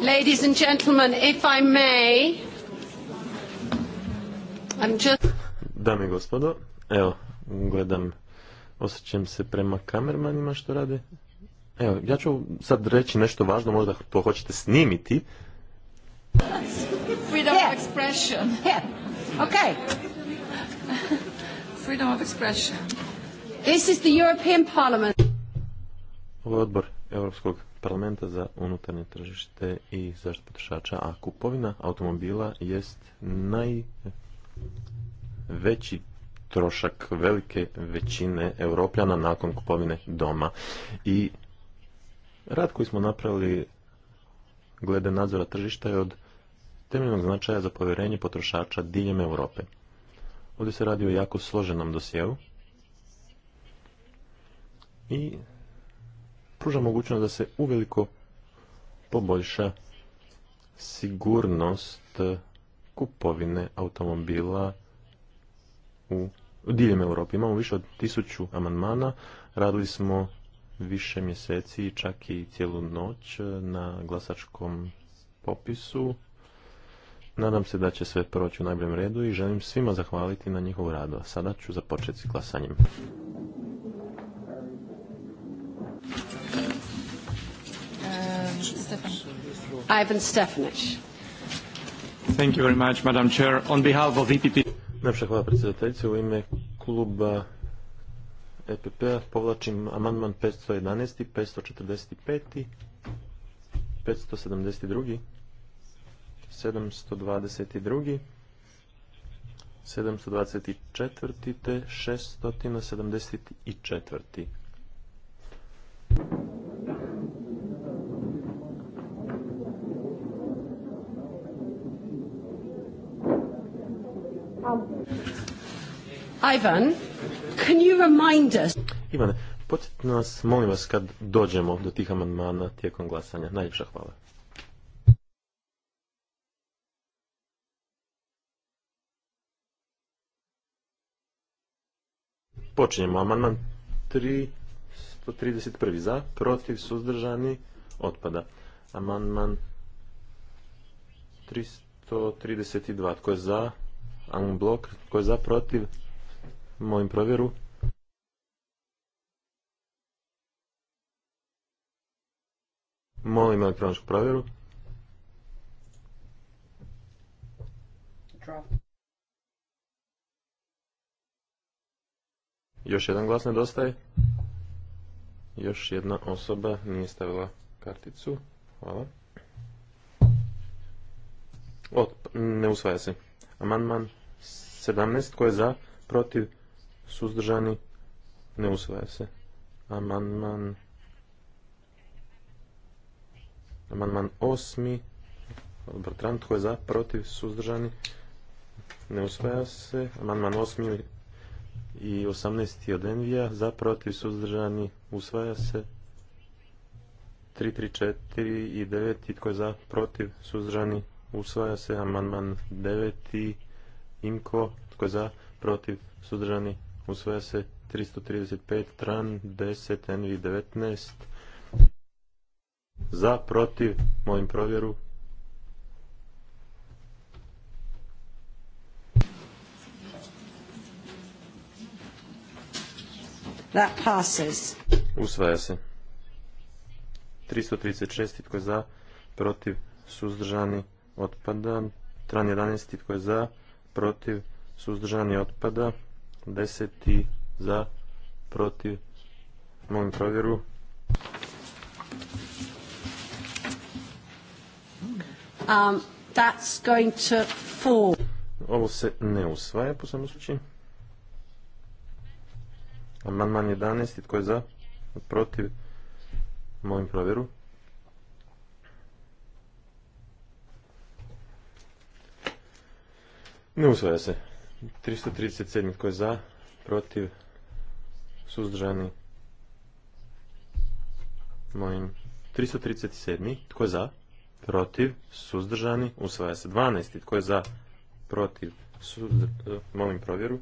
ladies and gentlemen, if I may, I'm just... Dame i gospodo, evo, gledam, osjećam se prema kamermanima što rade. Evo, ja ću sad reći nešto važno, možda to hoćete snimiti. Freedom of expression. Yeah. Okay. Freedom of expression. This is the European Parliament. Ovo je odbor Europskog parlamenta za unutarnje tržište i zaštitu potrošača, a kupovina automobila jest najveći trošak velike većine europljana nakon kupovine doma. I rad koji smo napravili glede nadzora tržišta je od temeljnog značaja za povjerenje potrošača diljem Europe. Ovdje se radi o jako složenom dosjevu i pruža mogućnost da se uveliko poboljša sigurnost kupovine automobila u diljem Europi. Imamo više od tisuću amandmana, radili smo više mjeseci i čak i cijelu noć na glasačkom popisu. Nadam se da će sve proći u najboljem redu i želim svima zahvaliti na njihovu radu. A sada ću započeti s glasanjem. Uh, Ivan Stefanić. Thank you very much, Madam Chair. On behalf of EPP... Najpša hvala predsjedateljice. U ime kluba EPP-a povlačim amandman 511, 545, 572, 722, 724 te 674. Ivan, can you remind us? Ivan, nas, molim vas, kad dođemo do tih amandmana tijekom glasanja. Najljepša hvala. Počinjemo amandman 331. Za, protiv, suzdržani, otpada. Amandman 332. Tko je za? Unblock. Tko je za, protiv, Molim provjeru. Molim elektroničku provjeru. Još jedan glas nedostaje. Još jedna osoba nije stavila karticu. Hvala. O, ne usvaja se. Amandman 17. Ko je za? Protiv? suzdržani, ne usvaja se. Amandman Amandman osmi, odbor tko je za, protiv, suzdržani, ne usvaja se. Amandman osmi i osamnaesti od Envija, za, protiv, suzdržani, usvaja se. 334 i 9 i tko je za, protiv, suzdržani, usvaja se. Amandman 9 Imko, tko je za, protiv, suzdržani, usvaja se 335, tran 10, NV 19, za, protiv, mojim provjeru. That passes. Usvaja se. 336, tko je za, protiv, suzdržani, otpada. Tran 11, tko je za, protiv, suzdržani, otpada deseti za, protiv, molim provjeru. Um, Ovo se ne usvaja po samom slučaju. Amandman 11. Tko je za? Protiv? Molim provjeru. Ne usvaja se. 337. Tko je za? Protiv? Suzdržani? Mojim. 337. Tko je za? Protiv? Suzdržani? Usvaja se. 12. E, tko je za? Protiv? Suzdržani? Molim provjeru.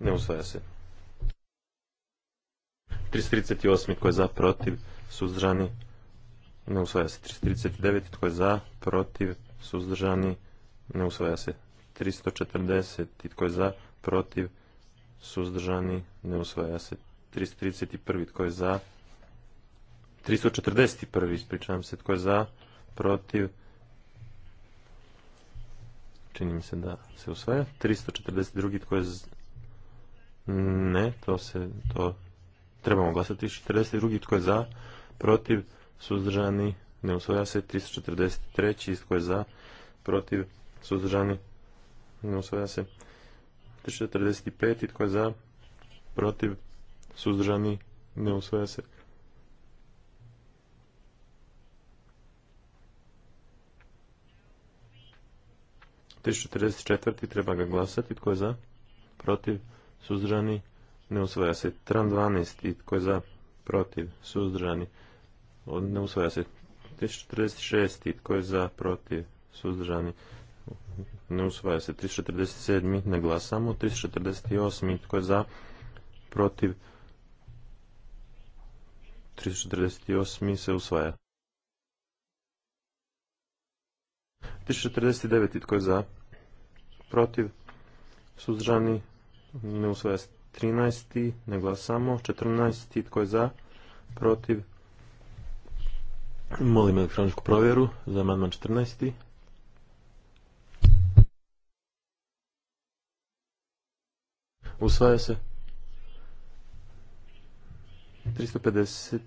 Ne usvaja se. 338. Tko je za? Protiv? Suzdržani? ne usvaja se 339, tko je za, protiv, suzdržani, ne usvaja se 340, tko je za, protiv, suzdržani, ne usvaja se 331, tko je za, 341, ispričavam se, tko je za, protiv, čini mi se da se usvaja, 342, tko je za, ne, to se, to trebamo glasati, 42, tko je za, protiv, suzdržani, ne usvaja se 343, tko je za, protiv, suzdržani, ne usvaja se 1045, tko je za, protiv, suzdržani, ne usvaja se. četiri treba ga glasati, tko je za, protiv, suzdržani, ne usvaja se. Tran 12, tko je za, protiv, suzdržani, ne usvaja se. 1046. Tko je za, protiv, suzdržani? Ne usvaja se. 347 Ne glasamo. 348 Tko je za, protiv, 348. se usvaja. 1049. Tko je za, protiv, suzdržani? Ne usvaja se. 13. Ne glasamo. 14. Tko je za, protiv, Molim elektroničku provjeru za amandman 14. Usvaja se. 350.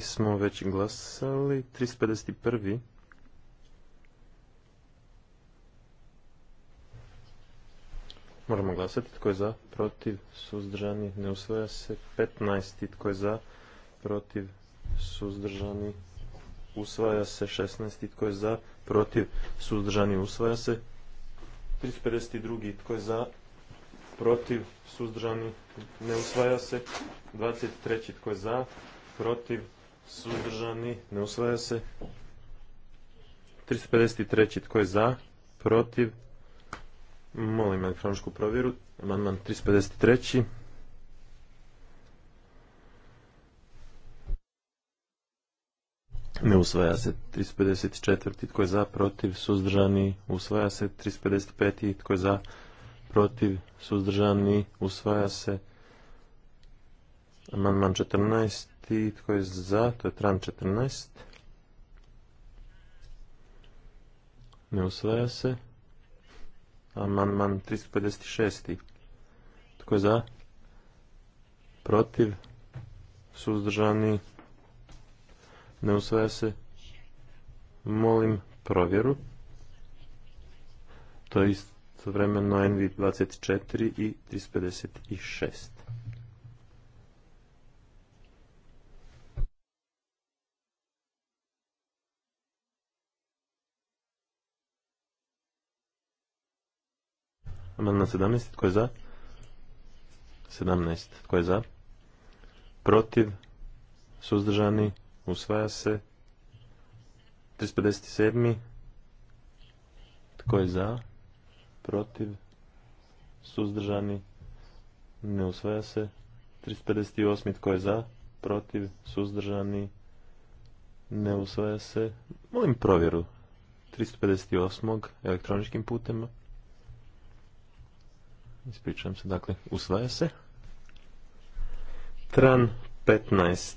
smo već glasali. 351. Moramo glasati. Tko je za? Protiv? Suzdržani? Ne usvaja se. 15. Tko je za? Protiv? Suzdržani? usvaja se 16. tko je za, protiv, suzdržani, usvaja se 352. tko je za, protiv, suzdržani, ne usvaja se 23. tko je za, protiv, suzdržani, ne usvaja se 353. tko je za, protiv, molim elektroničku provjeru, amandman 353. Ne usvaja se 354. Tko je za, protiv, suzdržani. Usvaja se 355. Tko je za, protiv, suzdržani. Usvaja se amandman 14. Tko je za, to je tran 14. Ne usvaja se. Amandman 356. Tko je za, protiv, suzdržani. Ne usvaja se. Molim provjeru. To je istovremeno NV24 i 356. na 17. Tko je za? 17. Tko je za? Protiv? Suzdržani? usvaja se. 357. Tko je za? Protiv? Suzdržani? Ne usvaja se. 358. Tko je za? Protiv? Suzdržani? Ne usvaja se. Molim provjeru. 358. elektroničkim putem. Ispričavam se. Dakle, usvaja se. Tran 15.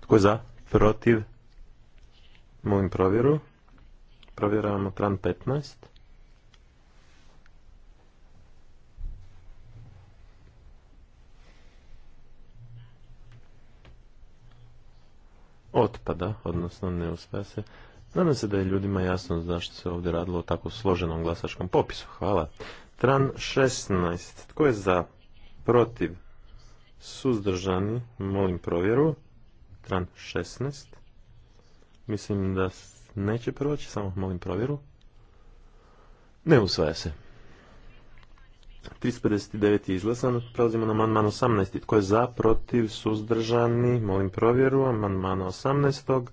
Tko je za? protiv, molim provjeru, provjeravamo tran 15. Otpada, odnosno ne usvaja se. Nadam se da je ljudima jasno zašto se ovdje radilo o tako složenom glasačkom popisu. Hvala. Tran 16. Tko je za? Protiv? Suzdržani? Molim provjeru tran 16. Mislim da neće proći, samo molim provjeru. Ne usvaja se. 359 je izglasan, prelazimo na manman 18. Tko je za, protiv, suzdržani, molim provjeru, manman 18.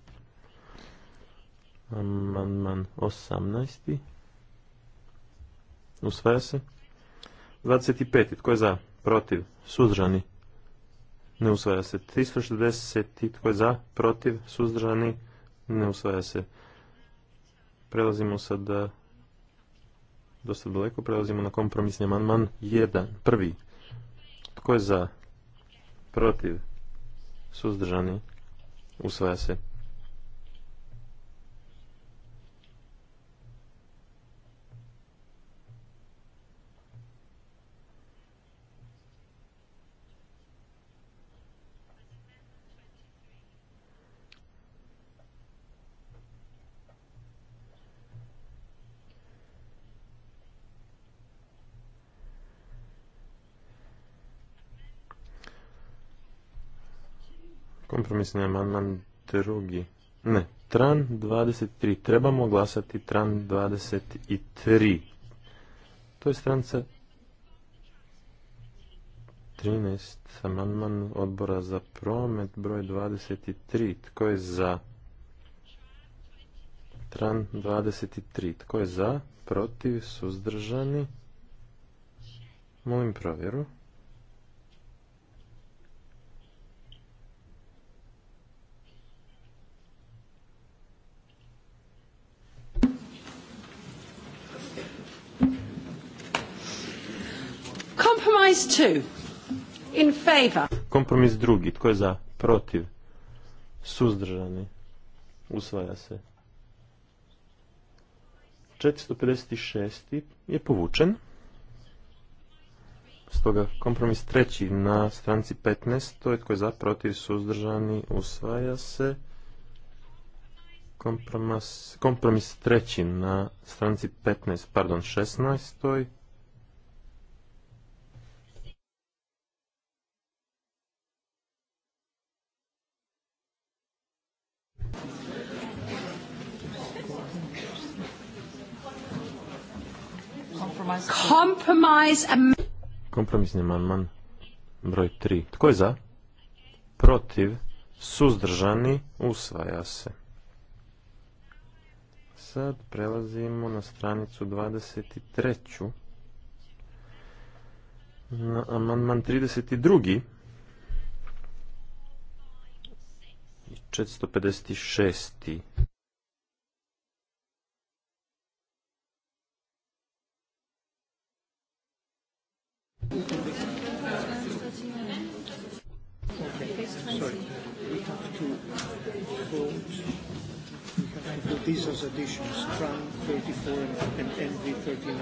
Manman 18. Usvaja se. 25. Tko je za, protiv, suzdržani, ne usvaja se. 360 tko je za, protiv, suzdržani, ne usvaja se. Prelazimo sad dosta daleko, prelazimo na kompromisni amandman jedan, prvi. Tko je za, protiv, suzdržani, usvaja se. kompromisni amandman drugi. Ne, tran 23. Trebamo glasati tran 23. To je stranca 13. Amandman odbora za promet broj 23. Tko je za? Tran 23. Tko je za? Protiv? Suzdržani? Molim provjeru. Kompromis drugi. Tko je za? Protiv. Suzdržani. Usvaja se. 456. je povučen. Stoga kompromis treći na stranci 15. To je tko je za, protiv, suzdržani, usvaja se. Kompromis, kompromis treći na stranci 15, pardon, 16. Kompromisni amandman broj 3. Tko je za? Protiv, suzdržani, usvaja se. Sad prelazimo na stranicu 23. Na amandman 32. i 456. these as additions, TRAN 34 and NV 39,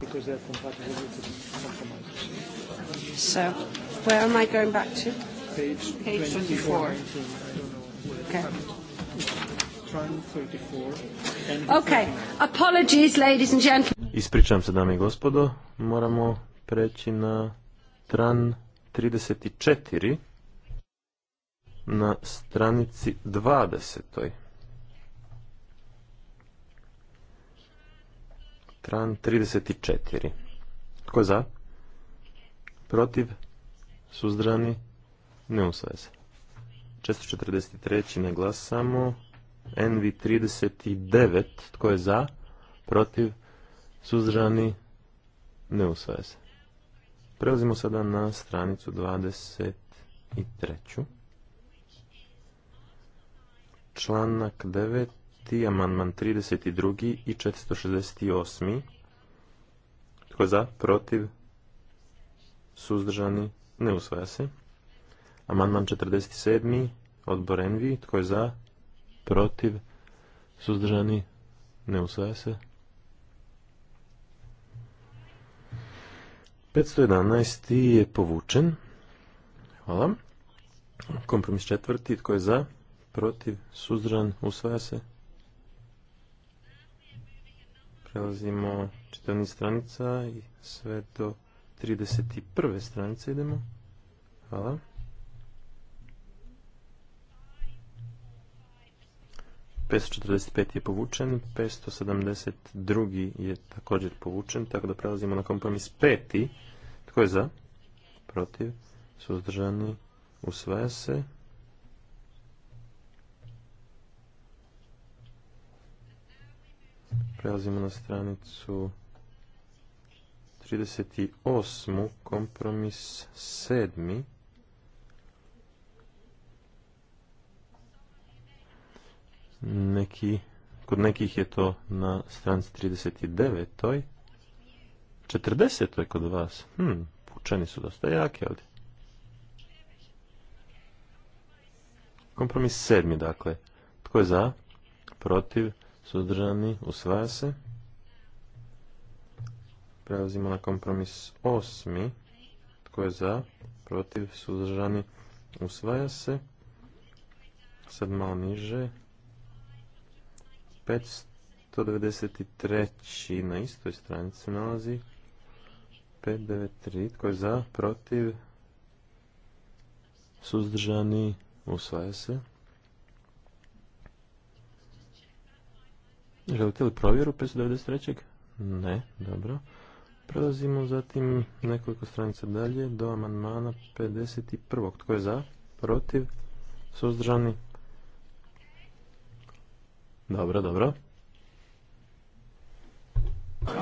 because they're compatible with the compromises. So, where am I going back to? Page, Page 24. 24. I don't know where okay. TRAN 34, Okay, apologies ladies and gentlemen. Ispričavam se dame i gospodo, moramo preći na TRAN 34 na stranici 20. Tran 34. Tko je za? Protiv? Suzdrani? Ne usvaja se. 443. ne glasamo. NV 39. Tko je za? Protiv? Suzdrani? Ne usvaja se. Prelazimo sada na stranicu 23. Članak 9 amandman 32. i 468. Tko je za? Protiv? Suzdržani? Ne usvaja se. Amandman 47. Odbor Envi. Tko je za? Protiv? Suzdržani? Ne usvaja se. 511. je povučen. Hvala. Kompromis četvrti. Tko je za? Protiv? Suzdržan? Usvaja se. Prelazimo 14 stranica i sve do 31. stranice idemo. Hvala. pet je povučen, 572. je također povučen, tako da prelazimo na kompromis peti. Tko je za? Protiv? Suzdržani? Usvaja se. Prelazimo na stranicu 38. Kompromis 7. Neki, kod nekih je to na stranici 39. 40. je kod vas. Hm, pučani su dosta jake ovdje. Kompromis 7. dakle. Tko je za? Protiv? suzdržani, usvaja se. Prelazimo na kompromis osmi, tko je za, protiv, suzdržani, usvaja se. Sad malo niže. 593. na istoj stranici se nalazi. 593. Tko je za, protiv, suzdržani, usvaja se. Želite li provjeru 593. Ne, dobro. Prelazimo zatim nekoliko stranica dalje do amandmana 51. Tko je za? Protiv? Suzdržani? Dobro, dobro. 51.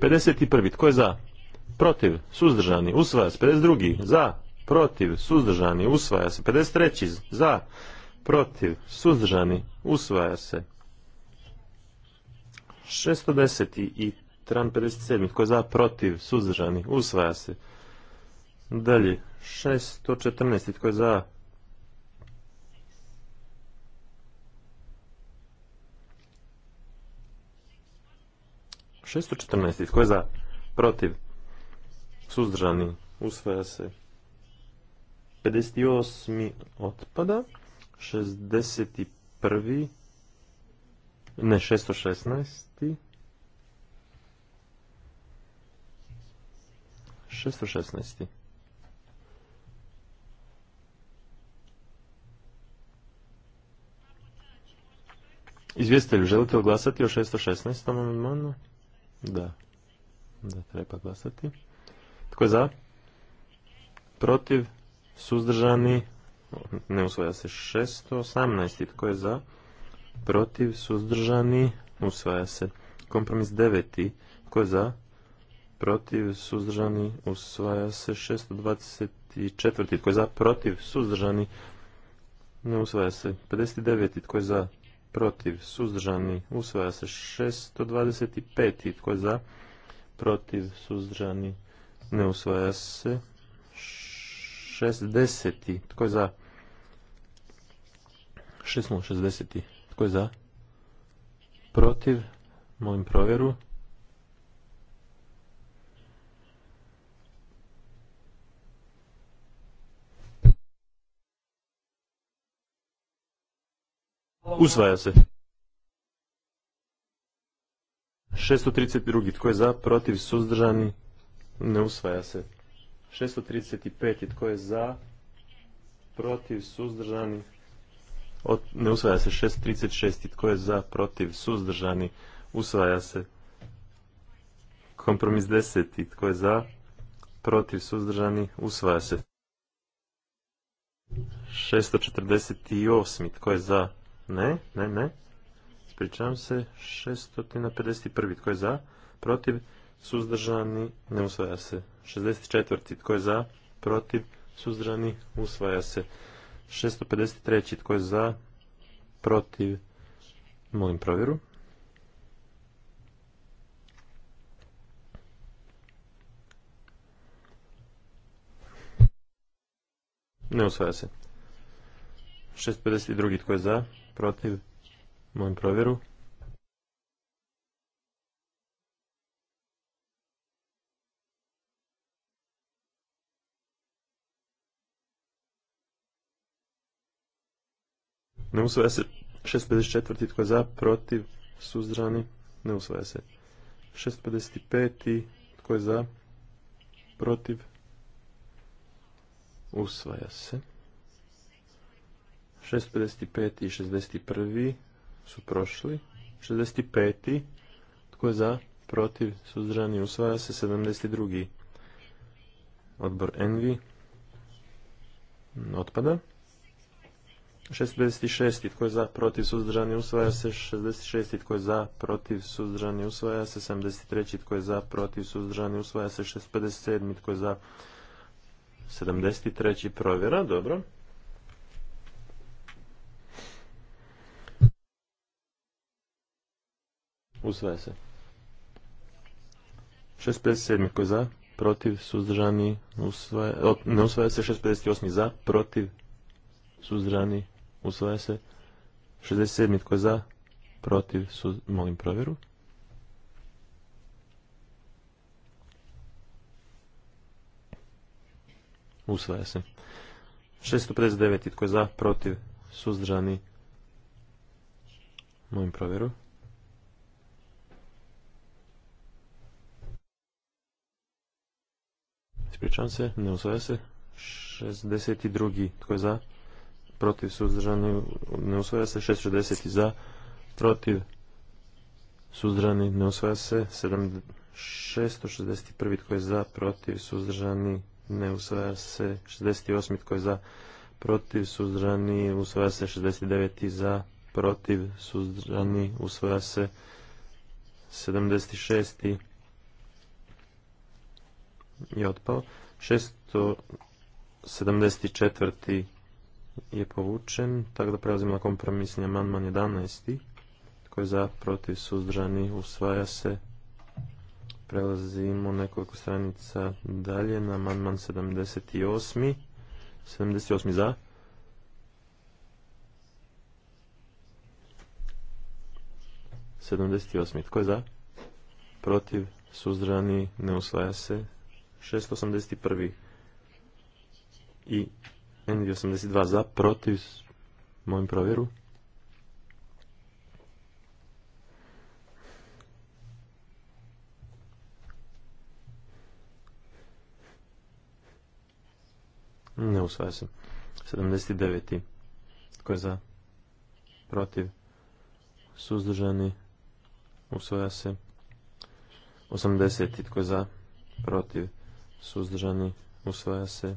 51. tko je za? Protiv, suzdržani, usvaja se. 52. za, protiv, suzdržani, usvaja se. 53. za, protiv, suzdržani, usvaja se. 610. i tran 57. tko je za, protiv, suzdržani, usvaja se. Dalje, 614. tko je za, šesto četrnaest tko je za protiv suzdržani usvaja se 58. otpada 61. Ne, 616. 616. Izvjestitelju, želite li glasati o 616. amandmanu? Da. Da, treba glasati. Tko je za? Protiv? Suzdržani? ne usvaja se 618. Tko je za? Protiv, suzdržani, usvaja se. Kompromis 9. Tko je za? Protiv, suzdržani, usvaja se 624. Tko je za? Protiv, suzdržani, ne usvaja se. 59. Tko je za? Protiv, suzdržani, usvaja se 625. Tko je za? Protiv, suzdržani, ne usvaja se. 60. Tko je za? 6060. Tko je za? Protiv? Molim provjeru. Usvaja se. 632. Tko je za? Protiv? Suzdržani? Ne usvaja se. 635. Tko je za? Protiv? Suzdržani? Od, ne usvaja se. 636. Tko je za? Protiv? Suzdržani? Usvaja se. Kompromis 10. Tko je za? Protiv? Suzdržani? Usvaja se. 648. Tko je za? Ne, ne, ne. Spričavam se. 651. Tko je za? Protiv? Suzdržani? Ne usvaja se. 64. Tko je za? Protiv? Suzdržani? Usvaja se. 653. Tko je za? Protiv? Molim provjeru. Ne usvaja se. 652. Tko je za? Protiv? Molim provjeru. Ne usvaja se 654. Tko je za? Protiv? Suzdrani? Ne usvaja se. 655. Tko je za? Protiv? Usvaja se. 655. i 61. su prošli. 65. Tko je za? Protiv? Suzdrani? Usvaja se. 72. Odbor Envi. Otpada. 66. Tko je za, protiv, suzdržani, usvaja se. 66. Tko je za, protiv, suzdržani, usvaja se. 73. Tko je za, protiv, suzdržani, usvaja se. 657. Tko je za, 73. provjera, dobro. Usvaja se. 657. Tko je za, protiv, suzdržani, usvaja, ne usvaja se. 658. za, protiv, suzdržani, usvaja se. 67. tko je za, protiv, su, molim provjeru. Usvaja se. 659. tko je za, protiv, suzdržani, molim provjeru. Ispričavam se, ne usvaja se. 62. tko je za, protiv suzdržani ne usvaja se 660 za protiv suzdržani ne usvaja se 761 tko je za protiv suzdržani ne usvaja se 68 tko je za protiv suzdržani usvaja se 69 za protiv suzdržani usvaja se 76 je otpao 674 je povučen, tako da prelazimo na kompromisni amandman 11. Tko je za, protiv, suzdržani, usvaja se. Prelazimo nekoliko stranica dalje na amandman 78. 78 za. Sedamdeset osam. Tko je za? Protiv? Suzdržani? Ne usvaja se. 681. I Osamdeset 82 za, protiv, mojim provjeru. Ne usvaja se. 79. Tko je za? Protiv. Suzdržani. Usvaja se. 80. Tko je za? Protiv. Suzdržani. Usvaja se.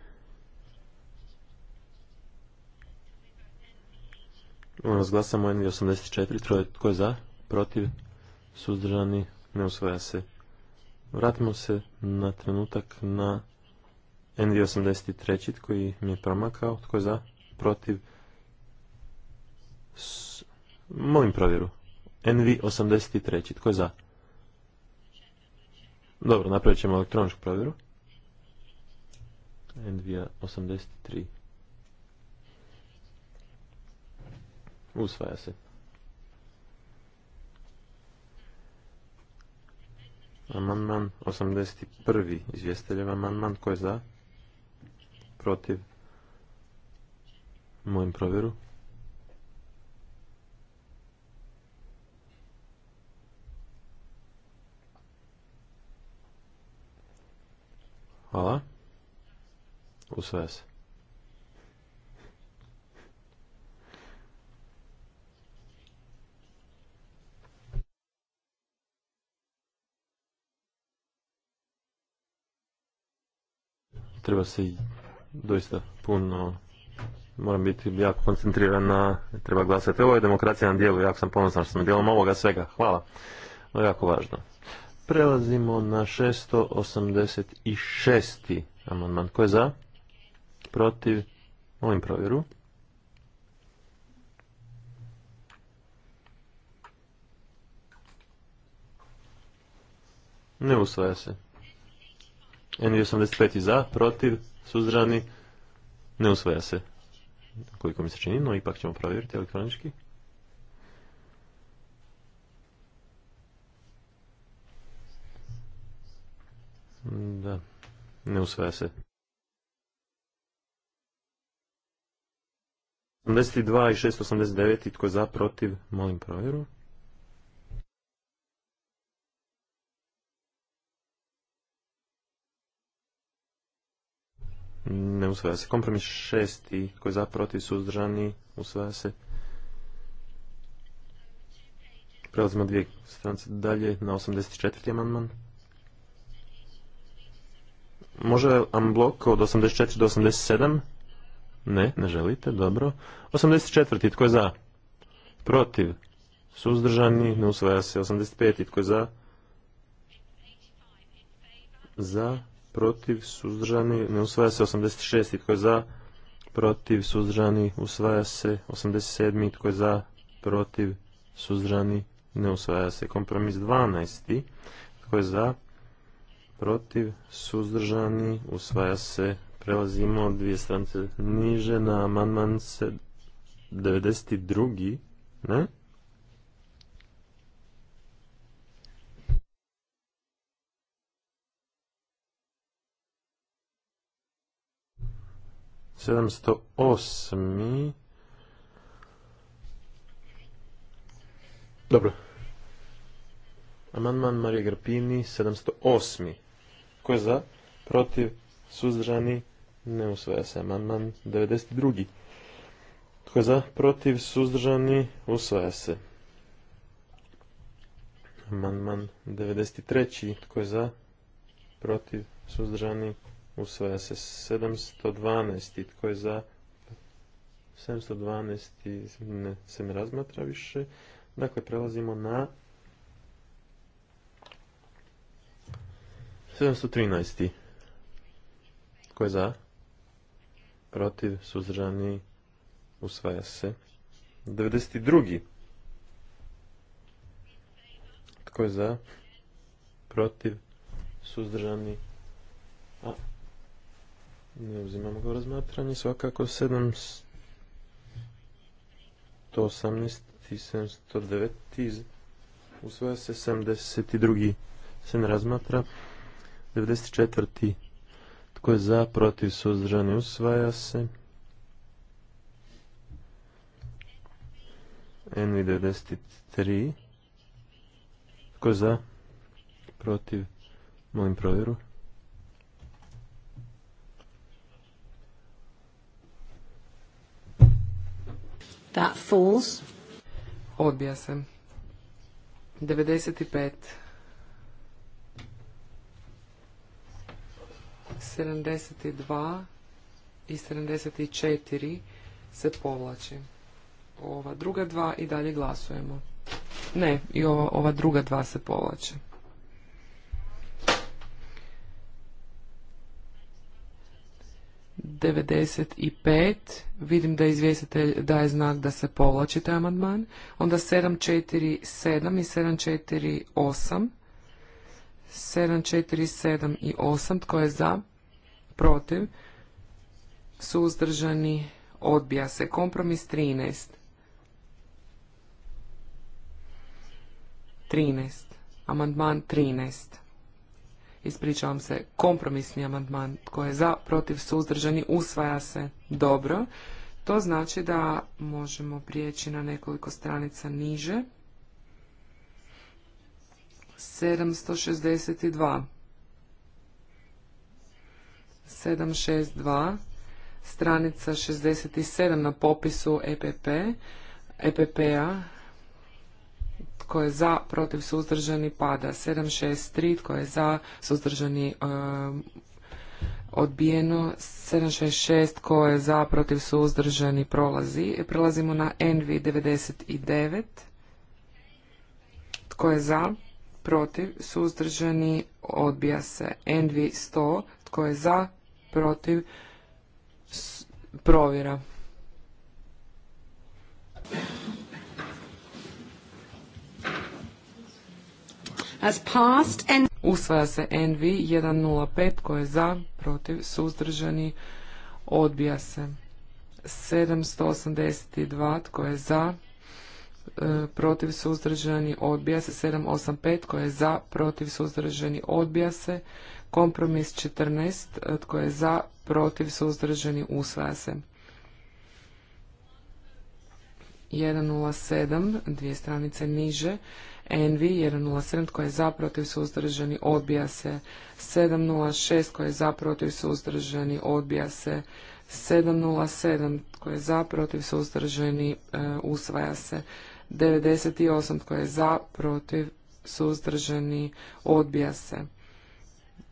Razglasamo N84, troje tko je za, protiv, suzdržani, ne usvaja se. Vratimo se na trenutak na N83 koji mi je promakao, tko je za, protiv, molim provjeru. NV83, tko je za? Dobro, napravit ćemo elektroničku provjeru. NV83. Usvaja se. Amandman 81. Izvjesteljev amandman. Ko je za? Protiv? Mojim provjeru. Hvala. Usvaja se. treba se doista puno moram biti jako koncentriran na treba glasati. Ovo je demokracija na dijelu, jako sam ponosan što sam dijelom ovoga svega. Hvala. No, jako važno. Prelazimo na 686. amandman. Ko je za? Protiv? Molim provjeru. Ne usvaja se. N85 za, protiv, suzdrani ne usvaja se. Koliko mi se čini, no ipak ćemo provjeriti elektronički. Da, ne usvaja se. 82 i 689, tko je za, protiv, molim provjeru. ne usvaja se. Kompromis šesti, koji je za, protiv, suzdržani, usvaja se. Prelazimo dvije stranice dalje na 84. amandman. Može amblok od 84 do 87? Ne, ne želite, dobro. 84. tko je za? Protiv. Suzdržani, ne usvaja se. 85. tko je za? Za protiv, suzdržani, ne usvaja se 86. Tko je za, protiv, suzdržani, usvaja se 87. Tko je za, protiv, suzdržani, ne usvaja se. Kompromis 12. Tko je za, protiv, suzdržani, usvaja se. Prelazimo dvije strance niže na amandman 92. Ne? 708. Dobro. Amandman Marije Grpini, 708. Ko je za? Protiv? Suzdržani? Ne usvaja se. Amandman 92. Tko je za? Protiv? Suzdržani? Usvaja se. Amandman 93. Tko je za? Protiv? Suzdržani? usvaja se 712. Tko je za? 712. Ne, se ne razmatra više. Dakle, prelazimo na 713. Tko je za? Protiv, suzdržani, usvaja se. 92. Tko je za? Protiv, suzdržani, a ne uzimamo ga u razmatranje. Svakako 718. i 709. Usvaja se 72. Se ne razmatra. 94. Tko je za, protiv, suzdržani, usvaja se. NV 93. Tko je za, protiv, molim provjeru. That falls. Odbija se. 95. 72 i 74 se povlači. Ova druga dva i dalje glasujemo. Ne, i ova, ova druga dva se povlače. 95, vidim da izvjestitelj daje znak da se povlači taj amandman. Onda 747 i 748. 747 i 8. Tko je za? Protiv? Suzdržani? Odbija se. Kompromis 13. 13. Amandman 13 ispričavam se, kompromisni amandman koji je za, protiv, suzdržani, usvaja se dobro. To znači da možemo prijeći na nekoliko stranica niže. 762. 762. Stranica 67 na popisu EPP. EPP-a tko je za, protiv, suzdržani, pada. 763, tko je za, suzdržani, 7 um, odbijeno. 766, tko je za, protiv, suzdržani, prolazi. Prelazimo na NV99. Tko je za, protiv, suzdržani, odbija se. NV100, tko je za, protiv, provjera. Usvaja se NV 105 koje je za, protiv, suzdržani, odbija se. 782 tko je za, e, protiv, suzdržani, odbija se. 785 tko je za, protiv, suzdržani, odbija se. Kompromis 14 tko e, je za, protiv, suzdržani, usvaja se. 107, dvije stranice niže, Envi 107 koji je za protiv suzdržani odbija se 706 koji je za protiv suzdržani odbija se 707 koji je za protiv suzdržani e, usvaja se 98 koji je za protiv suzdržani odbija se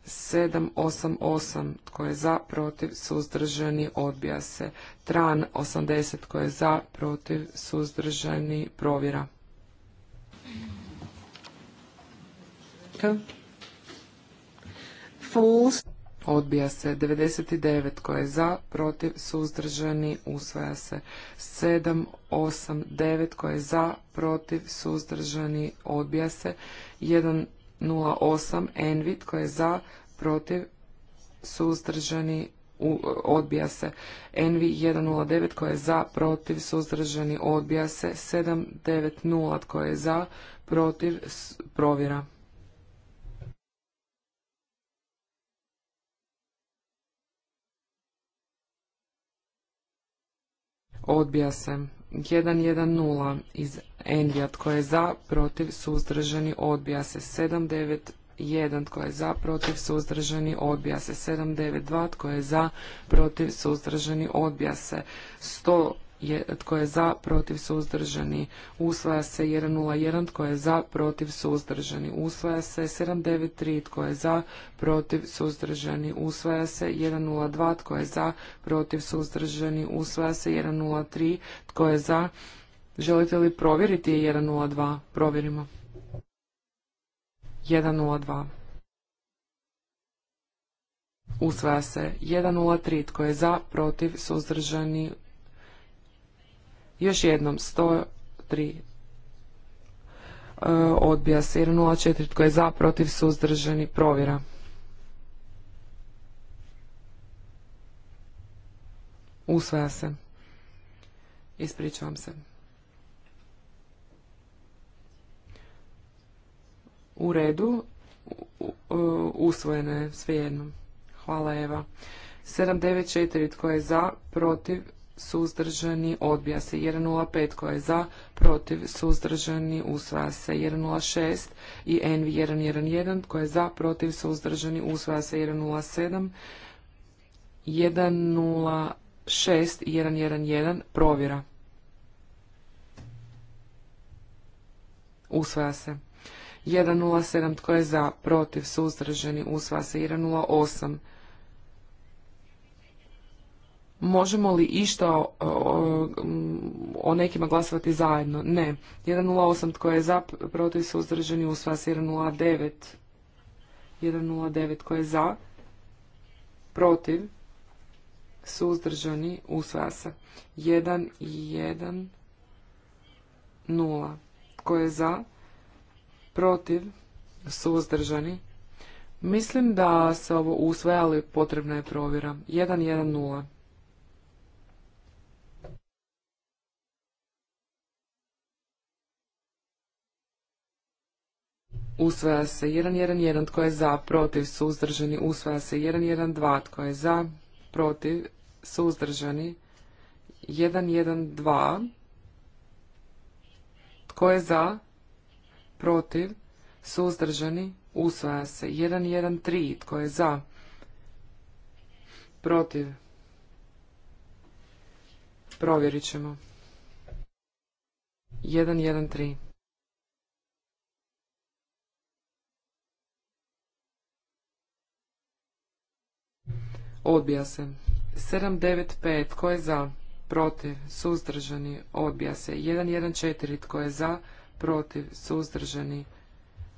788 tko je za, protiv, suzdržani, odbija se. Tran 80 tko je za, protiv, suzdržani, provjera. Fools Odbija se 99 koje je za, protiv, suzdržani, usvaja se 7, 8, 9 koje je za, protiv, suzdržani, odbija se 1, 0, Envit koje je za, protiv, suzdržani, odbija se Envi 109 koje je za, protiv, suzdržani, odbija se 790 koje je za, protiv, provjera. odbija se. 110 iz Endija, tko je za, protiv, suzdržani, odbija se. 791, tko je za, protiv, suzdržani, odbija se. 792, tko je za, protiv, suzdržani, odbija se. 100 je, tko je za, protiv, suzdržani, usvaja se 101, tko je za, protiv, suzdržani, usvaja se 793, tko je za, protiv, suzdržani, usvaja se 102, tko je za, protiv, suzdržani, usvaja se 103, tko je za, želite li provjeriti 102, provjerimo. 102. Usvaja se 103. Tko je za, protiv, suzdržani, još jednom, 103 e, odbija se, jer 04 tko je za, protiv, suzdržani, provjera. Usvaja se. Ispričavam se. U redu, e, usvojeno je svejedno. Hvala Eva. 794 tko je za, protiv, suzdržani, odbija se 1.05 koja je za, protiv, suzdržani, usvaja se 1.06 i NV 1.11 koja je za, protiv, suzdržani, usvaja se 1.07, 1.06 i 1.11 provjera. Usvaja se. 1.07 tko je za, protiv, suzdržani, usvaja se 1.08 Možemo li išta o, o, o nekima glasovati zajedno? Ne. 1.08 tko je za, protiv suzdržani usvaja se 1.09. 1.09 tko je za, protiv suzdržani usvaja se. 1.1 0 tko je za, protiv suzdržani Mislim da se ovo usvaja, ali potrebna je provjera. 1.1.0. usvaja se 1.1.1, tko je za, protiv, suzdržani, usvaja se 1.1.2, tko je za, protiv, suzdržani, 1.1.2, tko je za, protiv, suzdržani, usvaja se 1.1.3, tko je za, protiv, provjerit ćemo. 1.1.3 odbija se. 795 tko je za, protiv, suzdržani, odbija se. 114 tko je za, protiv, suzdržani,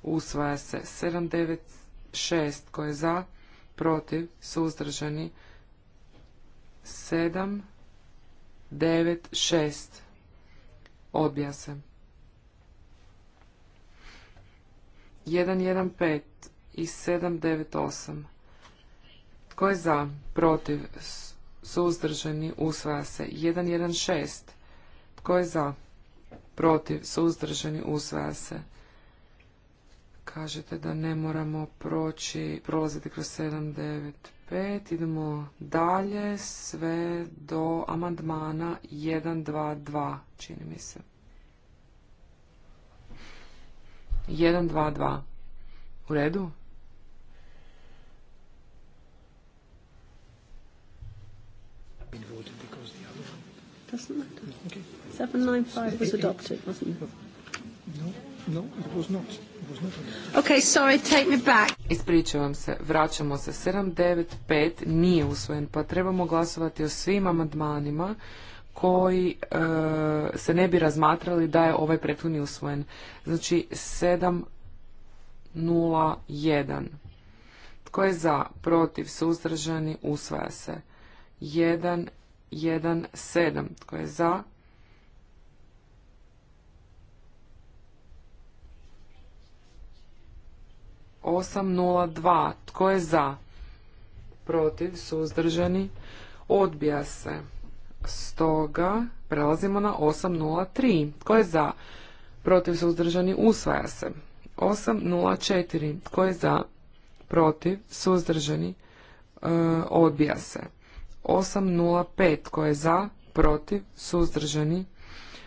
usvaja se. 796 tko je za, protiv, suzdržani, 796 odbija se. 115 i 798 tko je za? Protiv? Suzdržani? Usvaja se. 116. Tko je za? Protiv? Suzdržani? Usvaja se. Kažete da ne moramo proći, prolaziti kroz 795. Idemo dalje sve do amandmana 122, čini mi se. 122. U redu? because the other one Doesn't matter. Okay. 795 was adopted, wasn't it? No, no, it was not. It was not okay, sorry, take me back. Ispričavam se, vraćamo se. 795 nije usvojen, pa trebamo glasovati o svim amandmanima koji e, se ne bi razmatrali da je ovaj prethodni usvojen. Znači 701. Tko je za, protiv, suzdržani, usvaja se. 117. Tko je za? Osam nula dva. Tko je za? Protiv, suzdržani, odbija se. Stoga prelazimo na 803. Tko je za? Protiv, suzdržani, usvaja se. 804. Tko je za? Protiv, suzdržani, e, odbija se. 805 koje je za, protiv, suzdržani,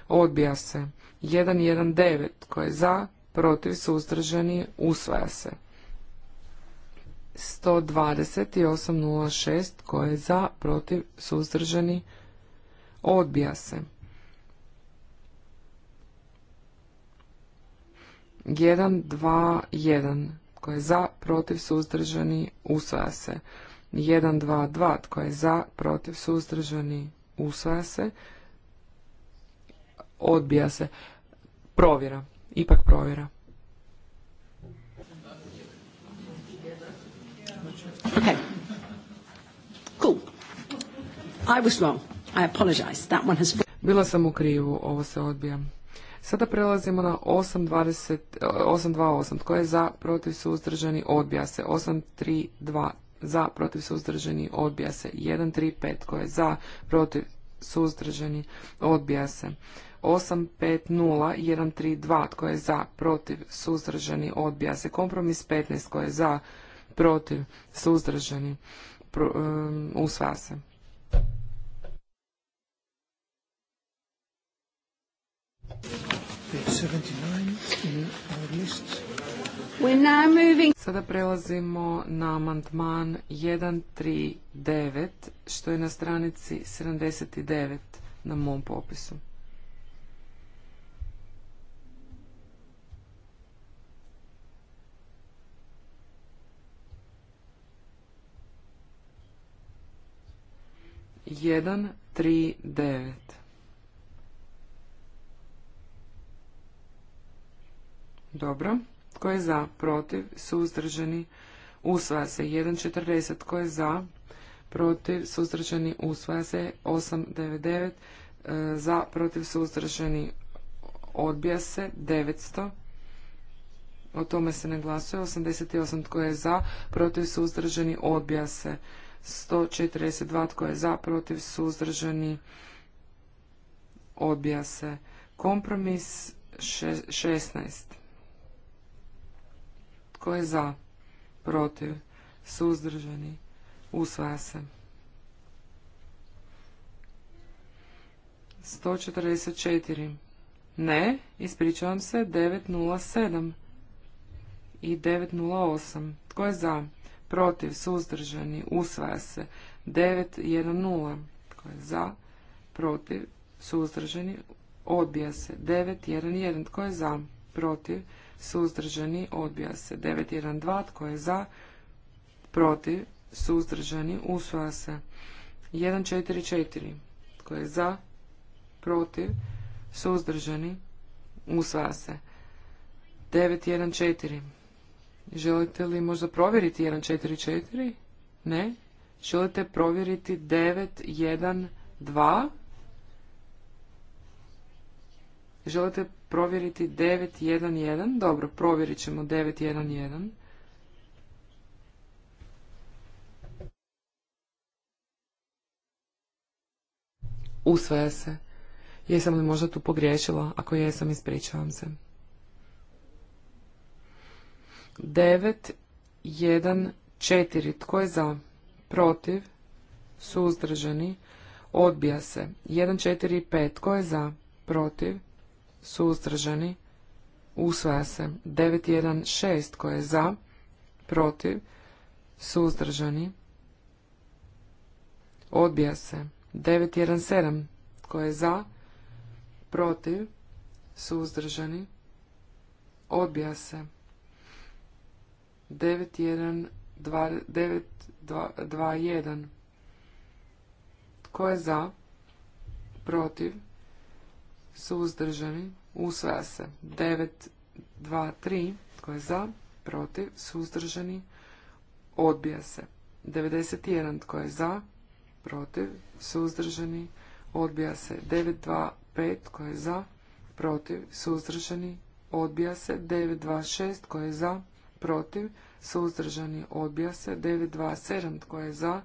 odbija se. 119 koje je za, protiv, suzdržani, usvaja se. 120 i 806 koje je za, protiv, suzdržani, odbija se. 1.21 koje je za, protiv, suzdržani, usvaja se. 1-2-2, tko je za, protiv, suzdržani, usvaja se, odbija se, provjera, ipak provjera. Ok. Cool. I was wrong. I apologize. That one has... Bila sam u krivu, ovo se odbija. Sada prelazimo na 8, 820, 828. Tko je za, protiv, suzdržani, odbija se. 8, 3, 832, za, protiv, suzdržani, odbija se. 1, 3, je za, protiv, suzdržani, odbija se. 8, 5, 0, tko je za, protiv, suzdržani, odbija se. Kompromis 15 koje je za, protiv, suzdržani, pro, um, se. Page 79 in our list. Sada prelazimo na amandman 139, što je na stranici 79 na mom popisu. Jedan, tri, devet. Dobro. Tko je za? Protiv? Suzdržani? Usvaja se. 1.40. Tko je za? Protiv? Suzdržani? Usvaja se. 8.99. E, za? Protiv? Suzdržani? Odbija se. 900. O tome se ne glasuje. 88. Tko je za? Protiv? Suzdržani? Odbija se. 142. Tko je za? Protiv? Suzdržani? Odbija se. Kompromis 16. Tko je za? Protiv? Suzdržani? Usvaja se. 144. Ne, ispričavam se, 907 i 908. Tko je za? Protiv? Suzdržani? Usvaja se. 910. Tko je za? Protiv? Suzdržani? Odbija se. 911. Tko je za? Protiv? suzdržani, odbija se. 912 tko je za, protiv, suzdržani, usvaja se. 144 tko je za, protiv, suzdržani, usvaja se. 914 Želite li možda provjeriti 144? Ne. Želite provjeriti 912? Želite provjeriti 911? Dobro, provjerit ćemo 911. Usvaja se. Jesam li možda tu pogriješila? Ako jesam, ispričavam se. 914. Tko je za? Protiv? Suzdržani? Odbija se. 145. Tko je za? Protiv? suzdržani, usvaja se. 916 koje je za, protiv, suzdržani, odbija se. 917 koje je za, protiv, suzdržani, odbija se. 921 tko je za, protiv, suzdržani, usvaja se. 9, 2, 3, tko je za, protiv, suzdržani, odbija se. 91, tko je za, protiv, suzdržani, odbija se. 9, 2, 5, tko je za, protiv, suzdržani, odbija se. 9, 2, 6, tko je za, protiv, suzdržani, odbija se. 9, 2, 7, tko je za,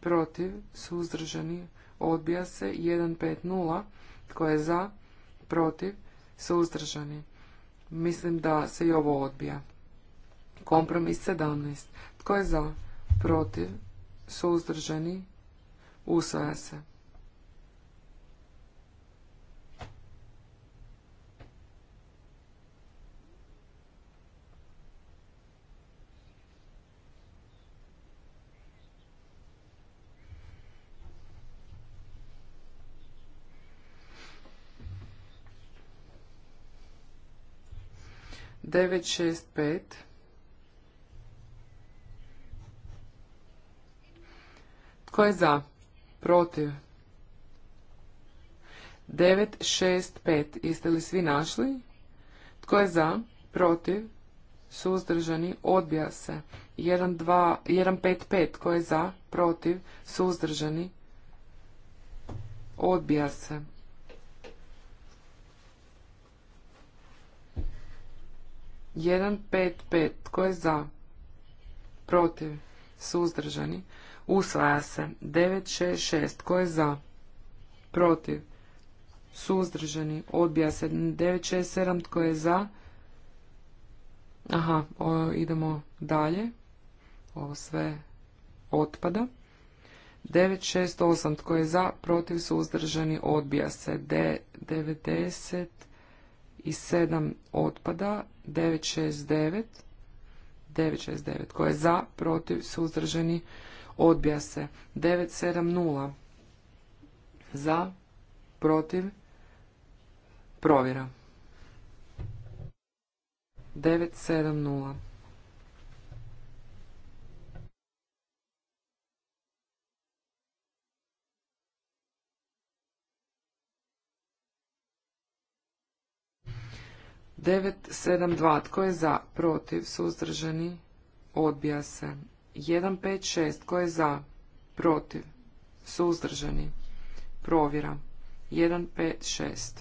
protiv, suzdržani, odbija se. 1, 5, 0, tko je za? Protiv? Suzdržani? Mislim da se i ovo odbija. Kompromis 17. Tko je za? Protiv? Suzdržani? Usvaja se. 965 Tko je za? Protiv? 965. Jeste li svi našli? Tko je za? Protiv? Suzdržani? Odbija se. 155. Tko je za? Protiv? Suzdržani? Odbija se. 155. Tko je za? Protiv? Suzdržani? Usvaja se. 966. Tko je za? Protiv? Suzdržani? Odbija se. 967. Tko je za? Aha, o, idemo dalje. Ovo sve otpada. 968. Tko je za? Protiv? Suzdržani? Odbija se. D, 90. 7 otpada, 969, 969, koje je za, protiv, suzdržani, odbija se. 970, za, protiv, provjera. 970. 972. Tko je za? Protiv? Suzdržani? Odbija se. 156. Tko je za? Protiv? Suzdržani? Provjera. 156.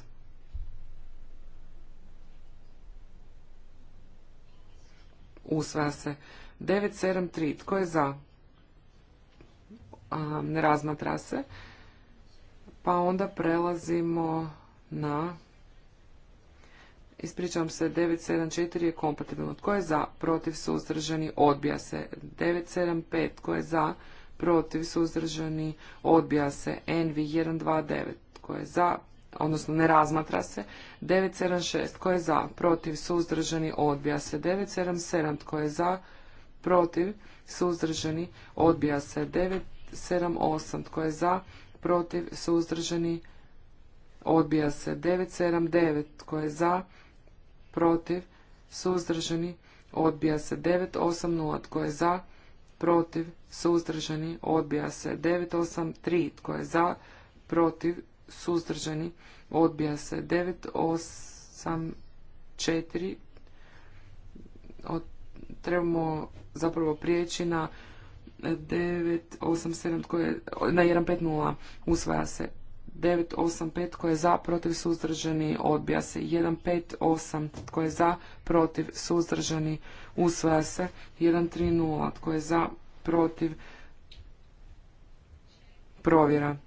Usvaja se. 973. Tko je za? ne razmatra se. Pa onda prelazimo na Ispričavam se, 974 je kompatibilno. Tko je za? Protiv suzdržani? Odbija se. 975. Tko je za? Protiv suzdržani? Odbija se. NV 129. Tko je za? Odnosno ne razmatra se. 976. Tko je za? Protiv suzdržani? Odbija se. 977. Tko je za? Protiv suzdržani? Odbija se. 978. Tko je za? Protiv suzdržani? Odbija se. 979. Tko je za? protiv, suzdržani, odbija se 980 tko je za, protiv, suzdržani, odbija se 983 tko je za, protiv, suzdržani, odbija se 984 od, trebamo zapravo prijeći na 987 tko je na 150 usvaja se 985 tko je za, protiv, suzdržani, odbija se. 158 tko je za, protiv, suzdržani, usvaja se. 130 tko je za, protiv, provjera.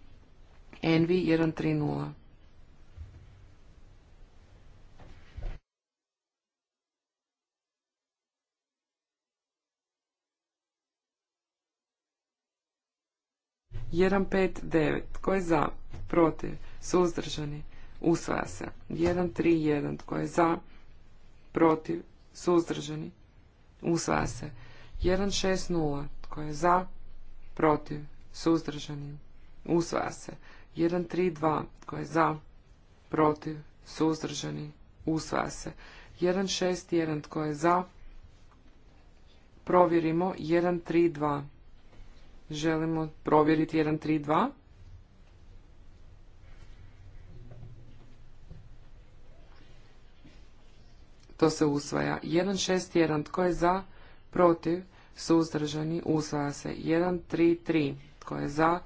Envi 130. 159. Tko je za? Protiv? Suzdržani? Usvaja se. 131. Tko je za? Protiv? Suzdržani? Usvaja se. 160. Tko je za? Protiv? Suzdržani? Usvaja se. 132. Tko je za? Protiv? Suzdržani? Usvaja se. 161. Tko je za? Provjerimo. 132 želimo provjeriti 1, 3, 2. To se usvaja. 1, 6, 1. Tko je za? Protiv. Suzdržani. Usvaja se. 1, 3, 3. Tko je za?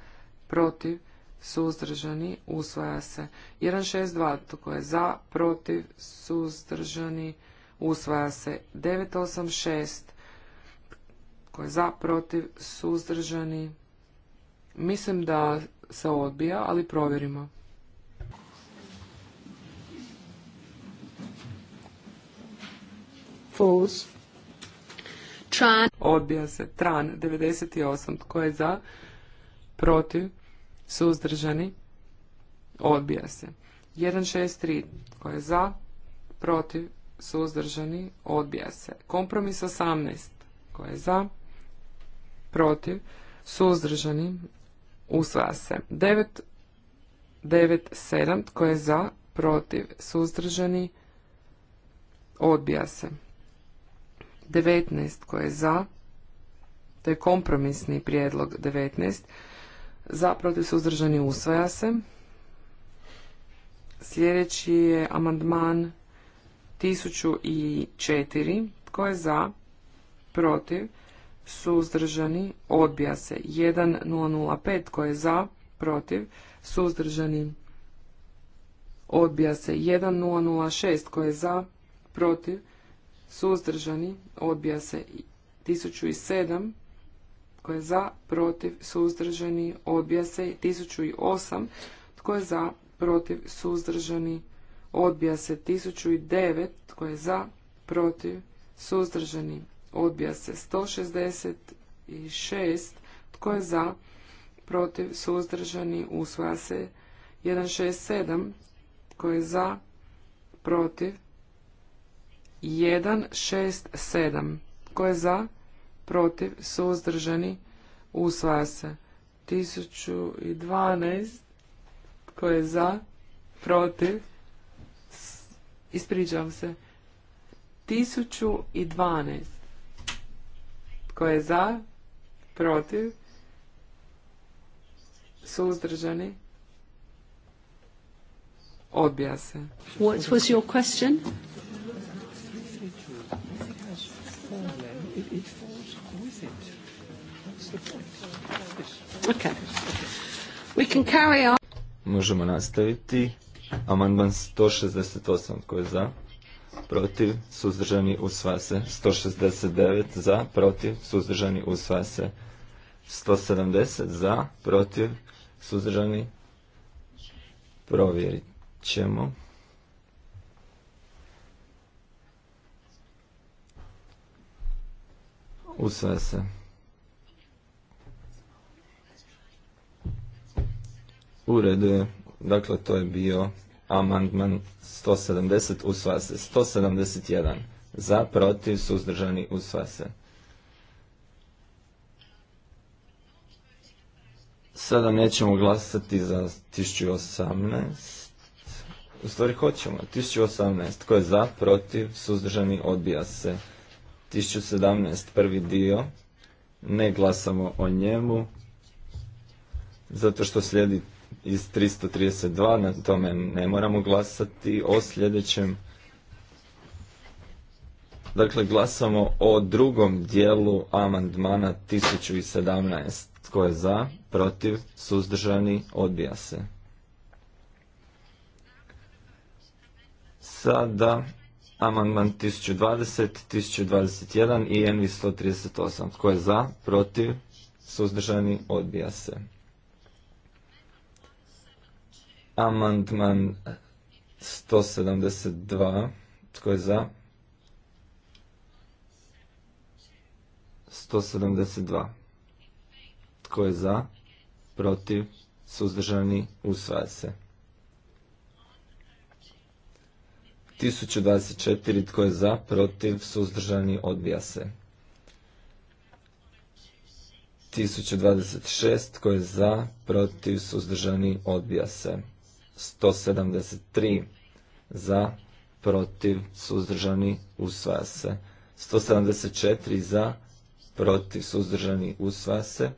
Protiv. Suzdržani. Usvaja se. 1, 6, 2. Tko je za? Protiv. Suzdržani. Usvaja se. 9, 8, 6. Tko je za, protiv, suzdržani? Mislim da se odbija, ali provjerimo. False. Tran. Odbija se. Tran 98. Tko je za? Protiv. Suzdržani. Odbija se. 163. Tko je za? Protiv. Suzdržani. Odbija se. Kompromis 18. Tko je za? protiv, suzdržani, usvaja se. 9, tko je za, protiv, suzdržani, odbija se. 19, tko je za, to je kompromisni prijedlog 19, za, protiv, suzdržani, usvaja se. Sljedeći je amandman 1004, tko je za, protiv, suzdržani, odbija se. 1005 koje je za, protiv, suzdržani, odbija se. 1006 koje je za, protiv, suzdržani, odbija se. 1007 koje je za, protiv, suzdržani, odbija se. 1008 tko je za, protiv, suzdržani, odbija se. 1009 tko je za, protiv, suzdržani, odbija se 166, tko je za, protiv, suzdržani, usvaja se 167, tko je za, protiv, 167, tko je za, protiv, suzdržani, usvaja se 1012, tko je za, protiv, ispričavam se, 1012. Tko je za? Protiv? Suzdržani? Odbija se. What was your question? Okay. We can carry on. Možemo nastaviti. Amandman 168, tko je za? protiv, suzdržani, usva se. 169 za, protiv, suzdržani, usva se. 170 za, protiv, suzdržani, provjerit ćemo. Usva U redu je. Dakle, to je bio Amandman 170 usvaja se. 171 za, protiv, suzdržani, usvaja se. Sada nećemo glasati za 1018. U stvari hoćemo. 1018. Tko je za, protiv, suzdržani, odbija se. 1017. Prvi dio. Ne glasamo o njemu. Zato što slijedi iz 332, na tome ne moramo glasati o sljedećem. Dakle, glasamo o drugom dijelu amandmana 1017. Tko je za, protiv, suzdržani, odbija se. Sada amandman 1020, 1021 i NV 138. Tko je za, protiv, suzdržani, odbija se. Amandman 172. Tko je za? 172. Tko je za? Protiv? Suzdržani? Usvaja se. 1024. Tko je za? Protiv? Suzdržani? Odbija se. 1026. Tko je za? Protiv? Suzdržani? Odbija se. 173 za, protiv, suzdržani, usvaja se. 174 za, protiv, suzdržani, usvaja se.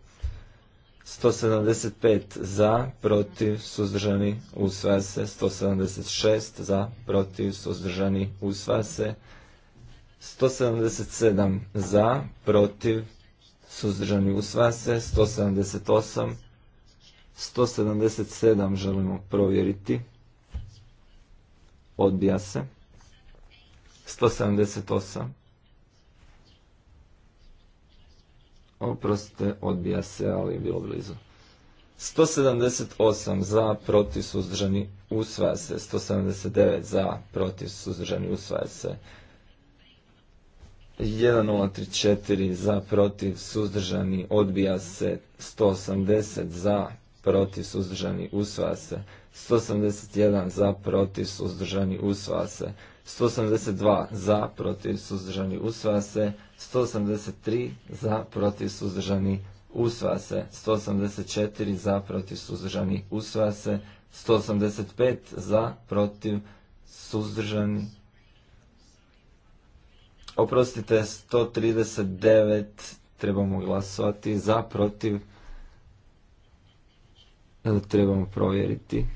175 za, protiv, suzdržani, usvaja se. 176 za, protiv, suzdržani, usvaja se. 177 za, protiv, suzdržani, usvaja se. 178 177 želimo provjeriti. Odbija se. 178. Oprostite, odbija se, ali je bilo blizu. 178 za, protiv, suzdržani, usvaja se. 179 za, protiv, suzdržani, usvaja se. 1034 za, protiv, suzdržani, odbija se. 180 za, protiv suzdržani usvaja se. 181 za protiv suzdržani usvaja se. 182 za protiv suzdržani usvaja se. 183 za protiv suzdržani usvaja se. 184 za protiv suzdržani usvaja se. 185 za protiv suzdržani Oprostite, 139 trebamo glasovati za, protiv, trebamo provjeriti.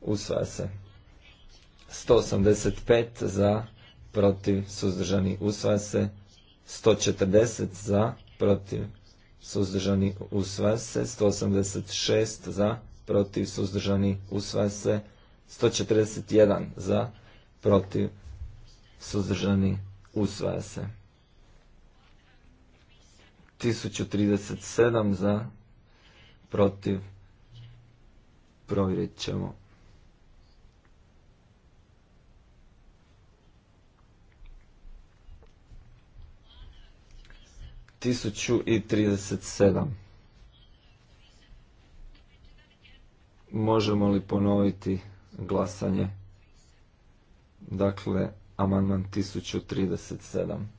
Usvaja se. 185 za, protiv, suzdržani, usvaja se. 140 za, protiv, suzdržani, usvaja se. 186 za, protiv, suzdržani, usvaja se. 141 za, protiv, suzdržani, usvaja se. 1037 za, protiv, provjerit ćemo. Tisuću i trideset sedam. Možemo li ponoviti glasanje? Dakle, amandman trideset sedam.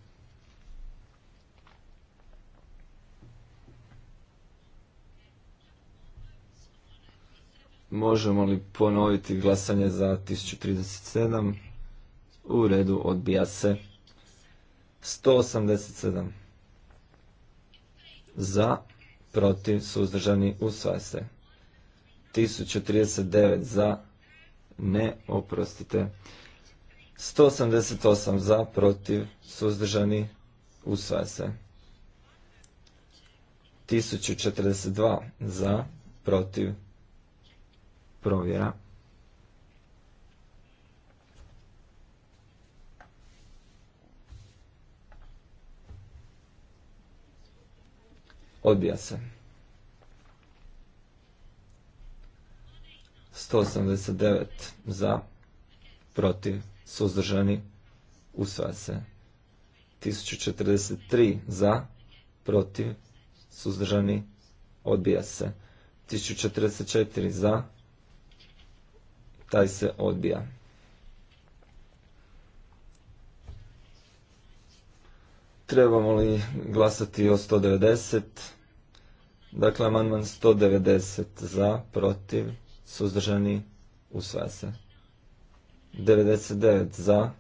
Možemo li ponoviti glasanje za 1037? U redu, odbija se. 187. Za, protiv, suzdržani, usvaja se. 1039 za, ne, oprostite. 188 za, protiv, suzdržani, usvaja se. 1042 za, protiv, provjera. Odbija se. 189 za, protiv, suzdržani, usvaja se. 1043 za, protiv, suzdržani, odbija se. 1044 za, taj se odbija. Trebamo li glasati o 190? Dakle, amandman 190 za, protiv, suzdržani, usvaja se. 99 za,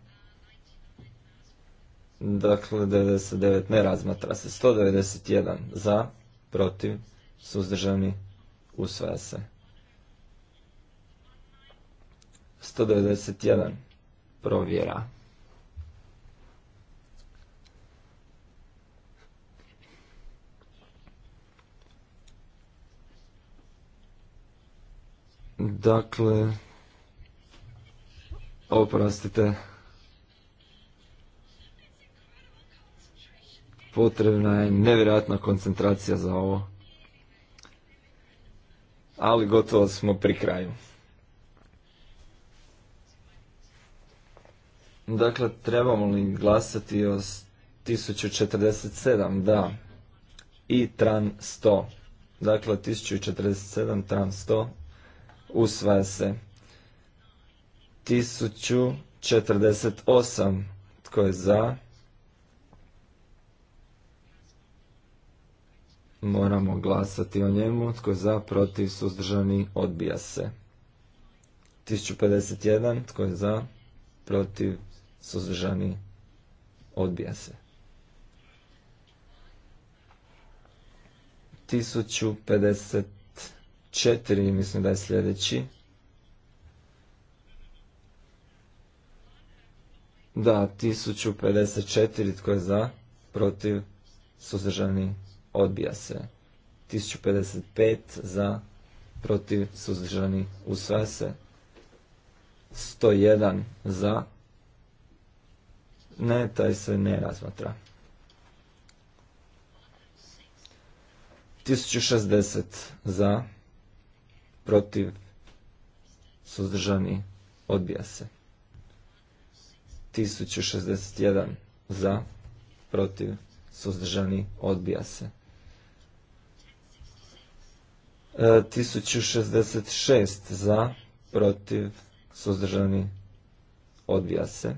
dakle 99 ne razmatra se. 191 za, protiv, suzdržani, usvaja se. 191 provjera. Dakle, oprostite, potrebna je nevjerojatna koncentracija za ovo, ali gotovo smo pri kraju. Dakle, trebamo li glasati o 1047, da, i tran 100. Dakle, 1047, tran 100, usvaja se. 1048, tko je za? Moramo glasati o njemu, tko je za, protiv, suzdržani, odbija se. 1051, tko je za, protiv, suzdržani, odbija se. 1054, mislim da je sljedeći. Da, 1054, tko je za, protiv, suzdržani, odbija se. 1055 za, protiv, suzdržani, usvaja se. 101 za, ne, taj se ne razmatra. 1060 za, protiv, suzdržani, odbija se. 1061 za, protiv, suzdržani, odbija se. 1066 e, za, protiv, suzdržani, odbija se.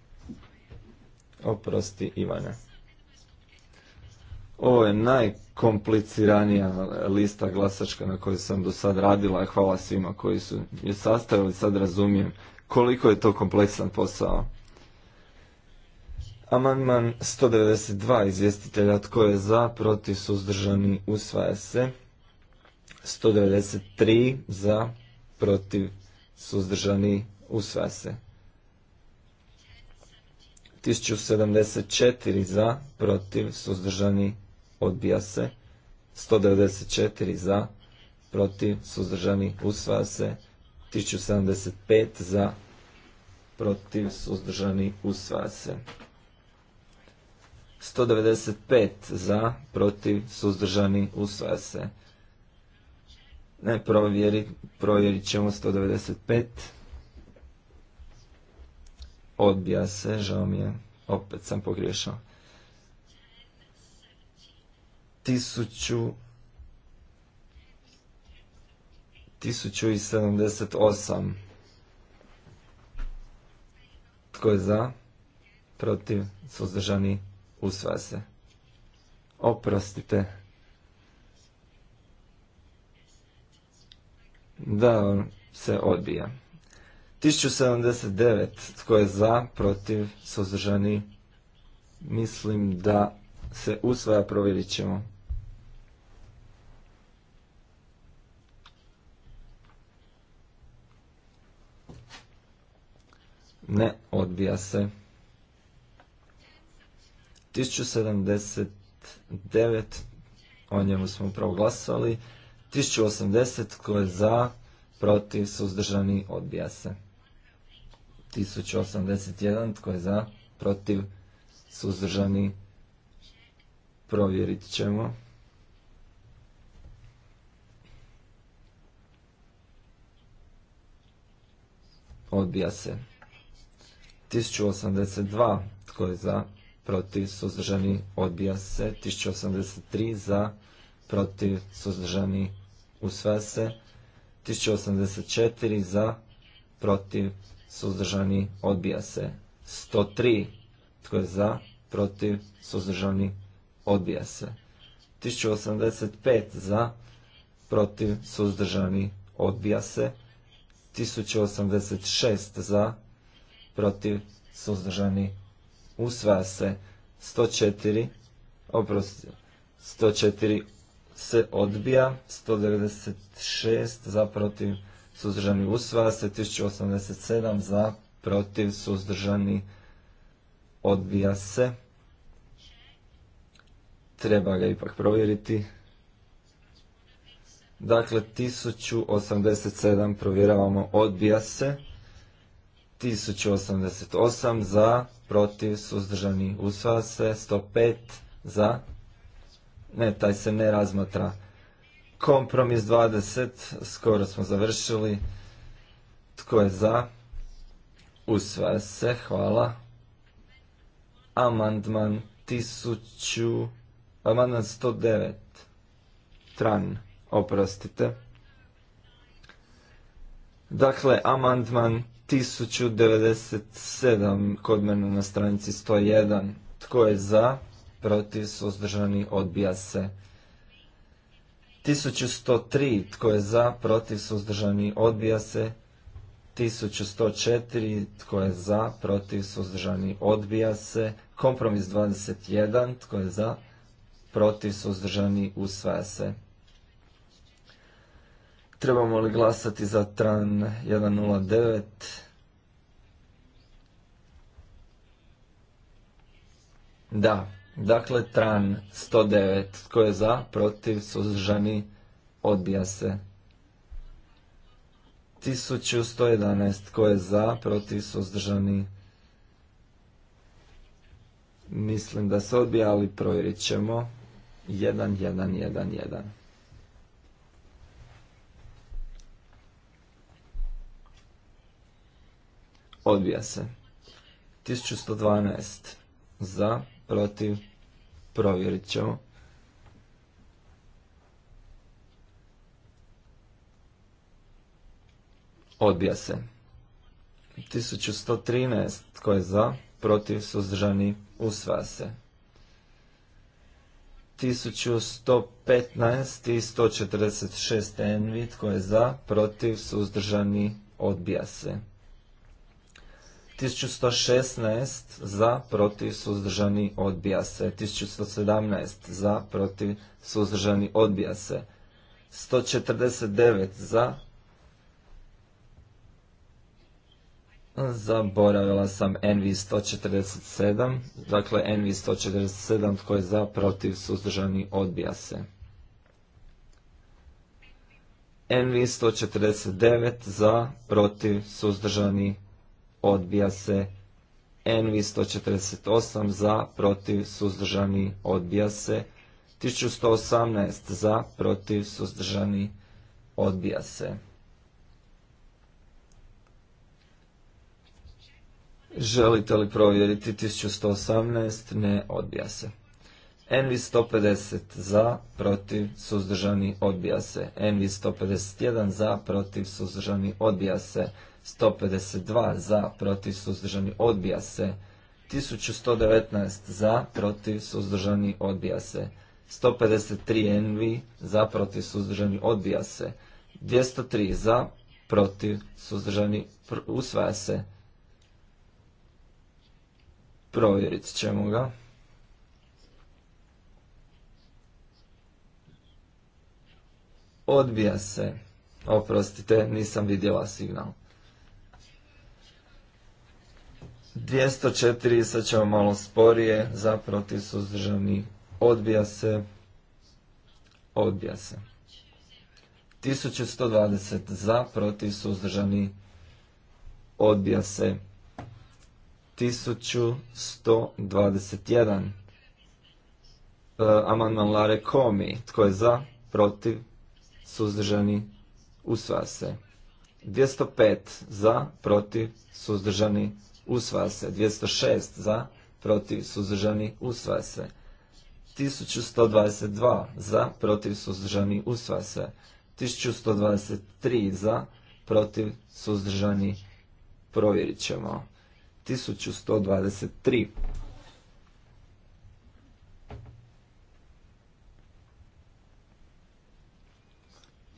Oprosti Ivana. Ovo je najkompliciranija lista glasačka na kojoj sam do sad radila. Hvala svima koji su je sastavili. Sad razumijem koliko je to kompleksan posao. Amandman 192 izvjestitelja tko je za, protiv, suzdržani, usvaja se. 193 za, protiv, suzdržani, usvaja se. 1074 za, protiv, suzdržani, odbija se. 194 za, protiv, suzdržani, usvaja se. 1075 za, protiv, suzdržani, usvaja se. 195 za, protiv, suzdržani, usvaja se. Ne, provjerit, ćemo 195. Odbija se, žao mi je, opet sam pogriješao. sedamdeset osam Tko je za? Protiv? Suzdržani? Usvaja se. Oprostite. Da, on se odbija. 1079. Tko je za, protiv, suzdržani? Mislim da se usvaja, provjerit ćemo. Ne, odbija se. 1079, o njemu smo upravo glasovali. 1080, tko je za, protiv, suzdržani, odbija se. 1081. Tko je za? Protiv? Suzdržani? Provjerit ćemo. Odbija se. 1082. Tko je za? Protiv? Suzdržani? Odbija se. 1083. Za? Protiv? Suzdržani? Usvaja se. 1084. Za? Protiv? suzdržani, odbija se. 103, tko je za, protiv, suzdržani, odbija se. 1085 za, protiv, suzdržani, odbija se. 1086 za, protiv, suzdržani, usvaja se. 104, oprosti, 104 se odbija, 196 za, protiv, suzdržani usvaja se, 1087 za, protiv, suzdržani odbija se. Treba ga ipak provjeriti. Dakle, 1087 provjeravamo, odbija se. 1088 za, protiv, suzdržani usvaja se, 105 za, ne, taj se ne razmatra. Kompromis 20, skoro smo završili. Tko je za? Usvaja se, hvala. Amandman 1000, amandman 109. Tran, oprostite. Dakle, amandman 1097 kod mene na stranici 101. Tko je za? Protiv, suzdržani, odbija se. 1103 tko je za, protiv, suzdržani, odbija se. 1104 tko je za, protiv, suzdržani, odbija se. Kompromis 21 tko je za, protiv, suzdržani, usvaja se. Trebamo li glasati za tran 109? Da, Dakle, tran 109. Tko je za, protiv, suzdržani, odbija se. 1111. Tko je za, protiv, suzdržani, mislim da se odbija, ali provjerit ćemo. 1111. Odbija se. 1112. Za, protiv, provjerit ćemo. Odbija se. 1113. Tko je za? Protiv suzdržani usvaja se. 1115 i 146 envi. Tko je za? Protiv suzdržani odbija se. 1116 za, protiv, suzdržani, odbija se. 1117 za, protiv, suzdržani, odbija se. 149 za, zaboravila sam NV 147, dakle NV 147 tko je za, protiv, suzdržani, odbija se. NV 149 za, protiv, suzdržani, odbija se odbija se. Envi 148 za, protiv, suzdržani, odbija se. 1118 za, protiv, suzdržani, odbija se. Želite li provjeriti 1118? Ne, odbija se. Envi 150 za, protiv, suzdržani, odbija se. Envi 151 za, protiv, suzdržani, odbija se. 152 za, protiv, suzdržani, odbija se. 1119 za, protiv, suzdržani, odbija se. 153 envi za, protiv, suzdržani, odbija se. 203 za, protiv, suzdržani, usvaja se. Provjerit ćemo ga. Odbija se. Oprostite, nisam vidjela signal. 204, sad ćemo malo sporije, za protiv suzdržani, odbija se, odbija se. 1120 za protiv suzdržani, odbija se. 1121 e, amandman Lare Komi, tko je za, protiv, suzdržani, usvaja se. 205 za, protiv, suzdržani, usvaja se. 206 za, protiv suzdržani usvaja se. 1122 za, protiv suzdržani usvaja se. 1123 za, protiv suzdržani provjerit ćemo. 1123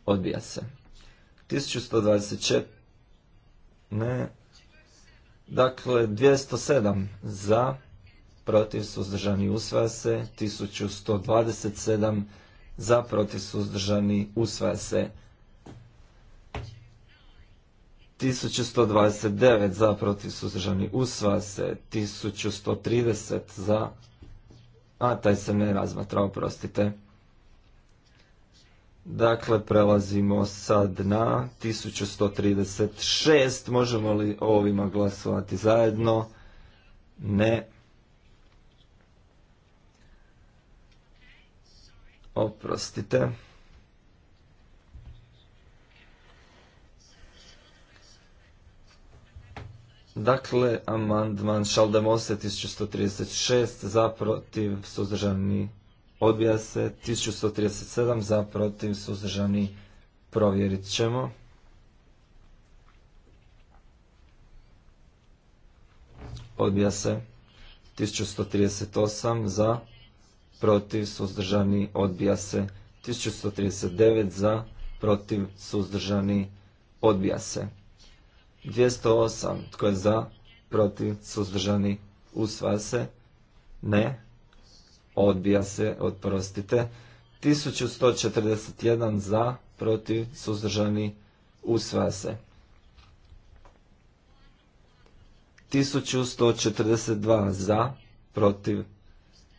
Odbija se. 1124 ne Dakle, 207 za, protiv suzdržani usvaja se, 1127 za, protiv suzdržani usvaja se, 1129 za, protiv suzdržani usvaja se, 1130 za, a taj se ne razmatrao, oprostite. Dakle, prelazimo sad na 1136. Možemo li ovima glasovati zajedno? Ne. Oprostite. Dakle, amandman Šaldemose 1136 za protiv suzdržani Odbija se 1137 za protiv suzdržani provjerit ćemo. Odbija se 1138 za protiv suzdržani odbija se 1139 za protiv suzdržani odbija se 208 tko je za protiv suzdržani usvaja se ne odbija se, odprostite, 1141 za, protiv, suzdržani, usvaja se. 1142 za, protiv,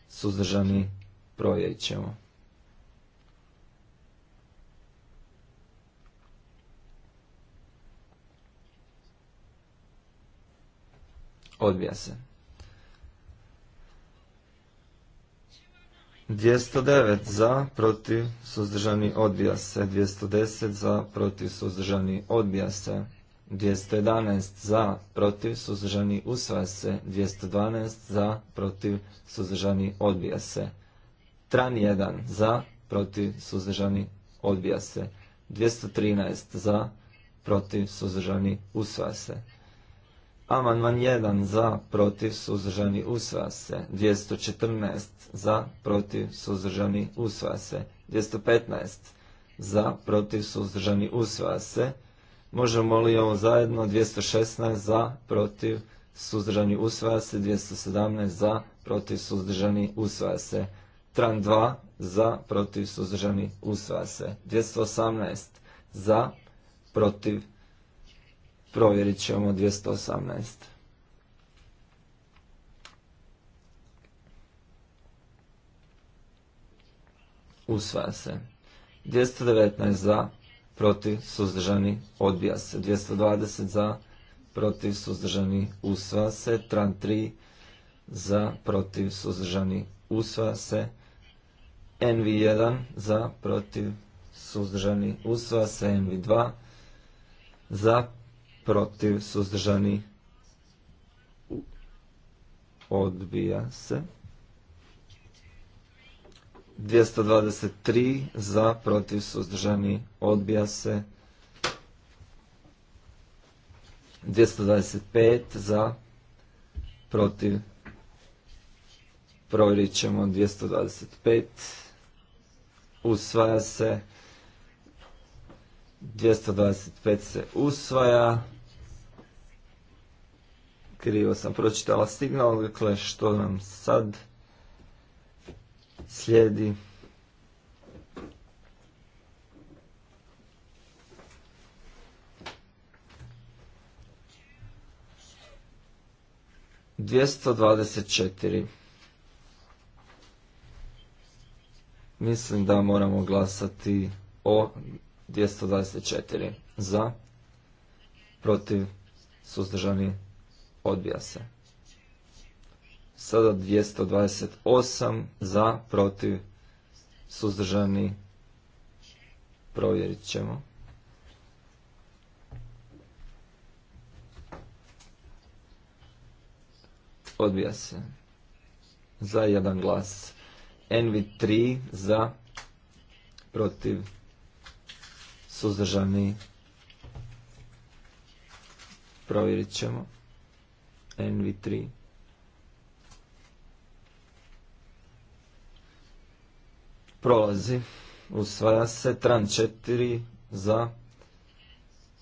suzdržani, projećemo. ćemo. Odbija se. 209 za, protiv, suzdržani, odbija se. 210 za, protiv, suzdržani, odbija se. 211 za, protiv, suzdržani, usvaja se. 212 za, protiv, suzdržani, odbija se. Tran 1 za, protiv, suzdržani, odbija se. 213 za, protiv, suzdržani, usvaja se. Amandman 1 za, protiv, suzdržani, usvase. 214 za, protiv, suzdržani, usvase. 215 za, protiv, suzdržani, usvase. Možemo li ovo zajedno? 216 za, protiv, suzdržani, usvase. 217 za, protiv, suzdržani, usvase. se. Tran 2 za, protiv, suzdržani, usvase. se. 218 za, protiv, Provjerit ćemo 218. Usvaja se. 219 za, protiv, suzdržani, odbija se. 220 za, protiv, suzdržani, usvaja se. Tran 3 za, protiv, suzdržani, usvaja se. NV1 za, protiv, suzdržani, usvaja se. NV2 za, protiv, suzdržani, odbija se. 223 za, protiv, suzdržani, odbija se. 225 za, protiv, provjerit ćemo 225, usvaja se, 225 se usvaja, krivo sam pročitala signal, dakle što nam sad slijedi. Dvijesto Mislim da moramo glasati o 224 za, protiv, suzdržani, odbija se. Sada 228 za, protiv, suzdržani, provjerit ćemo. Odbija se. Za jedan glas. NV3 za, protiv, suzdržani, provjerit ćemo. NV3. Prolazi. Usvaja se tran 4 za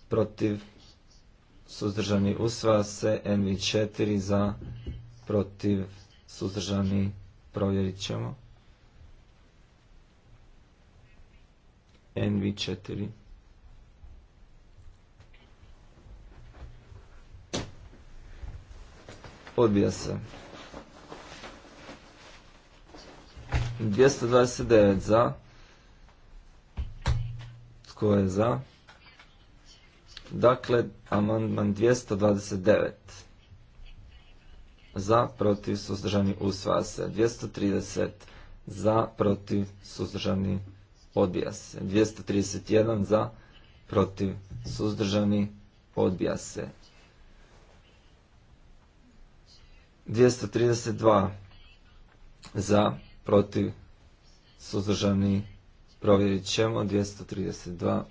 protiv suzdržani. Usvaja se NV4 za protiv suzdržani. Provjerit ćemo. NV4. Odbija se. 229 za. Tko je za? Dakle, amandman 229. Za, protiv, suzdržani, usvaja se. 230. Za, protiv, suzdržani, odbija se. 231. Za, protiv, suzdržani, odbija se. 232 za, protiv, suzdržani, provjerit ćemo, 232.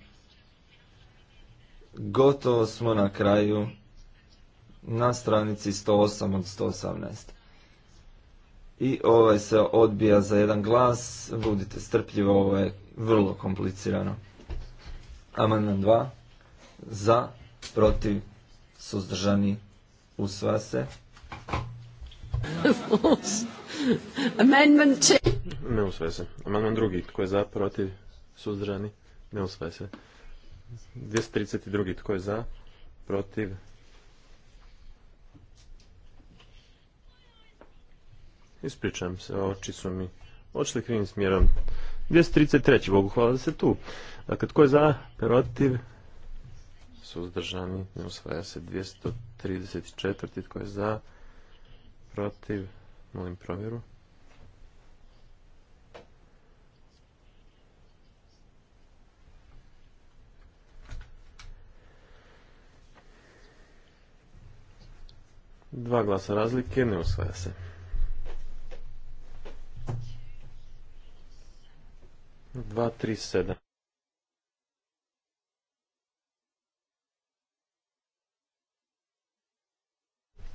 Gotovo smo na kraju na stranici 108 od 118. I ovaj se odbija za jedan glas, budite strpljivi, ovo je vrlo komplicirano. Amandman 2, za, protiv, suzdržani, usvaja se. Amendment Ne usvaja se. Amendment drugi. Tko je za, protiv, suzdržani? Ne usvaja se. 232. Tko je za, protiv, Ispričam se, oči su mi očili krivim smjerom. 233. Bogu hvala da se tu. Dakle, tko je za, protiv, suzdržani, ne usvaja se 234. Tko je za, protiv, molim provjeru. Dva glasa razlike, ne usvaja se. Dva, tri, sedam.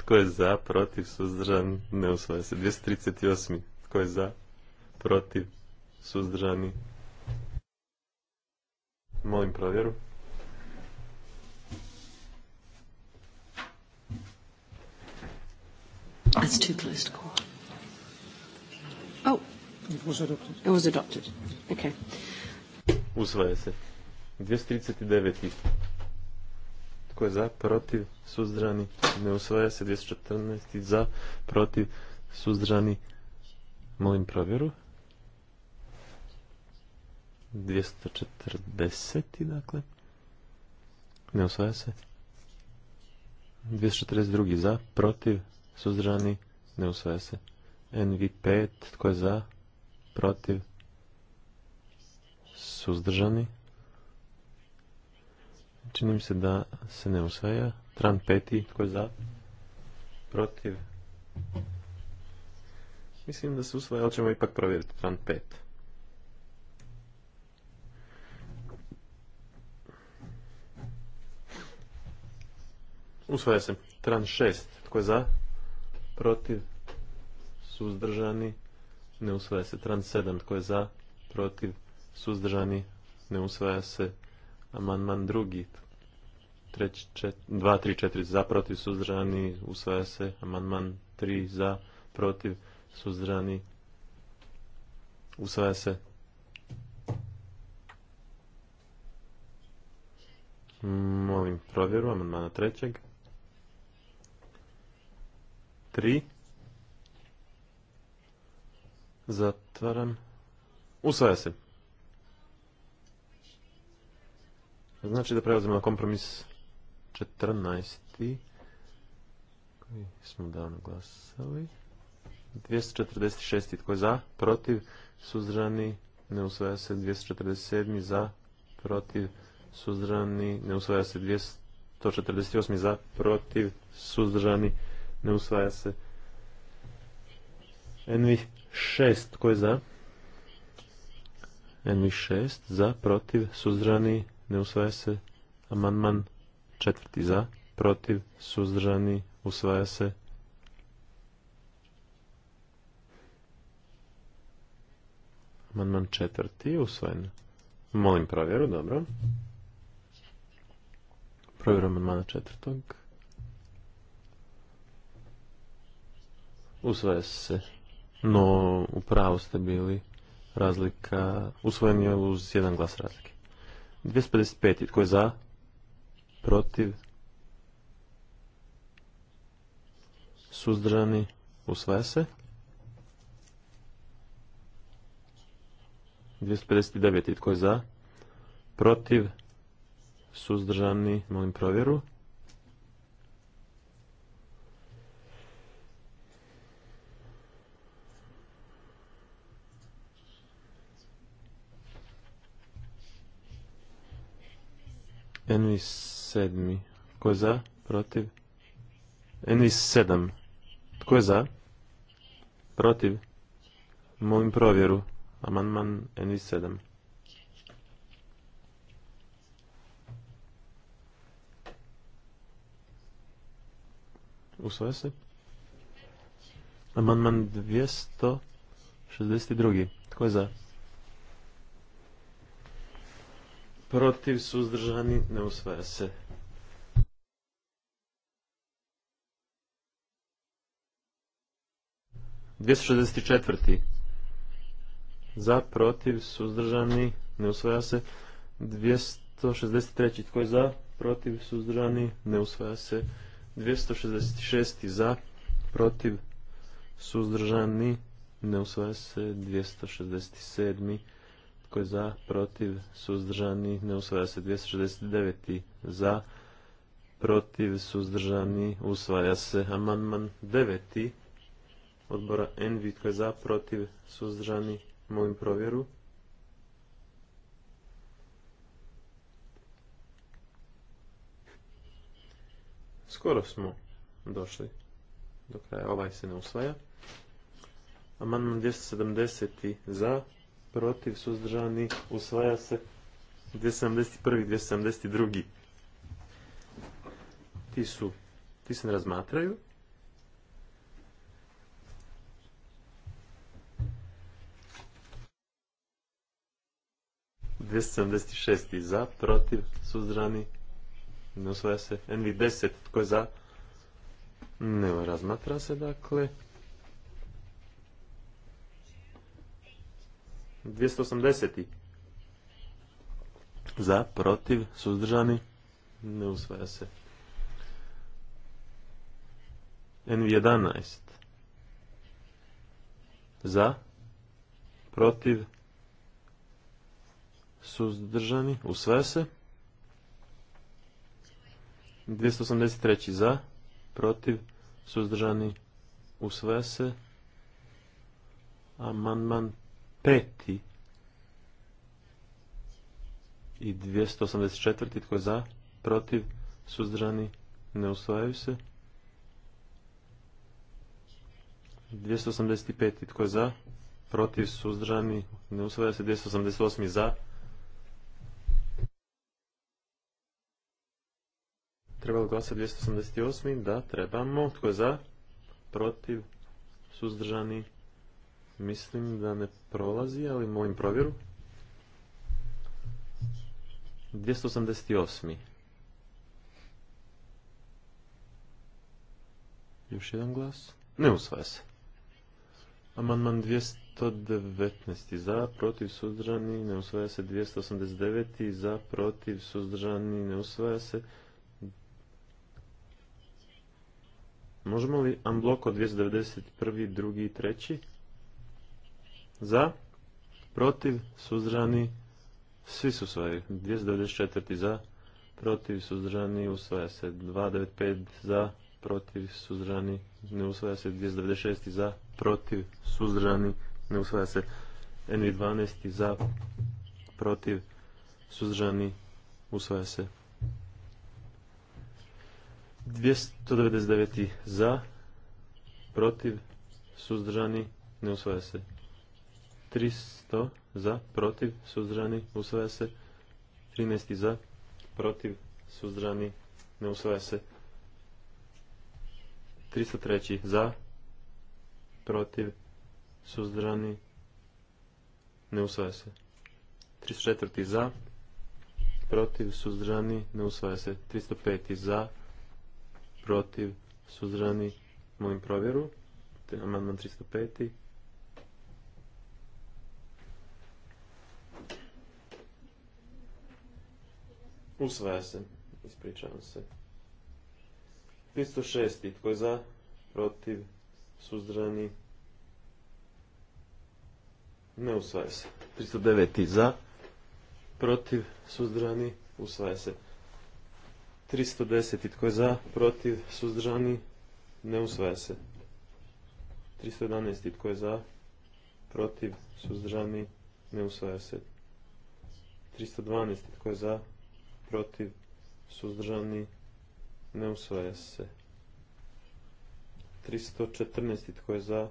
Tko je za, protiv, suzdržan, ne usvaja se. 238. Tko je za, protiv, suzdržani. Molim provjeru. That's too close to call. Oh. It was adopted. It was adopted. Okay. Usvaja se. 239. Tko je za? Protiv? suzdrani Ne usvaja se. 214. Za? Protiv? suzdrani Molim provjeru. 240. Dakle. Ne usvaja se. 242. Za? Protiv? suzdrani Ne usvaja se. NV5. Tko je za? Protiv? Suzdržani? Čini mi se da se ne usvaja. Tran peti, tko je za? Protiv? Mislim da se usvaja, ali ćemo ipak provjeriti tran pet. Usvaja se. Tran šest, Tko je za? Protiv? Suzdržani? Ne usvaja se. Tran 7. Tko je za? Protiv? Suzdržani? Ne usvaja se. Amandman drugi. čet, dva, tri, četiri za, protiv, suzdržani, usvaja se. Amandman tri za, protiv, suzdržani, usvaja se. Molim provjeru amandmana trećeg. Tri. Zatvaram. Usvaja se. Znači da prelazimo na kompromis 14. Koji smo davno glasali. 246. Tko je za? Protiv? Suzdrani? Ne usvaja se. 247. Za? Protiv? Suzdrani? Ne usvaja se. 248. Za? Protiv? Suzdrani? Ne usvaja se. Envi 6. Tko je za? Envi 6. Za? Protiv? Suzdrani? ne usvaja se. Amandman četvrti za, protiv, suzdržani, usvaja se. Amandman četvrti, usvojen. Molim provjeru, dobro. Provjeru amandmana četvrtog. Usvaja se. No, u pravu ste bili razlika, usvojen je uz jedan glas razlike. 255. Tko je za? Protiv? Suzdržani? Usvaja se. 259. Tko je za? Protiv? Suzdržani? Molim provjeru. Envi sedmi. Tko je za? Protiv? Envi sedam. Tko je za? Protiv? Molim provjeru. Amandman Envi sedam. Usvaja se. Amandman 262. Tko je za? protiv, suzdržani, ne usvaja se. Dvjesto četiri za, protiv, suzdržani, ne usvaja se. 263. Tko je za? Protiv, suzdržani, ne usvaja se. 266. Za, protiv, suzdržani, ne usvaja se. 267. Tko je za? Protiv? Suzdržani? Ne usvaja se. 269. Za? Protiv? Suzdržani? Usvaja se. Amandman 9. Odbora Envi. Tko je za? Protiv? Suzdržani? Molim provjeru. Skoro smo došli do kraja. Ovaj se ne usvaja. Amandman 270. za, protiv, suzdržani, usvaja se 271. 272. Ti su, ti se ne razmatraju. šest za, protiv, suzdržani, ne usvaja se. Envi 10 tko je za? Ne razmatra se, dakle. 280. Za, protiv, suzdržani, ne usvaja se. n 11 Za, protiv, suzdržani, usvaja se. 283. za, protiv, suzdržani, usvaja se. Amandman peti i 284. Tko je za? Protiv? Suzdržani? Ne usvajaju se. 285. Tko je za? Protiv? Suzdržani? Ne usvaja se. 288. Za? Trebalo glasa 288. Da, trebamo. Tko je za? Protiv? Suzdržani? Mislim da ne prolazi, ali molim provjeru. 288. Još jedan glas. Ne usvaja se. Amandman 219. Za, protiv, suzdržani, ne usvaja se. 289. Za, protiv, suzdržani, ne usvaja se. Možemo li unblock od 291. drugi i treći? za, protiv, suzdržani, svi su svoji. 294. za, protiv, suzdržani, usvaja se. 295 za, protiv, suzdržani, ne usvaja se. 296 za, protiv, suzdržani, ne usvaja se. NV12 za, protiv, suzdržani, usvaja se. 299 za, protiv, suzdržani, ne usvaja se. 300 za, protiv, suzdržani, usvaja se. 13 za, protiv, suzdržani, ne usvaja se. 303 za, protiv, suzdržani, ne usvaja se. 304 za, protiv, suzdržani, ne usvaja se. 305 za, protiv, suzdržani, molim provjeru. Amandman 305. Usvaja se. Ispričavam se. 306. Tko je za? Protiv? Suzdrani? Ne usvaja se. 309. Za? Protiv? Suzdrani? Usvaja se. 310. Tko je za? Protiv? Suzdrani? Ne usvaja se. 311. Tko je za? Protiv? Suzdrani? Ne usvaja se. 312. Tko je za? protiv, suzdržani, ne usvaja se. 314. tko je za,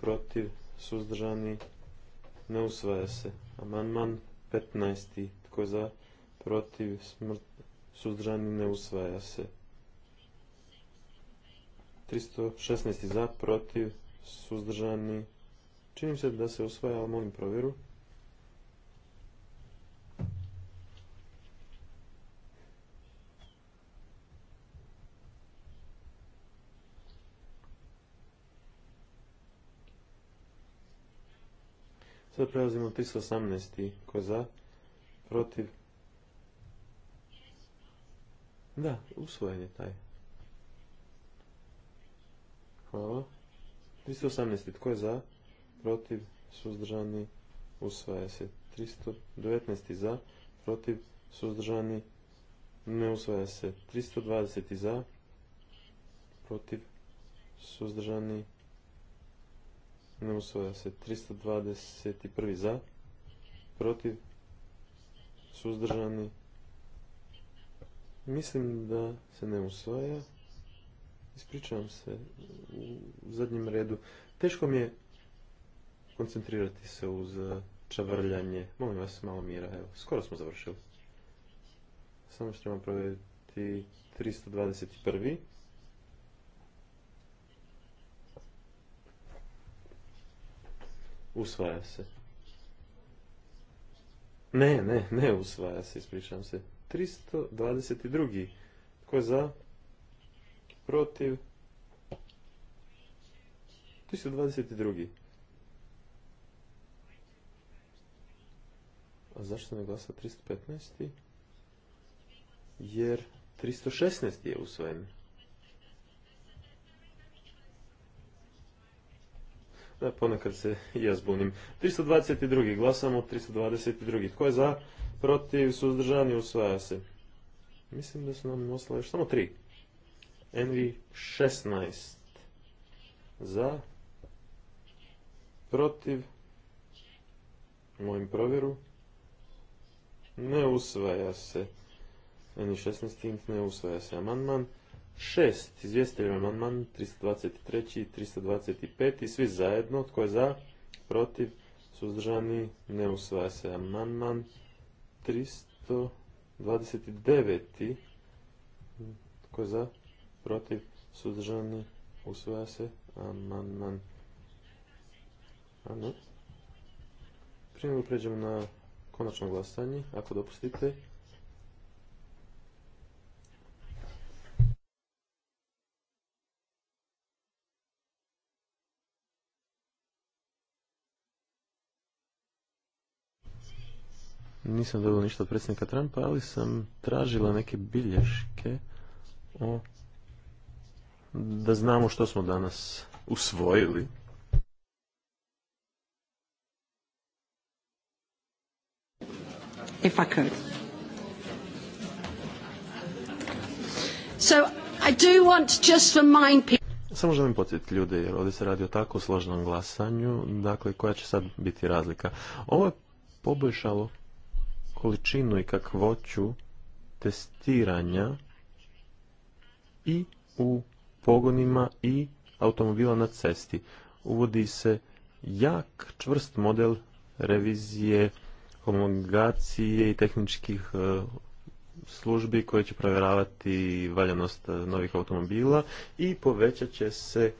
protiv, suzdržani, ne usvaja se. Amandman 15. tko je za, protiv, smrt, suzdržani, ne usvaja se. 316. za, protiv, suzdržani, čini se da se usvaja, ali molim provjeru. Sada prelazimo 318. Ko za? Protiv? Da, usvojen je taj. Hvala. 318. Tko je za? Protiv? Suzdržani? Usvaja se. 319. Za? Protiv? Suzdržani? Ne usvaja se. 320. Za? Protiv? Suzdržani? Ne usvaja se. 321. za. Protiv. Suzdržani. Mislim da se ne usvaja. Ispričavam se u zadnjem redu. Teško mi je koncentrirati se uz čavrljanje. Molim vas malo mira. Evo, skoro smo završili. Samo što imam provjeriti 321. Usvaja se. Ne, ne, ne usvaja se, ispričavam se. 322. Tko je za? Protiv? 322. A zašto ne glasa 315? Jer 316 je usvojen. da e, ponekad se i ja zbunim. 322. Glasamo 322. Tko je za? Protiv, suzdržani, usvaja se. Mislim da su nam ostale još samo tri. Envi 16. Za. Protiv. mojim provjeru. Ne usvaja se. Envi 16 ne usvaja se amandman. Šest izvjestitelji amandman 323. i 325. I svi zajedno. Tko je za? Protiv? Suzdržani? Ne usvaja se. Amandman 329. Tko je za? Protiv? Suzdržani? Usvaja se. Amandman. Ano. Prije nego pređemo na konačno glasanje, ako dopustite. Nisam dobila ništa od predsjednika Trumpa, ali sam tražila neke bilješke o da znamo što smo danas usvojili. If I could. So I do want just samo želim podsjetiti ljude, jer ovdje se radi o tako složnom glasanju, dakle koja će sad biti razlika. Ovo je poboljšalo količinu i kakvoću testiranja i u pogonima i automobila na cesti. Uvodi se jak, čvrst model revizije, homologacije i tehničkih e, službi koje će provjeravati valjanost novih automobila i povećat će se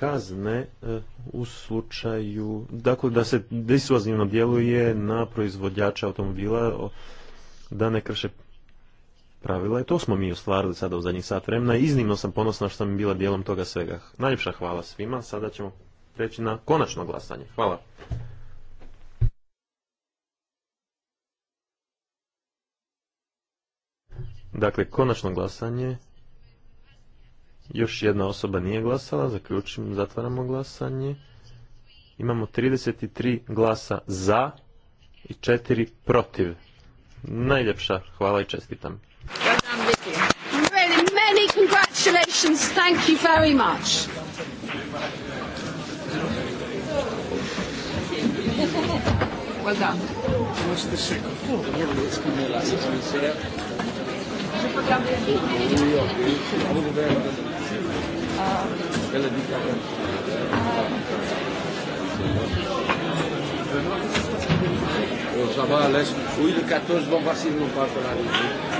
kazne e, u slučaju, dakle da se disuazivno djeluje na proizvođača automobila da ne krše pravila i e, to smo mi ostvarili sada u zadnjih sat vremena. Iznimno sam ponosna što sam bila dijelom toga svega. Najljepša hvala svima, sada ćemo preći na konačno glasanje. Hvala. Dakle, konačno glasanje još jedna osoba nije glasala, zaključim, zatvaramo glasanje. Imamo 33 glasa za i 4 protiv. Najljepša hvala i čestitam. Hvala Ça va, laisse. Oui, le 14, bon, voici, on pas faire la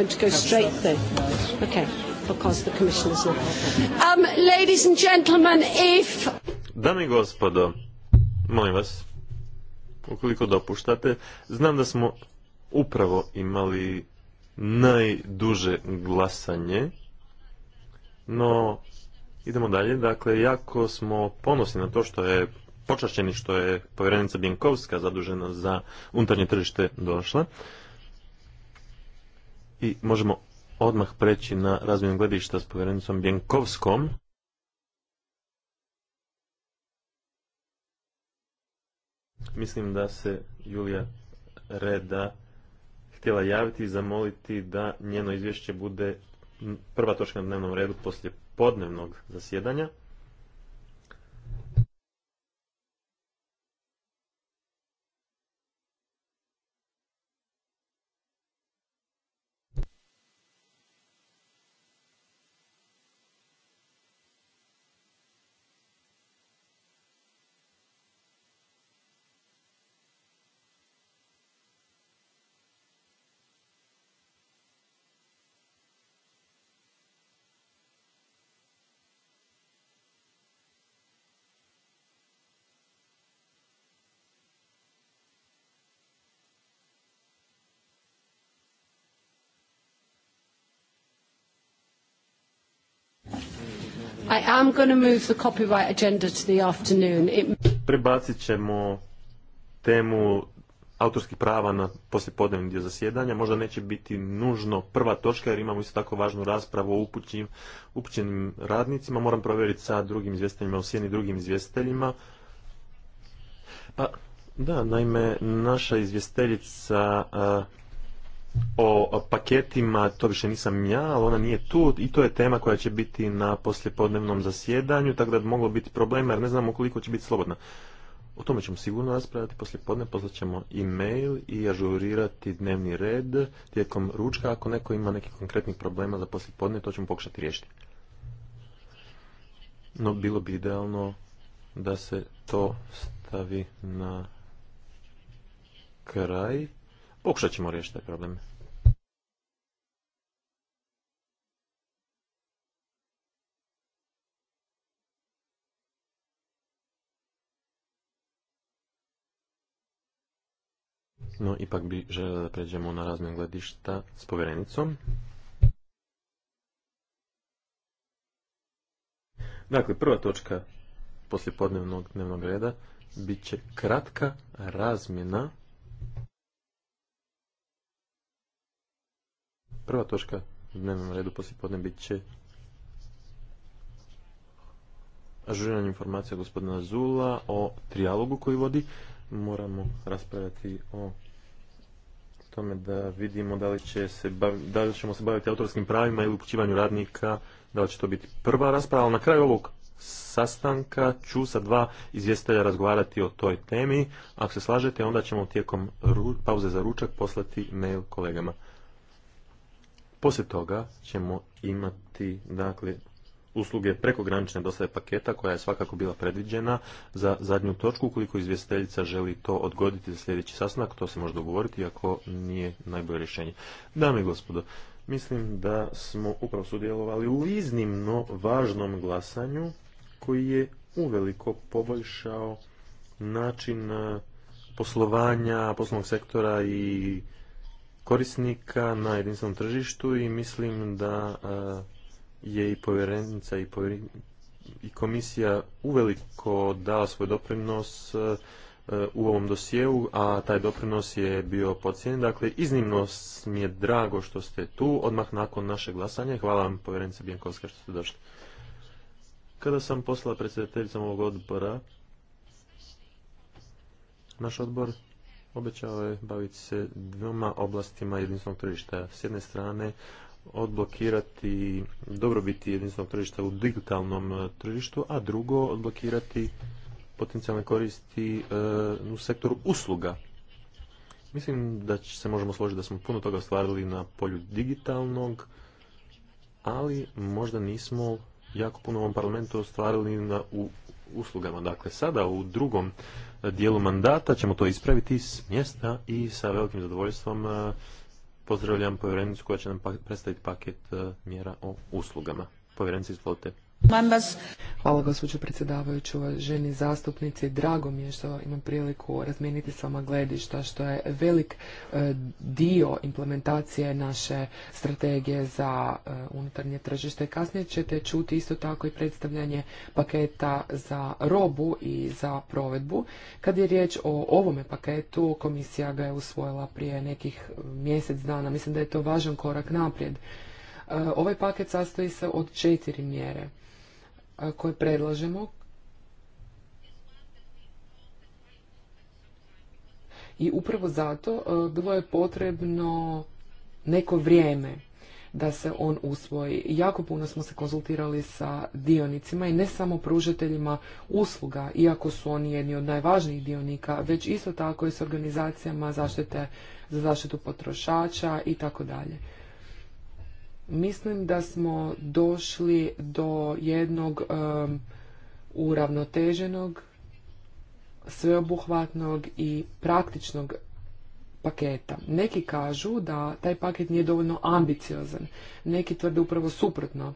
going to go Okay, because the Um, ladies and gentlemen, Dame i gospodo, molim vas, ukoliko dopuštate, znam da smo upravo imali najduže glasanje, no idemo dalje. Dakle, jako smo ponosni na to što je počašćeni što je povjerenica Binkovska zadužena za unutarnje tržište došla i možemo odmah preći na razmjenu gledišta s povjerenicom Bjenkovskom. Mislim da se Julija Reda htjela javiti i zamoliti da njeno izvješće bude prva točka na dnevnom redu poslije podnevnog zasjedanja. I am going Prebacit ćemo temu autorskih prava na poslijepodnevni dio zasjedanja. Možda neće biti nužno prva točka jer imamo isto tako važnu raspravu o upućenim, radnicima. Moram provjeriti sa drugim izvjestiteljima u sjeni drugim izvjestiteljima. Pa da, naime, naša izvjestiteljica o paketima, to više nisam ja, ali ona nije tu i to je tema koja će biti na poslijepodnevnom zasjedanju, tako da bi moglo biti problema jer ne znamo koliko će biti slobodna. O tome ćemo sigurno raspravljati poslijepodne, poslat ćemo e-mail i ažurirati dnevni red tijekom ručka. Ako neko ima nekih konkretnih problema za poslijepodne, to ćemo pokušati riješiti. No, bilo bi idealno da se to stavi na kraj Pokušat ćemo riješiti taj problem. No, ipak bi da pređemo na razmjen gledišta s povjerenicom. Dakle, prva točka poslije podnevnog dnevnog reda bit će kratka razmjena Prva točka u dnevnom redu podne bit će ažuriranje informacija gospodina Zula o trijalogu koji vodi. Moramo raspravljati o tome da vidimo da li, će se da li ćemo se baviti autorskim pravima ili upućivanju radnika, da li će to biti prva rasprava, ali na kraju ovog sastanka ću sa dva izvjestitelja razgovarati o toj temi. Ako se slažete, onda ćemo tijekom pauze za ručak poslati mail kolegama. Poslije toga ćemo imati dakle, usluge prekogranične dostave paketa koja je svakako bila predviđena za zadnju točku. Ukoliko izvjestiteljica želi to odgoditi za sljedeći sastanak, to se može dogovoriti ako nije najbolje rješenje. Dame i gospodo, mislim da smo upravo sudjelovali u iznimno važnom glasanju koji je uveliko poboljšao način poslovanja poslovnog sektora i korisnika na jedinstvenom tržištu i mislim da e, je i povjerenica i, povjeren... i komisija uveliko dala svoj doprinos e, u ovom dosjeu, a taj doprinos je bio pocijen. Dakle, iznimno mi je drago što ste tu, odmah nakon našeg glasanja. Hvala vam, povjerenica Bjenkovska, što ste došli. Kada sam poslala predsjedateljicom ovog odbora, naš odbor obećao je baviti se dvoma oblastima jedinstvenog tržišta. S jedne strane odblokirati dobrobiti jedinstvenog tržišta u digitalnom e, tržištu, a drugo odblokirati potencijalne koristi e, u sektoru usluga. Mislim da se možemo složiti da smo puno toga stvarili na polju digitalnog, ali možda nismo jako puno u ovom parlamentu ostvarili na, u uslugama. Dakle, sada u drugom dijelu mandata ćemo to ispraviti s mjesta i sa velikim zadovoljstvom e, pozdravljam povjerenicu koja će nam pa-, predstaviti paket e, mjera o uslugama. Povjerenici, izvolite. Hvala gospođo predsjedavajuću, ženi zastupnici. Drago mi je što imam priliku razmijeniti s vama gledišta, što je velik e, dio implementacije naše strategije za e, unutarnje tržište. Kasnije ćete čuti isto tako i predstavljanje paketa za robu i za provedbu. Kad je riječ o ovome paketu, komisija ga je usvojila prije nekih e, mjesec dana. Mislim da je to važan korak naprijed. Ovaj paket sastoji se od četiri mjere koje predlažemo i upravo zato e, bilo je potrebno neko vrijeme da se on usvoji. Jako puno smo se konzultirali sa dionicima i ne samo pružateljima usluga, iako su oni jedni od najvažnijih dionika, već isto tako i s organizacijama za zaštitu potrošača i tako dalje. Mislim da smo došli do jednog uravnoteženog, sveobuhvatnog i praktičnog paketa. Neki kažu da taj paket nije dovoljno ambiciozan, neki tvrde upravo suprotno.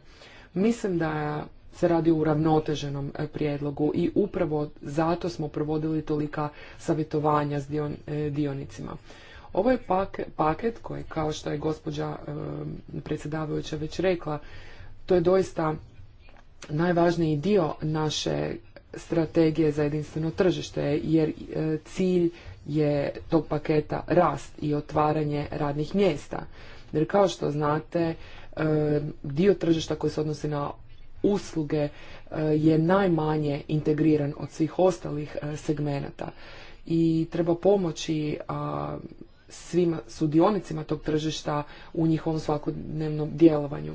Mislim da se radi o uravnoteženom e, prijedlogu i upravo zato smo provodili tolika savjetovanja s e, dionicima. Ovo je paket koji, kao što je gospođa e, predsjedavajuća već rekla, to je doista najvažniji dio naše strategije za jedinstveno tržište, jer e, cilj je tog paketa rast i otvaranje radnih mjesta. Jer kao što znate, e, dio tržišta koji se odnosi na usluge je najmanje integriran od svih ostalih segmenata i treba pomoći svim sudionicima tog tržišta u njihovom svakodnevnom djelovanju.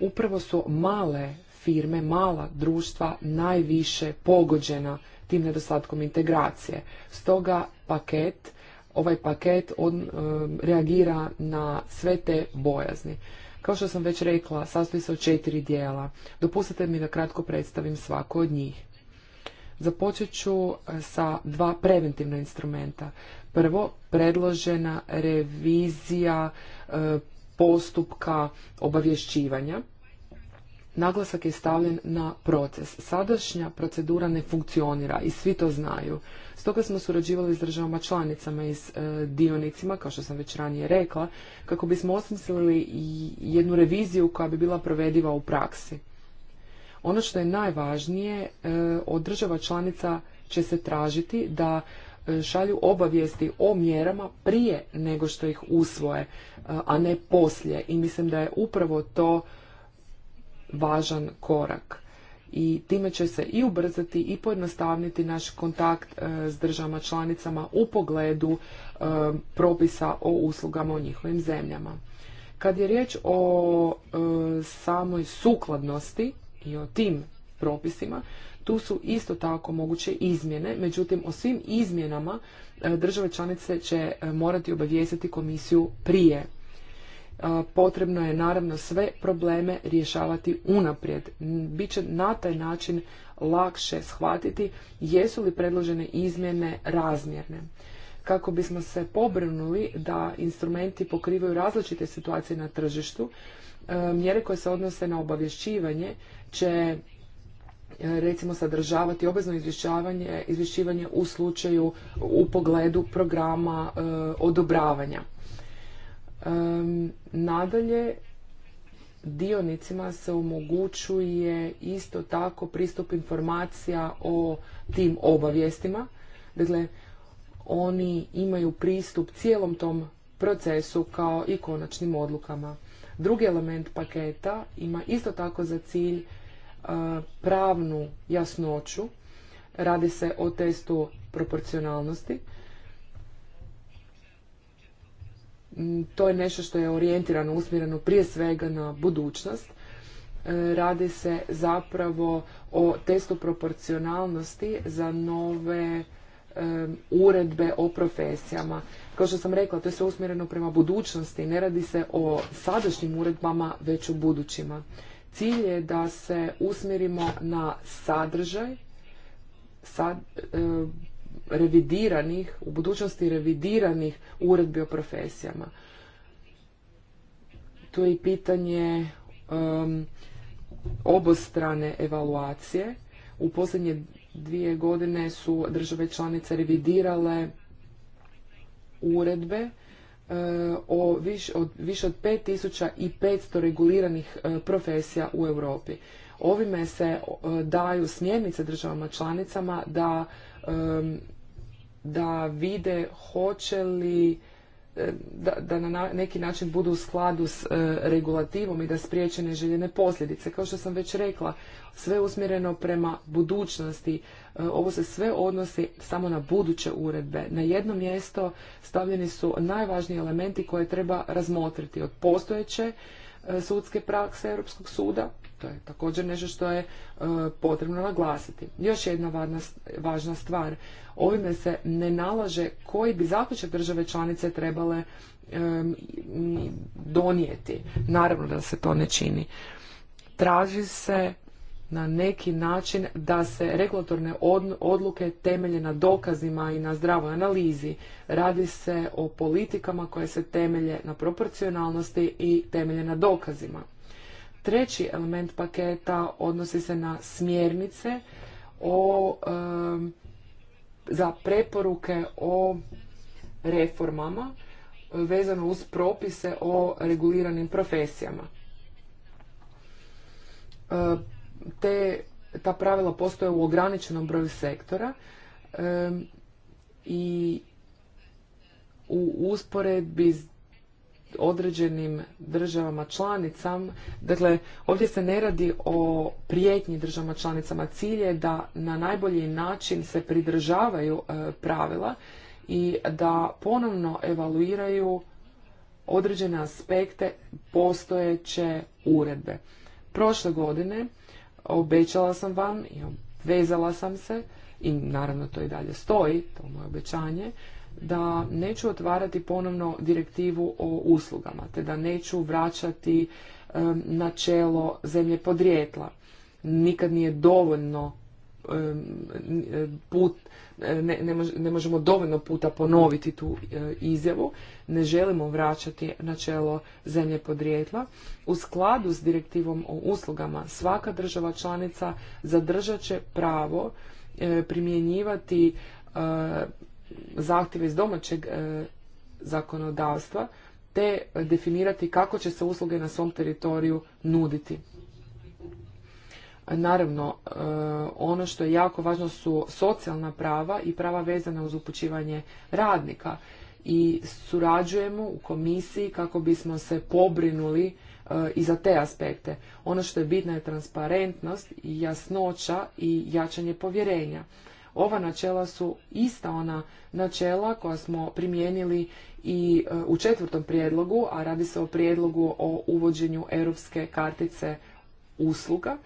Upravo su male firme, mala društva najviše pogođena tim nedostatkom integracije. Stoga paket, ovaj paket on e, reagira na sve te bojazni. Kao što sam već rekla, sastoji se od četiri dijela. Dopustite mi da kratko predstavim svako od njih. Započet ću e, sa dva preventivna instrumenta. Prvo, predložena revizija e, postupka obavješćivanja. Naglasak je stavljen na proces. Sadašnja procedura ne funkcionira i svi to znaju. Stoga smo surađivali s državama članicama i s e, dionicima, kao što sam već ranije rekla, kako bismo osmislili jednu reviziju koja bi bila provediva u praksi. Ono što je najvažnije, e, od država članica će se tražiti da e, šalju obavijesti o mjerama prije nego što ih usvoje, e, a ne poslije. I mislim da je upravo to važan korak. I time će se i ubrzati i pojednostavniti naš kontakt s državama članicama u pogledu propisa o uslugama u njihovim zemljama. Kad je riječ o samoj sukladnosti, i o tim propisima. Tu su isto tako moguće izmjene, međutim o svim izmjenama e, države članice će e, morati obavijestiti komisiju prije. E, potrebno je naravno sve probleme rješavati unaprijed. Biće na taj način lakše shvatiti jesu li predložene izmjene razmjerne kako bismo se pobrinuli da instrumenti pokrivaju različite situacije na tržištu E, mjere koje se odnose na obavješćivanje će e, recimo sadržavati obvezno izvješćavanje, izvješćivanje u slučaju u pogledu programa e, odobravanja. nadalje, dionicima se omogućuje isto tako pristup informacija o tim obavijestima. Dakle, oni imaju pristup cijelom tom procesu kao i konačnim odlukama. Drugi element paketa ima isto tako za cilj e, pravnu jasnoću. Radi se o testu proporcionalnosti. Mm, to je nešto što je orijentirano, usmjereno prije svega na budućnost. E, radi se zapravo o testu proporcionalnosti za nove e, uredbe o profesijama kao što sam rekla, to je sve usmjereno prema budućnosti, ne radi se o sadašnjim uredbama, već o budućima. Cilj je da se usmjerimo na sadržaj sad, e, revidiranih, u budućnosti revidiranih uredbi o profesijama. Tu je i pitanje obostrane evaluacije. U posljednje dvije godine su države članice revidirale uredbe e, o više od, više od 5500 reguliranih e, profesija u Europi. Ovime se e, daju smjernice državama članicama da, da vide hoće li E, da, da na neki način budu u skladu s e, regulativom i da spriječe neželjene posljedice. Kao što sam već rekla, sve usmjereno prema budućnosti. E, ovo se sve odnosi samo na buduće uredbe. Na jedno mjesto stavljeni su najvažniji elementi koje treba razmotriti od postojeće sudske prakse Europskog suda to je također nešto što je e, potrebno naglasiti. Još jedna važna stvar. Ovime se ne nalaže koji bi zaključak države članice trebale e, donijeti. Naravno da se to ne čini. Traži se na neki način da se regulatorne odluke temelje na dokazima i na zdravoj analizi. Radi se o politikama koje se temelje na proporcionalnosti i temelje na dokazima. Treći element paketa odnosi se na smjernice o, za preporuke o reformama vezano uz propise o reguliranim profesijama. E, te, ta pravila postoje u ograničenom broju sektora i u usporedbi s određenim državama članicama. Dakle, ovdje se ne radi o prijetnji državama članicama. Cilj je da na najbolji način se pridržavaju e, pravila i da ponovno evaluiraju određene aspekte postojeće uredbe. Prošle godine obećala sam vam i vezala sam se i naravno to i dalje stoji, to je moje obećanje, da neću otvarati ponovno direktivu o uslugama, te da neću vraćati načelo zemlje podrijetla. Nikad nije dovoljno put, ne, možemo dovoljno puta ponoviti tu e, izjavu, ne želimo vraćati načelo zemlje podrijetla. U skladu s direktivom o uslugama svaka država članica zadržat će pravo e, primjenjivati e, zahtjeve iz domaćeg e, zakonodavstva te definirati kako će se usluge na svom teritoriju nuditi. Naravno, e, ono što je jako važno su socijalna prava i prava vezana uz upućivanje radnika i surađujemo u komisiji kako bismo se pobrinuli e, i za te aspekte. Ono što je bitno je transparentnost, jasnoća i jačanje povjerenja. Ova načela su ista ona načela koja smo primijenili i e, u četvrtom prijedlogu, a radi se o prijedlogu o uvođenju europske kartice usluga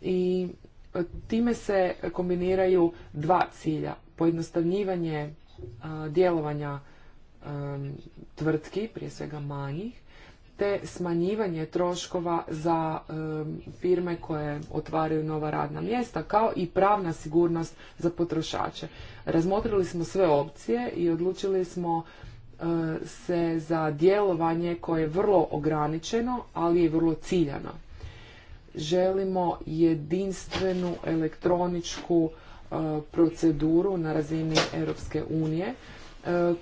i e, time se kombiniraju dva cilja. Pojednostavljivanje djelovanja tvrtki, prije svega manjih, te smanjivanje troškova za firme koje otvaraju nova radna mjesta kao i pravna sigurnost za potrošače. Razmotrili smo sve opcije i odlučili smo e, se za djelovanje koje je vrlo ograničeno, ali je vrlo ciljano. Želimo jedinstvenu elektroničku e, proceduru na razini Europske unije e,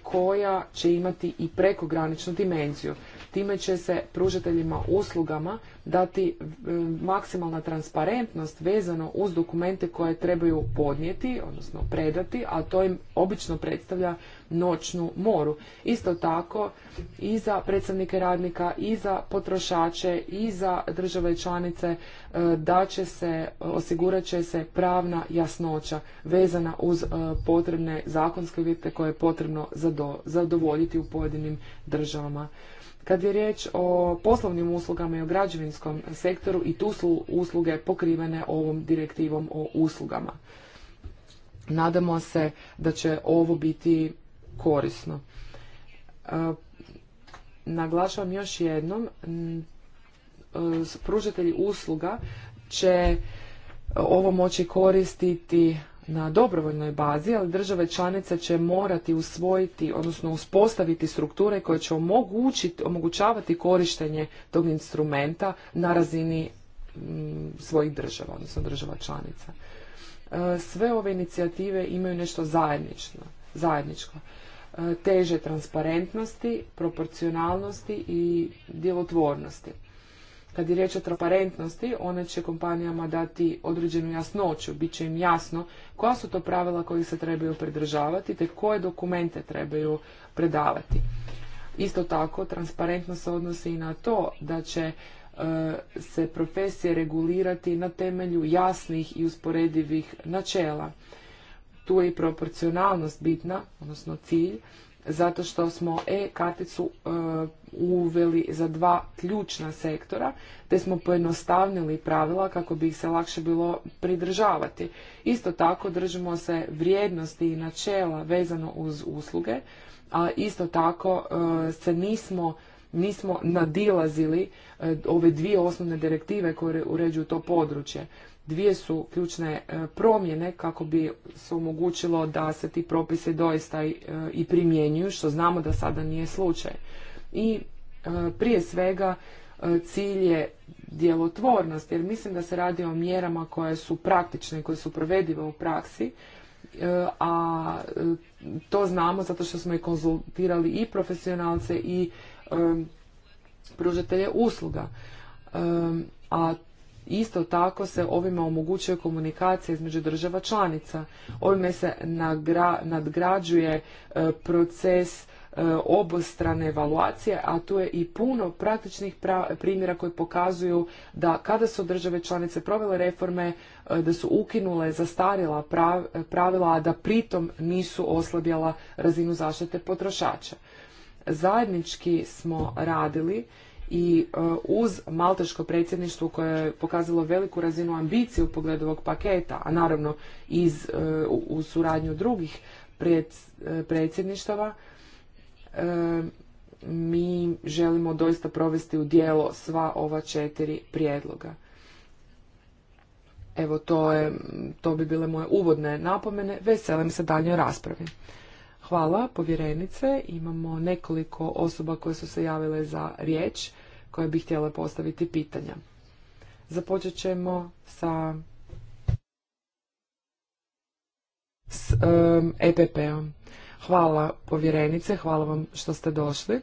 koja će imati i prekograničnu dimenziju. Time će se pružateljima uslugama dati e, maksimalna transparentnost vezano uz dokumente koje trebaju podnijeti, odnosno predati, a to im obično predstavlja noćnu moru. Isto tako i za predstavnike radnika i za potrošače i za države članice e, da će se, osigurat će se pravna jasnoća vezana uz e, potrebne zakonske uvjete koje je potrebno zadovoljiti u pojedinim državama. Kad je riječ o poslovnim uslugama i o građevinskim građevinskom sektoru i tu su usluge pokrivene ovom direktivom o uslugama. Nadamo se da će ovo biti korisno. E, naglašavam još jednom, e, pružatelji usluga će ovo moći koristiti na dobrovoljnoj bazi, ali države članice će morati usvojiti, odnosno uspostaviti strukture koje će omogućiti, omogućavati korištenje tog instrumenta na razini mm, svojih država, odnosno država članica. E, sve ove inicijative imaju nešto zajedničko. E, teže transparentnosti, proporcionalnosti i djelotvornosti. Kad je riječ o transparentnosti, one će kompanijama dati određenu jasnoću, bit će im jasno koja su to pravila kojih se trebaju pridržavati te koje dokumente trebaju predavati. Isto tako, transparentnost se odnosi i na to da će e, se profesije regulirati na temelju jasnih i usporedivih načela. Tu je i proporcionalnost bitna, odnosno cilj, zato što smo e-karticu e, uveli za dva ključna sektora, te smo pojednostavnili pravila kako bi ih se lakše bilo pridržavati. Isto tako držimo se vrijednosti i načela vezano uz usluge, a isto tako e, se nismo nismo nadilazili e, ove dvije osnovne direktive koje uređuju to područje. Dvije su ključne e, promjene kako bi se omogućilo da se ti propisi doista i e, primjenjuju, što znamo da sada nije slučaj. I e, prije svega cilj je djelotvornost, jer mislim da se radi o mjerama koje su praktične koje su provedive u praksi, a to znamo zato što smo i konzultirali i profesionalce i pružatelje usluga. A Isto tako se ovime omogućuje komunikacija između država članica. Ovime se nadgrađuje e, proces e, obostrane evaluacije, a tu je i puno praktičnih primjera koji pokazuju da kada su države članice provele reforme, e, da su ukinule zastarjela pravila, a da pritom nisu oslabjala razinu zaštite potrošača. Zajednički smo radili i e, uz malteško predsjedništvo koje je pokazalo veliku razinu ambicije u pogledu ovog paketa, a naravno iz, e, u, suradnju drugih e, predsjedništava, mi želimo doista provesti u dijelo sva ova četiri prijedloga. Evo, to, je, to bi bile moje uvodne napomene. Veselim se daljnjoj raspravi. Hvala, povjerenice. Imamo nekoliko osoba koje su se javile za riječ koje bi htjele postaviti pitanja. Započet ćemo sa s EPP-om. E hvala povjerenice, hvala vam što ste došli.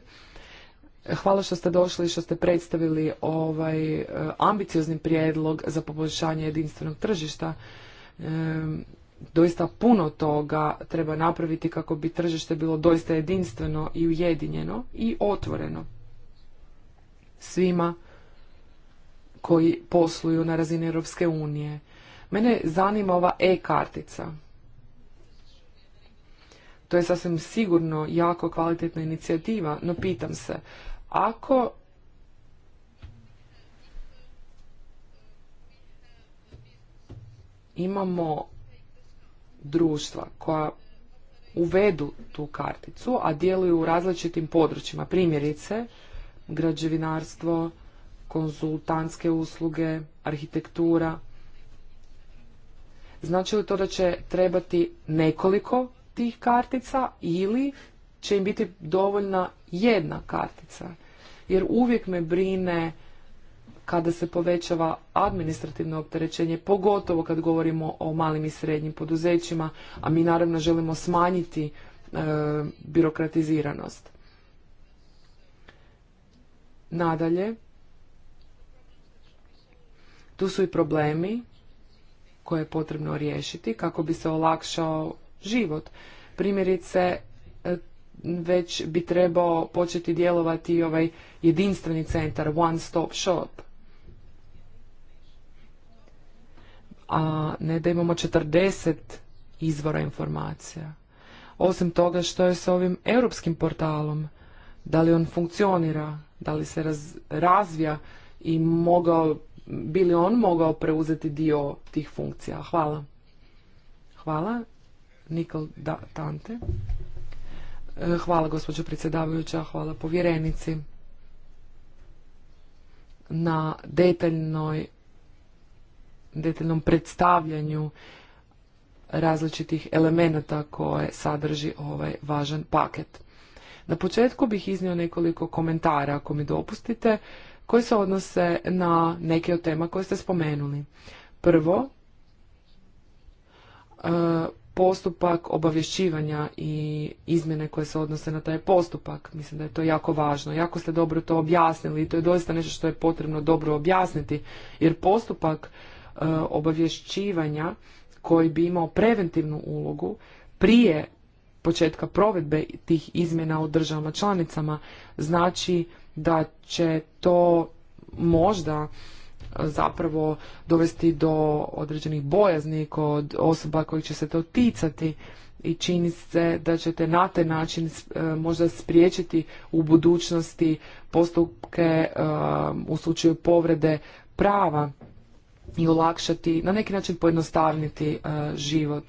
Hvala što ste došli i što ste predstavili ovaj eh, ambiciozni prijedlog za poboljšanje jedinstvenog tržišta. doista puno toga treba napraviti kako bi tržište bilo doista jedinstveno i ujedinjeno i otvoreno svima koji posluju na razini Europske unije. Mene zanima ova e-kartica. To je sasvim sigurno jako kvalitetna inicijativa, no pitam se, ako imamo društva koja uvedu tu karticu, a djeluju u različitim područjima, primjerice građevinarstvo, konzultantske usluge, arhitektura. Znači li to da će trebati nekoliko tih kartica ili će im biti dovoljna jedna kartica? Jer uvijek me brine kada se povećava administrativno opterećenje, pogotovo kad govorimo o malim i srednjim poduzećima, a mi naravno želimo smanjiti e, birokratiziranost. Nadalje, tu su i problemi koje je potrebno riješiti kako bi se olakšao život. Primjerice, e, već bi trebao početi djelovati ovaj jedinstveni centar, one stop shop. A ne da imamo 40 izvora informacija. Osim toga što je s ovim europskim portalom, da li on funkcionira, da li se razvija i mogao, bi li on mogao preuzeti dio tih funkcija. Hvala. Hvala. Nikol da, Tante. E, hvala gospođo predsjedavajuća, hvala povjerenici na detaljnoj detaljnom predstavljanju različitih elemenata koje sadrži ovaj važan paket. Na početku bih iznio nekoliko komentara, ako mi dopustite, koji se odnose na neke od tema koje ste spomenuli. Prvo, e, postupak obavješćivanja i izmjene koje se odnose na taj postupak. Mislim da je to jako važno. Jako ste dobro to objasnili i to je doista nešto što je potrebno dobro objasniti, jer postupak e, obavješćivanja koji bi imao preventivnu ulogu prije početka provedbe tih izmjena u državama članicama znači da će to možda e, zapravo dovesti do određenih bojazni kod osoba koji će se to ticati i čini se da ćete na taj način e, možda spriječiti u budućnosti postupke e, u slučaju povrede prava i olakšati, na neki način pojednostavniti život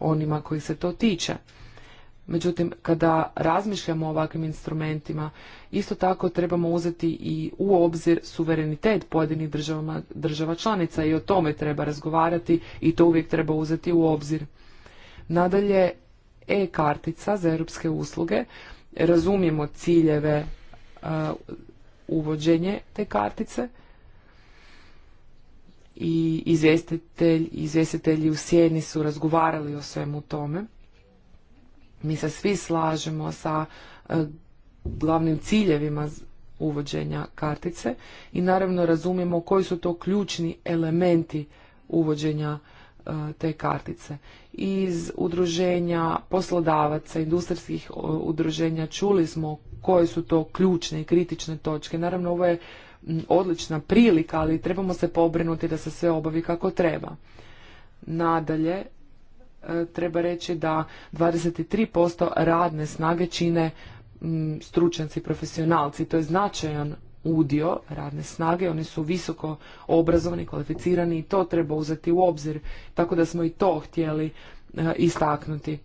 onima koji se to tiče. Međutim, kada razmišljamo o ovakvim instrumentima, isto tako trebamo uzeti i u obzir suverenitet pojedinih država članica i o tome treba razgovarati i to uvijek treba uzeti u obzir. Nadalje, e-kartica za europske usluge. Razumijemo ciljeve e, uvođenje te kartice i izvjestitelj, izvjestitelji u Sjeni su razgovarali o svemu tome. Mi se svi slažemo sa e, glavnim ciljevima uvođenja kartice i naravno razumijemo koji su to ključni elementi uvođenja e, te kartice. Iz udruženja poslodavaca, industrijskih udruženja čuli smo koje su to ključne i kritične točke. Naravno ovo je odlična prilika, ali trebamo se pobrinuti da se sve obavi kako treba. Nadalje, treba reći da 23% radne snage čine mm, stručnjaci, profesionalci. To je značajan udio radne snage, oni su visoko obrazovani, kvalificirani i to treba uzeti u obzir, tako da smo i to htjeli e, istaknuti.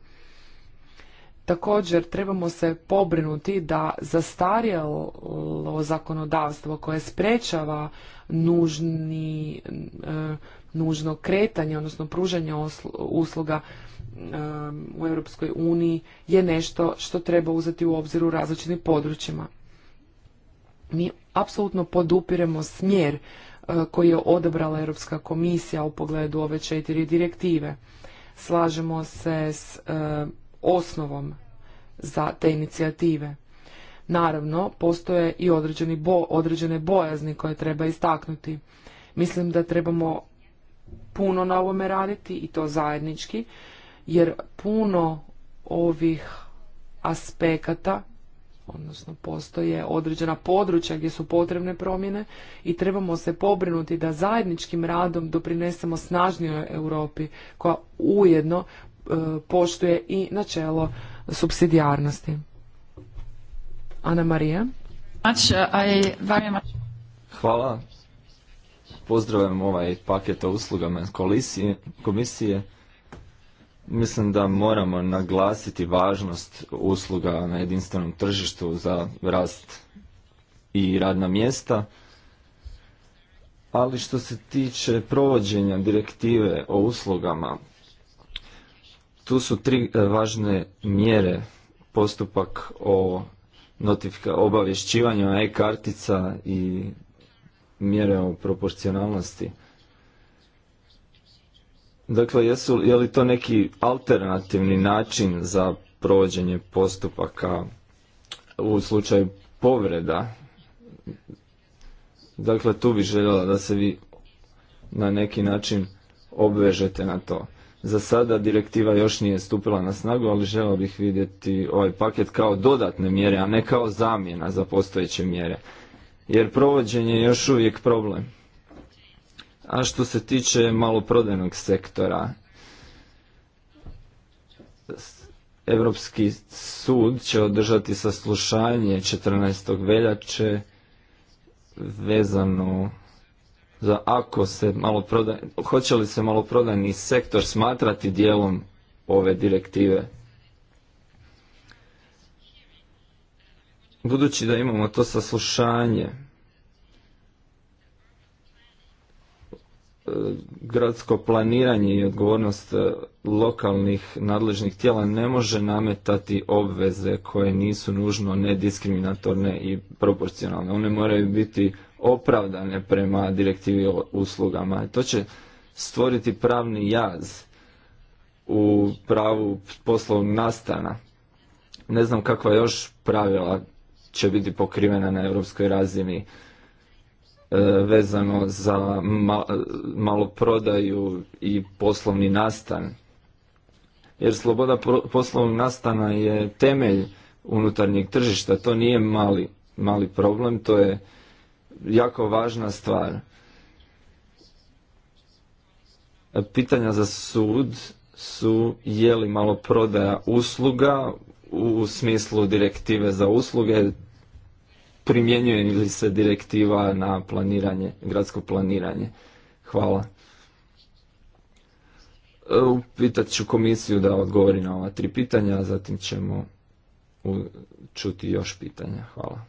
Također trebamo se pobrinuti da zastarjelo zakonodavstvo koje sprečava nužni e, nužno kretanje, odnosno pružanje usluga um, u Europskoj uniji je nešto što treba uzeti u obzir u različitim područjima. Mi apsolutno podupiremo smjer uh, koji je odabrala Europska komisija u pogledu ove četiri direktive. Slažemo se s uh, osnovom za te inicijative. Naravno, postoje i određene bojazni koje treba istaknuti. Mislim da trebamo puno na ovome raditi i to zajednički, jer puno ovih aspekata, odnosno postoje određena područja gdje su potrebne promjene i trebamo se pobrinuti da zajedničkim radom doprinesemo snažnijoj Europi koja ujedno e, poštuje i načelo subsidijarnosti. Ana Marija. Uh, Hvala. Pozdravljam ovaj paket o uslugama komisije. Mislim da moramo naglasiti važnost usluga na jedinstvenom tržištu za rast i radna mjesta. Ali što se tiče provođenja direktive o uslugama, tu su tri e, važne mjere postupak o notifika, obavješćivanju e-kartica i mjere o proporcionalnosti. Dakle, jesu, je li to neki alternativni način za provođenje postupaka u slučaju povreda? Dakle, tu bi željela da se vi na neki način obvežete na to. Za sada direktiva još nije stupila na snagu, ali želio bih vidjeti ovaj paket kao dodatne mjere, a ne kao zamjena za postojeće mjere jer provođenje je još uvijek problem. A što se tiče maloprodajnog sektora, Europski sud će održati saslušanje 14. veljače vezano za ako se maloprodaj, hoće li se maloprodajni sektor smatrati dijelom ove direktive. Budući da imamo to saslušanje e, gradsko planiranje i odgovornost e, lokalnih nadležnih tijela ne može nametati obveze koje nisu nužno nediskriminatorne i proporcionalne. One moraju biti opravdane prema direktivi o uslugama. To će stvoriti pravni jaz u pravu poslovnog nastana. Ne znam kakva još pravila će biti pokrivena na europskoj razini e, vezano za maloprodaju i poslovni nastan. Jer sloboda poslovnog nastana je temelj unutarnjeg tržišta, to nije mali, mali problem, to je jako važna stvar. Pitanja za sud su je li maloprodaja usluga u smislu direktive za usluge primjenjuje li se direktiva na planiranje, gradsko planiranje. Hvala. E, Pitat ću komisiju da odgovori na ova tri pitanja, a zatim ćemo čuti još pitanja. Hvala.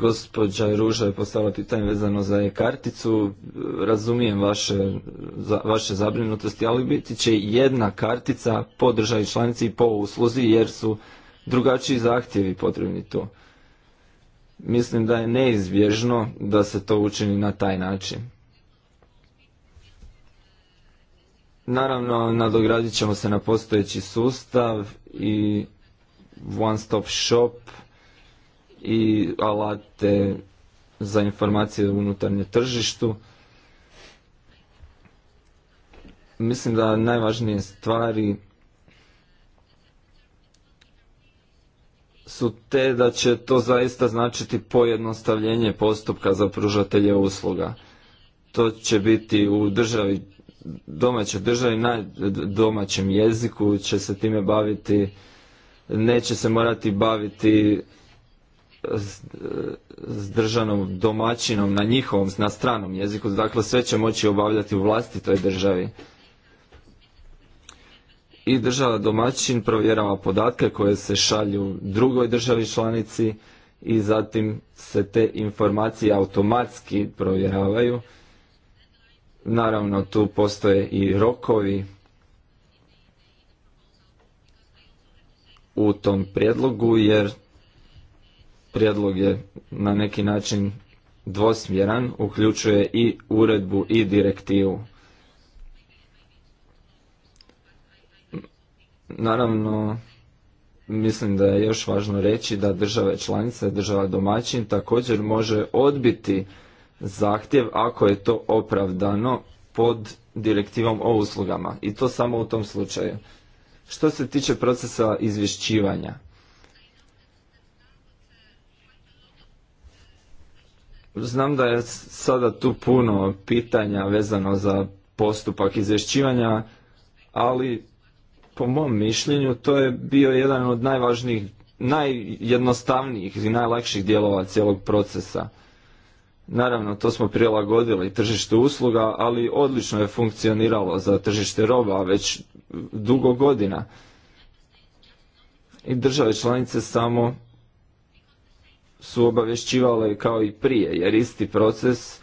Gospođa Ruža je postavila pitanje vezano za e-karticu. Razumijem vaše, vaše zabrinutosti, ali biti će jedna kartica po državi članici i po usluzi jer su drugačiji zahtjevi potrebni tu. Mislim da je neizbježno da se to učini na taj način. Naravno, nadogradit ćemo se na postojeći sustav i one stop shop – i alate za informacije u unutarnjem tržištu. Mislim da najvažnije stvari su te da će to zaista značiti pojednostavljenje postupka za pružatelje usluga. To će biti u državi, domaćoj državi, na domaćem jeziku će se time baviti, neće se morati baviti s državnom domaćinom na njihovom, na stranom jeziku, dakle sve će moći obavljati u vlastitoj državi. I država domaćin provjerava podatke koje se šalju drugoj državi članici i zatim se te informacije automatski provjeravaju. Naravno tu postoje i rokovi u tom prijedlogu jer Prijedlog je na neki način dvosmjeran, uključuje i uredbu i direktivu. Naravno, mislim da je još važno reći da države članice, država domaćin također može odbiti zahtjev ako je to opravdano pod direktivom o uslugama i to samo u tom slučaju. Što se tiče procesa izvješćivanja, Znam da je sada tu puno pitanja vezano za postupak izvješćivanja, ali po mom mišljenju to je bio jedan od najvažnijih, najjednostavnijih i najlakših dijelova cijelog procesa. Naravno, to smo prilagodili tržište usluga, ali odlično je funkcioniralo za tržište roba već dugo godina. I države članice samo su obavješćivale kao i prije, jer isti proces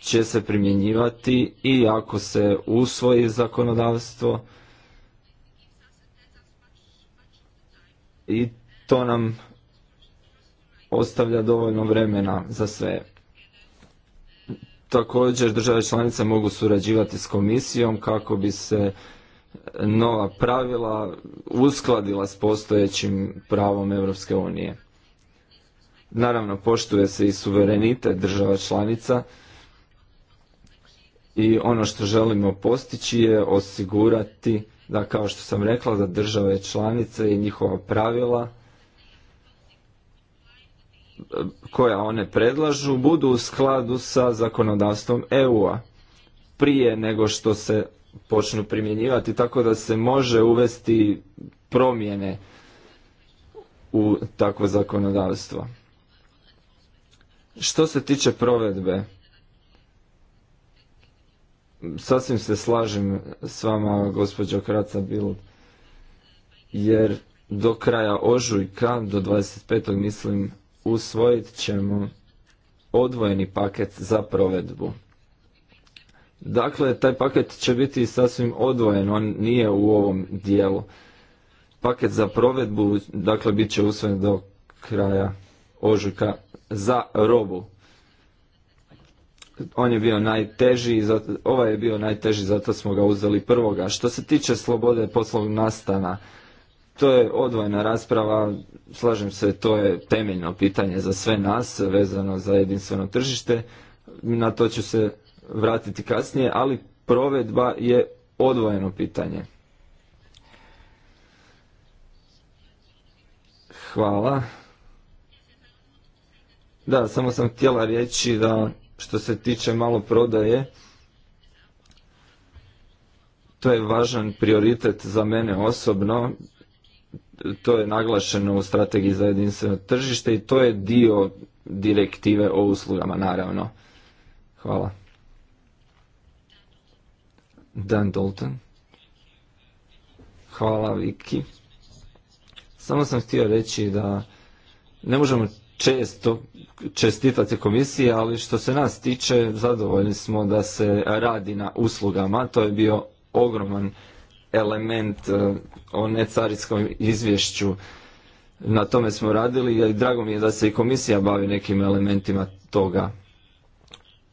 će se primjenjivati i ako se usvoji zakonodavstvo i to nam ostavlja dovoljno vremena za sve. Također države članice mogu surađivati s komisijom kako bi se nova pravila uskladila s postojećim pravom Europske unije. Naravno, poštuje se i suverenitet država članica i ono što želimo postići je osigurati da, kao što sam rekla, da države članice i njihova pravila koja one predlažu budu u skladu sa zakonodavstvom EU-a prije nego što se počnu primjenjivati, tako da se može uvesti promjene u takvo zakonodavstvo. Što se tiče provedbe, sasvim se slažem s vama, gospođo Kraca Bild, jer do kraja ožujka, do 25. mislim, usvojit ćemo odvojeni paket za provedbu. Dakle, taj paket će biti sasvim odvojen, on nije u ovom dijelu. Paket za provedbu, dakle, bit će usvojen do kraja ožujka za robu. On je bio najteži, ovaj je bio najteži, zato smo ga uzeli prvoga. Što se tiče slobode poslovnog nastana, to je odvojna rasprava, slažem se, to je temeljno pitanje za sve nas vezano za jedinstveno tržište. Na to ću se vratiti kasnije, ali provedba je odvojeno pitanje. Hvala. Da, samo sam htjela reći da što se tiče malo prodaje, to je važan prioritet za mene osobno. To je naglašeno u strategiji za jedinstveno tržište i to je dio direktive o uslugama, naravno. Hvala. Dan Dalton. Hvala Viki. Samo sam htio reći da ne možemo često čestitati komisiji, ali što se nas tiče, zadovoljni smo da se radi na uslugama. To je bio ogroman element e, o necarijskom izvješću. Na tome smo radili i drago mi je da se i komisija bavi nekim elementima toga.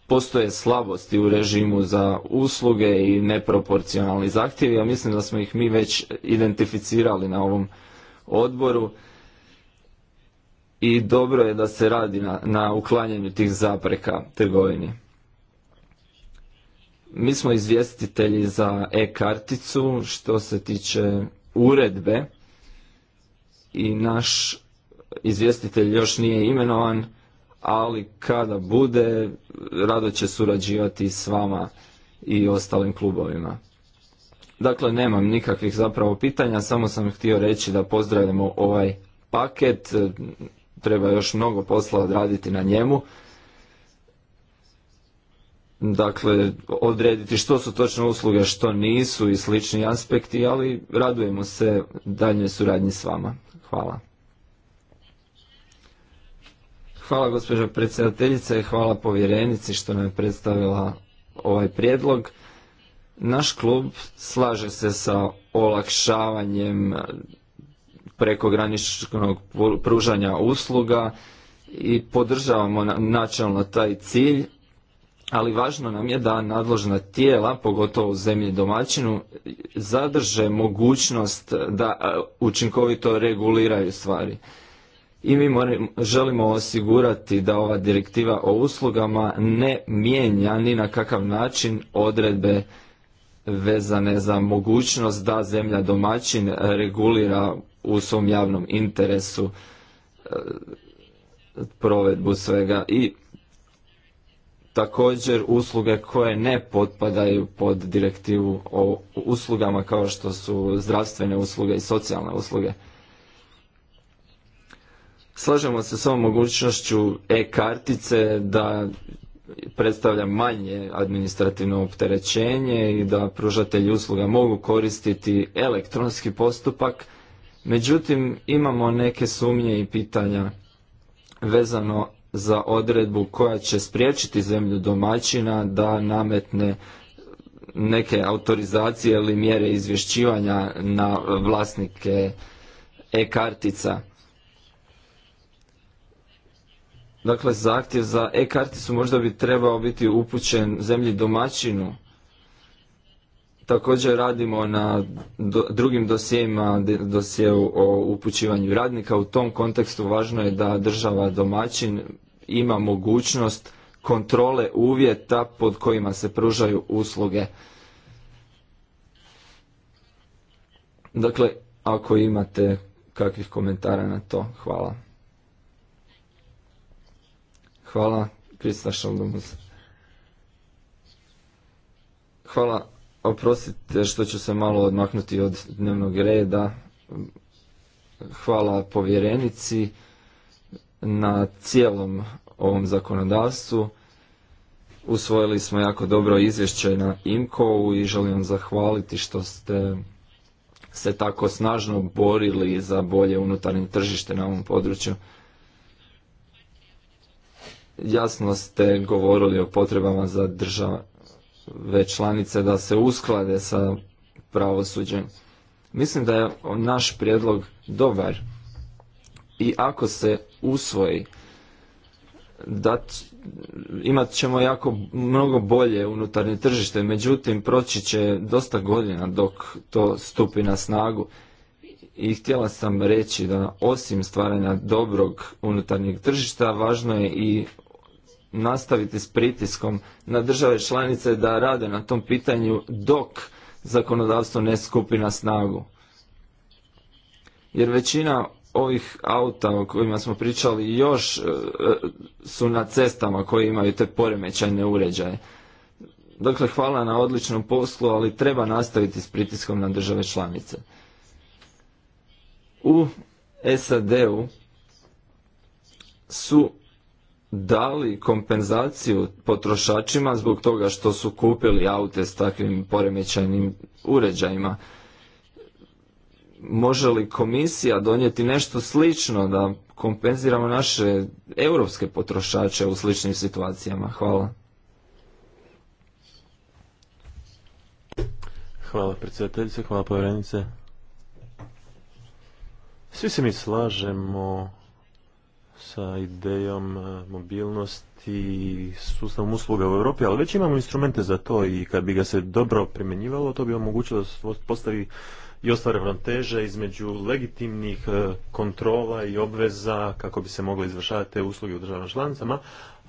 Postoje slabosti u režimu za usluge i neproporcionalni zahtjevi, a mislim da smo ih mi već identificirali na ovom odboru i dobro je da se radi na, na uklanjanju tih zapreka trgovini. Mi smo izvjestitelji za e-karticu što se tiče uredbe i naš izvjestitelj još nije imenovan, ali kada bude, rado će surađivati s vama i ostalim klubovima. Dakle, nemam nikakvih zapravo pitanja, samo sam htio reći da pozdravljamo ovaj paket, treba još mnogo posla odraditi na njemu. Dakle, odrediti što su točno usluge, što nisu i slični aspekti, ali radujemo se daljnjoj suradnji s vama. Hvala. Hvala gospođo predsjedateljice i hvala povjerenici što nam je predstavila ovaj prijedlog. Naš klub slaže se sa olakšavanjem prekograničnog pružanja usluga i podržavamo načelno taj cilj, ali važno nam je da nadložna tijela, pogotovo u zemlji domaćinu, zadrže mogućnost da učinkovito reguliraju stvari. I mi želimo osigurati da ova direktiva o uslugama ne mijenja ni na kakav način odredbe vezane za mogućnost da zemlja domaćin regulira u svom javnom interesu e, provedbu svega i također usluge koje ne potpadaju pod direktivu o uslugama kao što su zdravstvene usluge i socijalne usluge. Slažemo se s ovom mogućnošću e-kartice da predstavlja manje administrativno opterećenje i da pružatelji usluga mogu koristiti elektronski postupak Međutim, imamo neke sumnje i pitanja vezano za odredbu koja će spriječiti zemlju domaćina da nametne neke autorizacije ili mjere izvješćivanja na vlasnike e-kartica. Dakle, zahtjev za e-karticu možda bi trebao biti upućen zemlji domaćinu, Također radimo na drugim dosijima, dosjeu o upućivanju radnika. U tom kontekstu važno je da država domaćin ima mogućnost kontrole uvjeta pod kojima se pružaju usluge. Dakle, ako imate kakvih komentara na to, hvala. Hvala, Krista Hvala Oprostite što ću se malo odmaknuti od dnevnog reda. Hvala povjerenici na cijelom ovom zakonodavstvu. Usvojili smo jako dobro izvješće na IMCO-u i želim vam zahvaliti što ste se tako snažno borili za bolje unutarnje tržište na ovom području. Jasno ste govorili o potrebama za država, već članice da se usklade sa pravosuđem. Mislim da je naš prijedlog dobar i ako se usvoji da imat ćemo jako mnogo bolje unutarnje tržište, međutim proći će dosta godina dok to stupi na snagu i htjela sam reći da osim stvaranja dobrog unutarnjeg tržišta važno je i nastaviti s pritiskom na države članice da rade na tom pitanju dok zakonodavstvo ne skupi na snagu. Jer većina ovih auta o kojima smo pričali još e, su na cestama koji imaju te poremećajne uređaje. Dakle, hvala na odličnom poslu, ali treba nastaviti s pritiskom na države članice. U SAD-u su dali kompenzaciju potrošačima zbog toga što su kupili aute s takvim poremećajnim uređajima. Može li komisija donijeti nešto slično da kompenziramo naše europske potrošače u sličnim situacijama? Hvala. Hvala predsjedateljice, hvala povjerenice. Svi se mi slažemo sa idejom e, mobilnosti i sustavom usluga u Europi, ali već imamo instrumente za to i kad bi ga se dobro primjenjivalo, to bi omogućilo da postavi i ostvare ravnoteže između legitimnih e, kontrola i obveza kako bi se mogle izvršavati te usluge u državama članicama,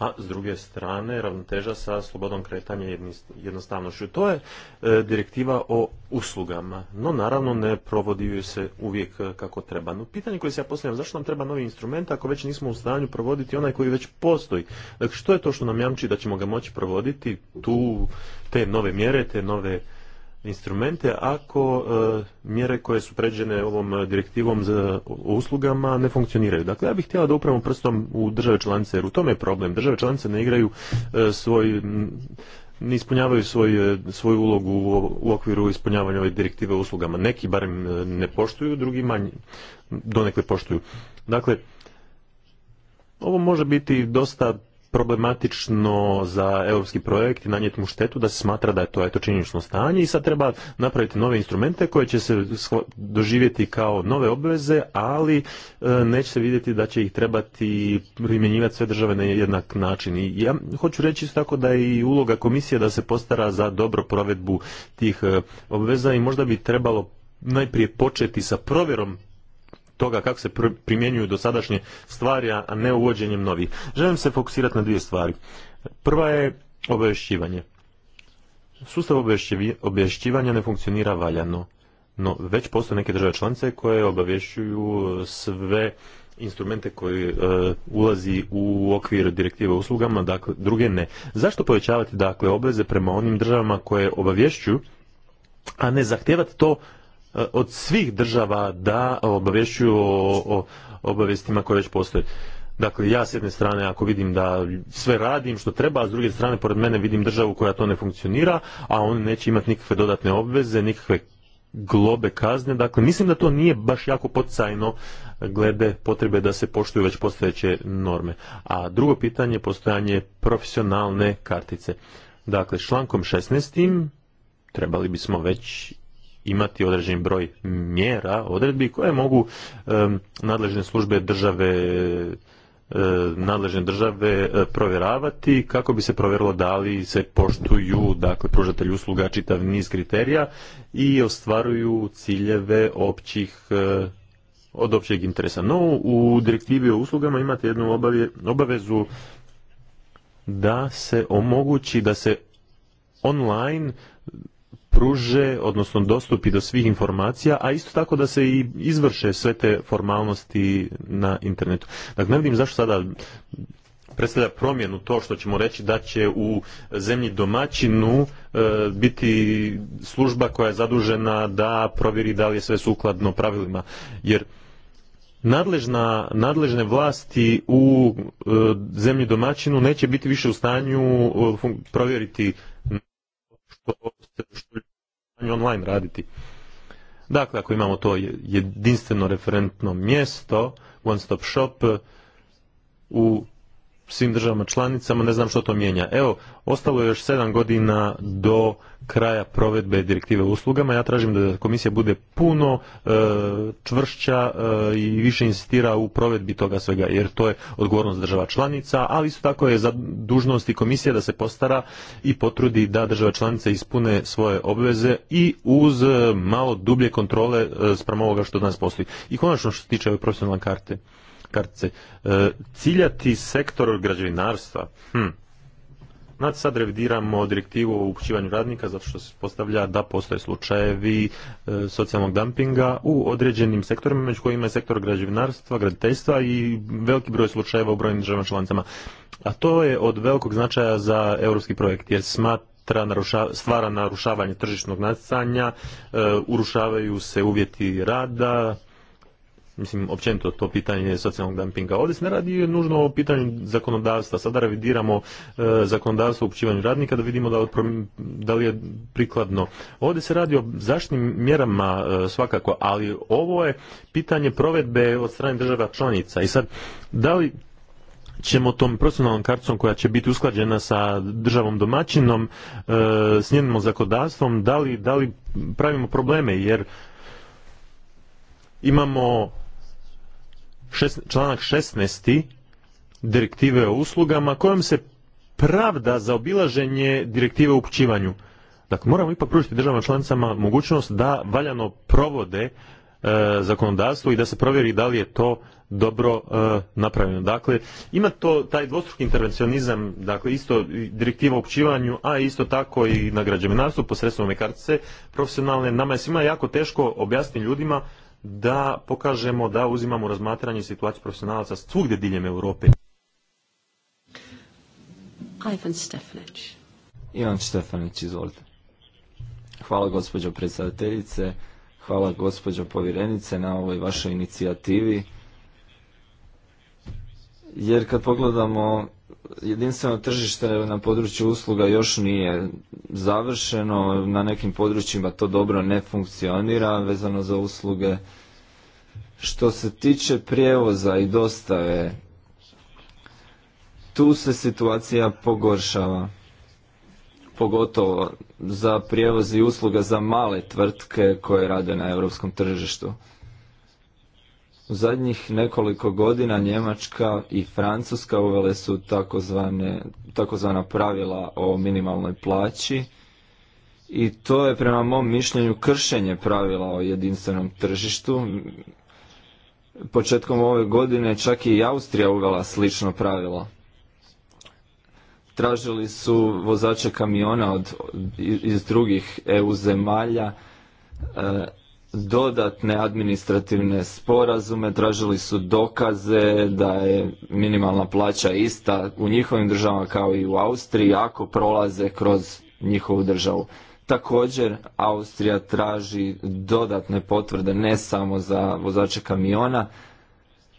a s druge strane ravnoteža sa slobodom kretanja i jednostavnošću. To je e, direktiva o uslugama, no naravno ne provodi se uvijek e, kako treba. No, pitanje koje se ja postavljam, zašto nam treba novi instrument ako već nismo u stanju provoditi onaj koji već postoji? Dakle, što je to što nam jamči da ćemo ga moći provoditi, tu te nove mjere, te nove instrumente ako e, mjere koje su pređene ovom direktivom za uslugama ne funkcioniraju. Dakle, ja bih htjela da upravo prstom u države članice, jer u tome je problem. Države članice ne igraju e, svoj ne ispunjavaju svoj, e, svoju ulogu u, okviru ispunjavanja ove direktive o uslugama. Neki barem ne poštuju, drugi manje, donekle poštuju. Dakle, ovo može biti dosta problematično za europski projekt i nanijeti mu štetu da se smatra da je to eto činjenično stanje i sad treba napraviti nove instrumente koje će se doživjeti kao nove obveze, ali e, neće se vidjeti da će ih trebati primjenjivati sve države na jednak način. I ja hoću reći isto tako da je i uloga komisije da se postara za dobro provedbu tih e, obveza i možda bi trebalo najprije početi sa provjerom toga kako se primjenjuju dosadašnje stvari, a ne uvođenjem novih. Želim se fokusirati na dvije stvari. Prva je obavješćivanje. Sustav obavješćivanja ne funkcionira valjano, no već postoje neke države članice koje obavješćuju sve instrumente koji e, ulazi u okvir direktive uslugama, dakle druge ne. Zašto povećavati dakle obveze prema onim državama koje obavješćuju, a ne zahtijevati to E, od svih država da obavješćuju o, o koje već postoje. Dakle, ja s jedne strane, ako vidim da sve radim što treba, a s druge strane, pored mene vidim državu koja to ne funkcionira, a on neće imati nikakve dodatne obveze, nikakve globe kazne. Dakle, mislim da to nije baš jako poticajno glede potrebe da se poštuju već postojeće norme. A drugo pitanje je postojanje profesionalne kartice. Dakle, člankom 16. trebali bismo već imati određen broj mjera, odredbi koje mogu nadležne službe države e, nadležne države e, provjeravati kako bi se provjerilo da li se poštuju dakle pružatelji usluga čitav niz kriterija i ostvaruju ciljeve općih e, od općeg interesa. No, u direktivi o uslugama imate jednu obavezu da se omogući da se online pruže, odnosno dostupi do svih informacija, a isto tako da se i izvrše sve te formalnosti na internetu. Dakle, ne vidim zašto sada predstavlja promjenu to što ćemo reći da će u zemlji domaćinu e, biti služba koja je zadužena da provjeri da li je sve sukladno pravilima. Jer nadležna, nadležne vlasti u e, zemlji domaćinu neće biti više u stanju e, provjeriti što, online raditi. Dakle, ako imamo to jedinstveno referentno mjesto, one stop shop, u svim državama članicama, ne znam što to mijenja. Evo, ostalo je još sedam godina do kraja provedbe direktive uslugama. Ja tražim da komisija bude puno e, čvršća e, i više insistira u provedbi toga svega, jer to je odgovornost država članica, ali isto tako je za dužnost i komisija da se postara i potrudi da država članica ispune svoje obveze i uz e, malo dublje kontrole spram ovoga što danas postoji. I konačno što se tiče ove profesionalne karte kartice. E, ciljati sektor građevinarstva. Hm. Znači, sad revidiramo direktivu o upućivanju radnika zato što se postavlja da postoje slučajevi e, socijalnog dumpinga u određenim sektorima, među kojima je sektor građevinarstva, graditeljstva i veliki broj slučajeva u brojnim državama članicama. A to je od velikog značaja za europski projekt, jer smatra stvara narušavanje tržišnog nacanja, e, urušavaju se uvjeti rada, mislim općenito to pitanje socijalnog dumpinga. Ovdje se ne radi nužno o pitanju zakonodavstva. Sada revidiramo e, zakonodavstvo upućivanju radnika da vidimo da, da li je prikladno. Ovdje se radi o zaštitnim mjerama e, svakako, ali ovo je pitanje provedbe od strane država članica. I sad, da li ćemo tom profesionalnom karticom koja će biti usklađena sa državom domaćinom, e, s njenim zakonodavstvom, da li, da li pravimo probleme, jer imamo članak 16. direktive o uslugama kojom se pravda za obilaženje direktive o upućivanju. Dakle, moramo ipak pružiti državama članicama mogućnost da valjano provode e, zakonodavstvo i da se provjeri da li je to dobro e, napravljeno. Dakle, ima to taj dvostruki intervencionizam, dakle isto direktiva o upućivanju, a isto tako i na građevinarstvu posredstvom kartice profesionalne. Nama je svima jako teško objasniti ljudima da pokažemo da uzimamo razmatranje situaciju profesionalaca svugdje diljem Europe. Ivan Stefanić. Ivan Stefanić, izvolite. Hvala gospođo predsjedateljice, hvala gospođo povjerenice na ovoj vašoj inicijativi. Jer kad pogledamo jedinstveno tržište na području usluga još nije završeno, na nekim područjima to dobro ne funkcionira vezano za usluge. Što se tiče prijevoza i dostave, tu se situacija pogoršava. Pogotovo za prijevoz i usluga za male tvrtke koje rade na europskom tržištu. U zadnjih nekoliko godina Njemačka i Francuska uvele su takozvana pravila o minimalnoj plaći i to je prema mom mišljenju kršenje pravila o jedinstvenom tržištu. Početkom ove godine čak i Austrija uvela slično pravilo. Tražili su vozače kamiona iz drugih EU zemalja e, dodatne administrativne sporazume, tražili su dokaze da je minimalna plaća ista u njihovim državama kao i u Austriji ako prolaze kroz njihovu državu. Također Austrija traži dodatne potvrde ne samo za vozače kamiona,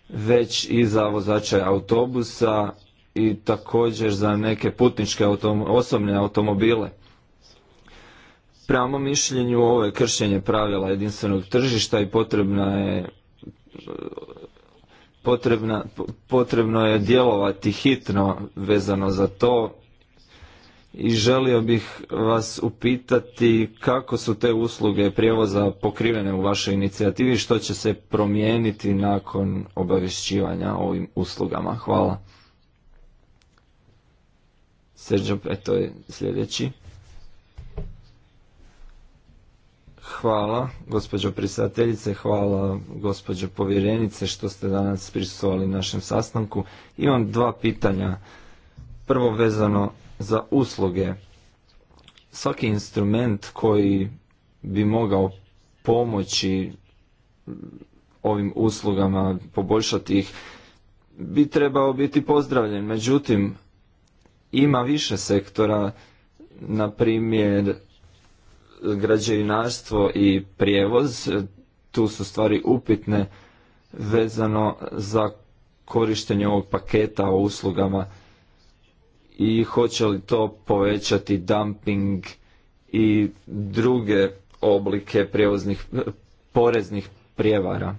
već i za vozače autobusa i također za neke putničke osobne automobile. Prema mišljenju ovo je kršenje pravila jedinstvenog tržišta i potrebna je potrebna, potrebno je djelovati hitno vezano za to i želio bih vas upitati kako su te usluge prijevoza pokrivene u vašoj inicijativi, što će se promijeniti nakon obavješćivanja ovim uslugama. Hvala. Srđo, eto je sljedeći. Hvala, gospođo prisateljice, hvala gospođo povjerenice što ste danas prisustvovali našem sastanku. Imam dva pitanja. Prvo vezano za usluge. Svaki instrument koji bi mogao pomoći ovim uslugama, poboljšati ih, bi trebao biti pozdravljen. Međutim, ima više sektora, na primjer građevinarstvo i prijevoz, tu su stvari upitne vezano za korištenje ovog paketa o uslugama i hoće li to povećati dumping i druge oblike poreznih prijevara.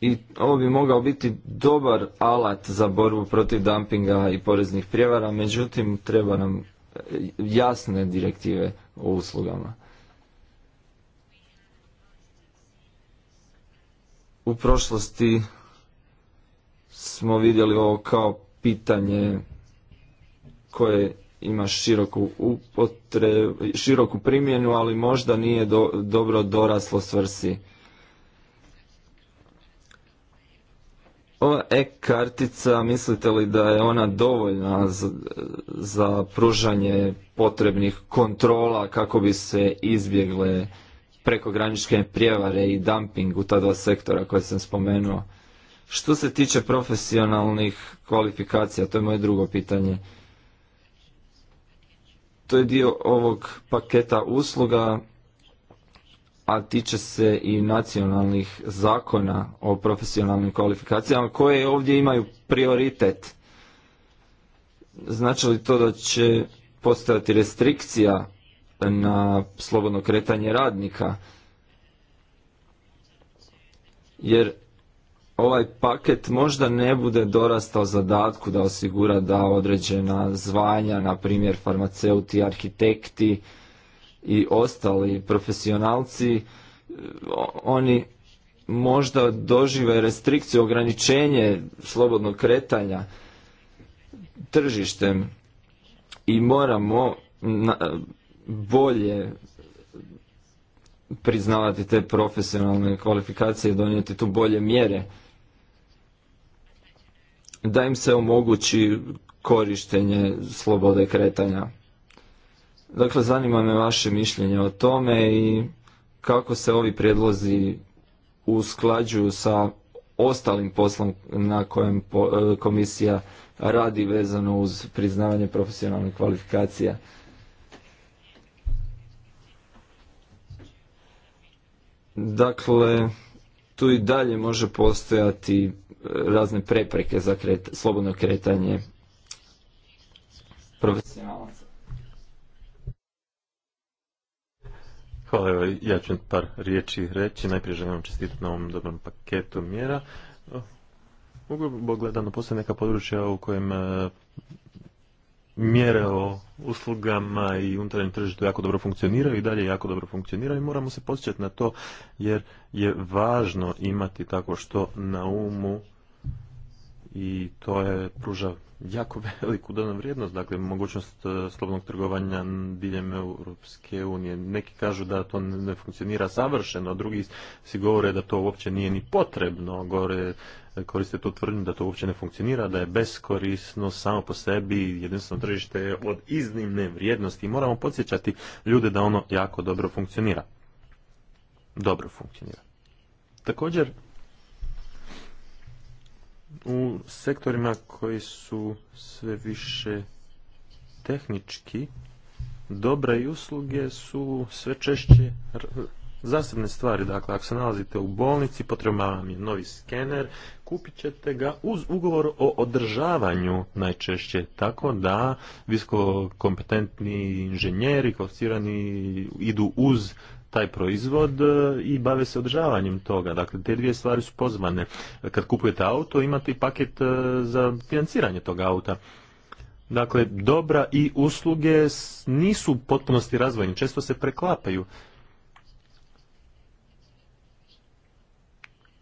i ovo bi mogao biti dobar alat za borbu protiv dumpinga i poreznih prijevara, međutim treba nam e, jasne direktive o uslugama. U prošlosti smo vidjeli ovo kao pitanje koje ima široku, široku primjenu, ali možda nije dobro doraslo svrsi. Ova e-kartica, mislite li da je ona dovoljna za, pružanje potrebnih kontrola kako bi se izbjegle prekogranične prijevare i dumping u ta dva sektora koje sam spomenuo? Što se tiče profesionalnih kvalifikacija, to je moje drugo pitanje. To je dio ovog paketa usluga a tiče se i nacionalnih zakona o profesionalnim kvalifikacijama koje ovdje imaju prioritet. Znači li to da će postojati restrikcija na slobodno kretanje radnika? Jer ovaj paket možda ne bude dorastao zadatku da osigura da određena zvanja, na primjer farmaceuti, arhitekti, i ostali profesionalci, e, oni možda dožive restrikciju, ograničenje slobodnog kretanja tržištem i moramo bolje priznavati te profesionalne kvalifikacije i donijeti tu bolje mjere da im se omogući korištenje slobode kretanja. Dakle, zanima me vaše mišljenje o tome i kako se ovi prijedlozi usklađuju sa ostalim poslom na kojem e, komisija radi vezano uz priznavanje profesionalnih kvalifikacija. Dakle, tu i dalje može postojati e, razne prepreke za slobodno kretanje profesionalaca. Hvala, evo, ja ću par riječi reći. Najprije želim vam čestitati na ovom dobrom paketu mjera. Ugrubo gledano, postoje neka područja u kojem e, mjere o uslugama i unutarnjem tržištu jako dobro funkcioniraju i dalje jako dobro funkcioniraju i moramo se posjećati na to jer je važno imati tako što na umu i to je pruža jako veliku dodanu vrijednost, dakle mogućnost e, slobodnog trgovanja diljem Europske unije. Neki kažu da to ne funkcionira savršeno, drugi si govore da to uopće nije ni potrebno, gore e, koriste tu tvrdnju da to uopće ne funkcionira, da je beskorisno samo po sebi, jedinstveno tržište je od iznimne vrijednosti i moramo podsjećati ljude da ono jako dobro funkcionira. Dobro funkcionira. Također, u sektorima koji su sve više tehnički, dobra i usluge su sve češće zasebne stvari. Dakle, ako se nalazite u bolnici, potreban vam je novi skener, kupit ćete ga uz ugovor o održavanju najčešće, tako da visoko kompetentni inženjeri, kvalificirani idu uz taj proizvod e, i bave se održavanjem toga. Dakle, te dvije stvari su pozvane. Kad kupujete auto, imate i paket e, za financiranje toga auta. Dakle, dobra i usluge nisu u potpunosti razvojni, često se preklapaju.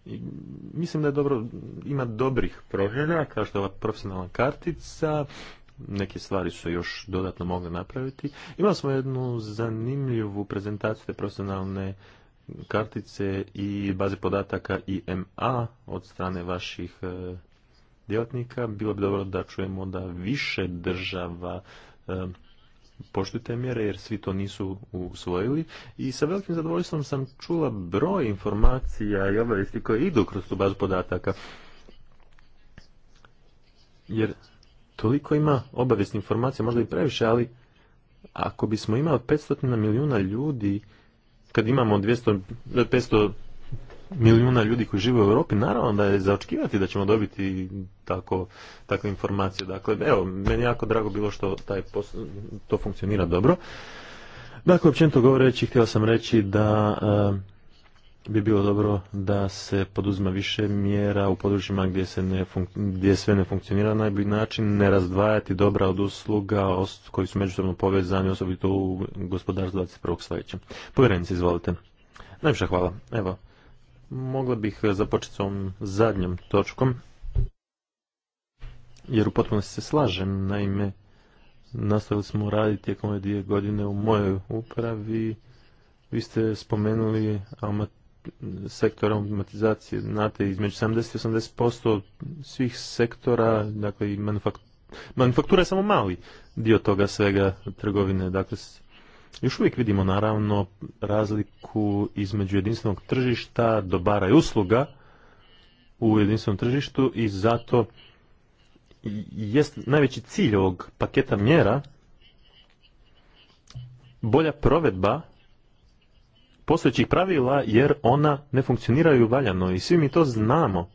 I mislim da je dobro, ima dobrih promjena kao što je ova profesionalna kartica, neke stvari su još dodatno mogle napraviti. Imali smo jednu zanimljivu prezentaciju te profesionalne kartice i baze podataka IMA od strane vaših e, djelatnika. Bilo bi dobro da čujemo da više država e, poštuju mjere jer svi to nisu usvojili. I sa velikim zadovoljstvom sam čula broj informacija i obavijesti koje idu kroz tu bazu podataka. Jer toliko ima obavijesnih informacija, možda i previše, ali ako bismo imali 500 milijuna ljudi, kad imamo 200, 500 milijuna ljudi koji žive u Europi, naravno da je zaočekivati da ćemo dobiti tako, takve informacije. Dakle, evo, meni jako drago bilo što taj to funkcionira dobro. Dakle, općenito govoreći, htio sam reći da bi bilo dobro da se poduzima više mjera u područjima gdje, se ne gdje sve ne funkcionira na najbolji način, ne razdvajati dobra od usluga koji su međusobno povezani, osobito u gospodarstvu 21. stoljeća. povjerenice izvolite. Najviše hvala. Evo, mogla bih započeti s ovom zadnjom točkom, jer u potpunosti se slažem, naime, nastavili smo raditi tijekom ove dvije godine u mojoj upravi, vi ste spomenuli amat sektora automatizacije. Znate, između 70 i 80% svih sektora, dakle i manufaktura je samo mali dio toga svega trgovine. Dakle, još uvijek vidimo naravno razliku između jedinstvenog tržišta, dobara i usluga u jedinstvenom tržištu i zato jest najveći cilj ovog paketa mjera bolja provedba postojećih pravila jer ona ne funkcioniraju valjano i svi mi to znamo.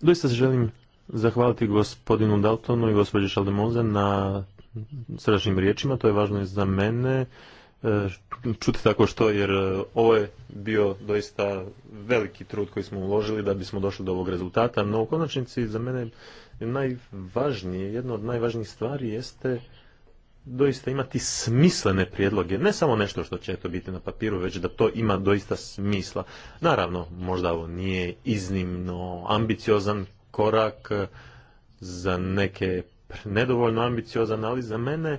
Doista se želim zahvaliti gospodinu Daltonu i gospođi Šaldemoze na srdačnim riječima, to je važno i za mene e, čuti tako što, jer e, ovo je bio doista veliki trud koji smo uložili da bismo došli do ovog rezultata, no u konačnici za mene najvažnije, jedna od najvažnijih stvari jeste doista imati smislene prijedloge, ne samo nešto što će to biti na papiru, već da to ima doista smisla. Naravno, možda ovo nije iznimno ambiciozan korak za neke nedovoljno ambiciozan, ali za mene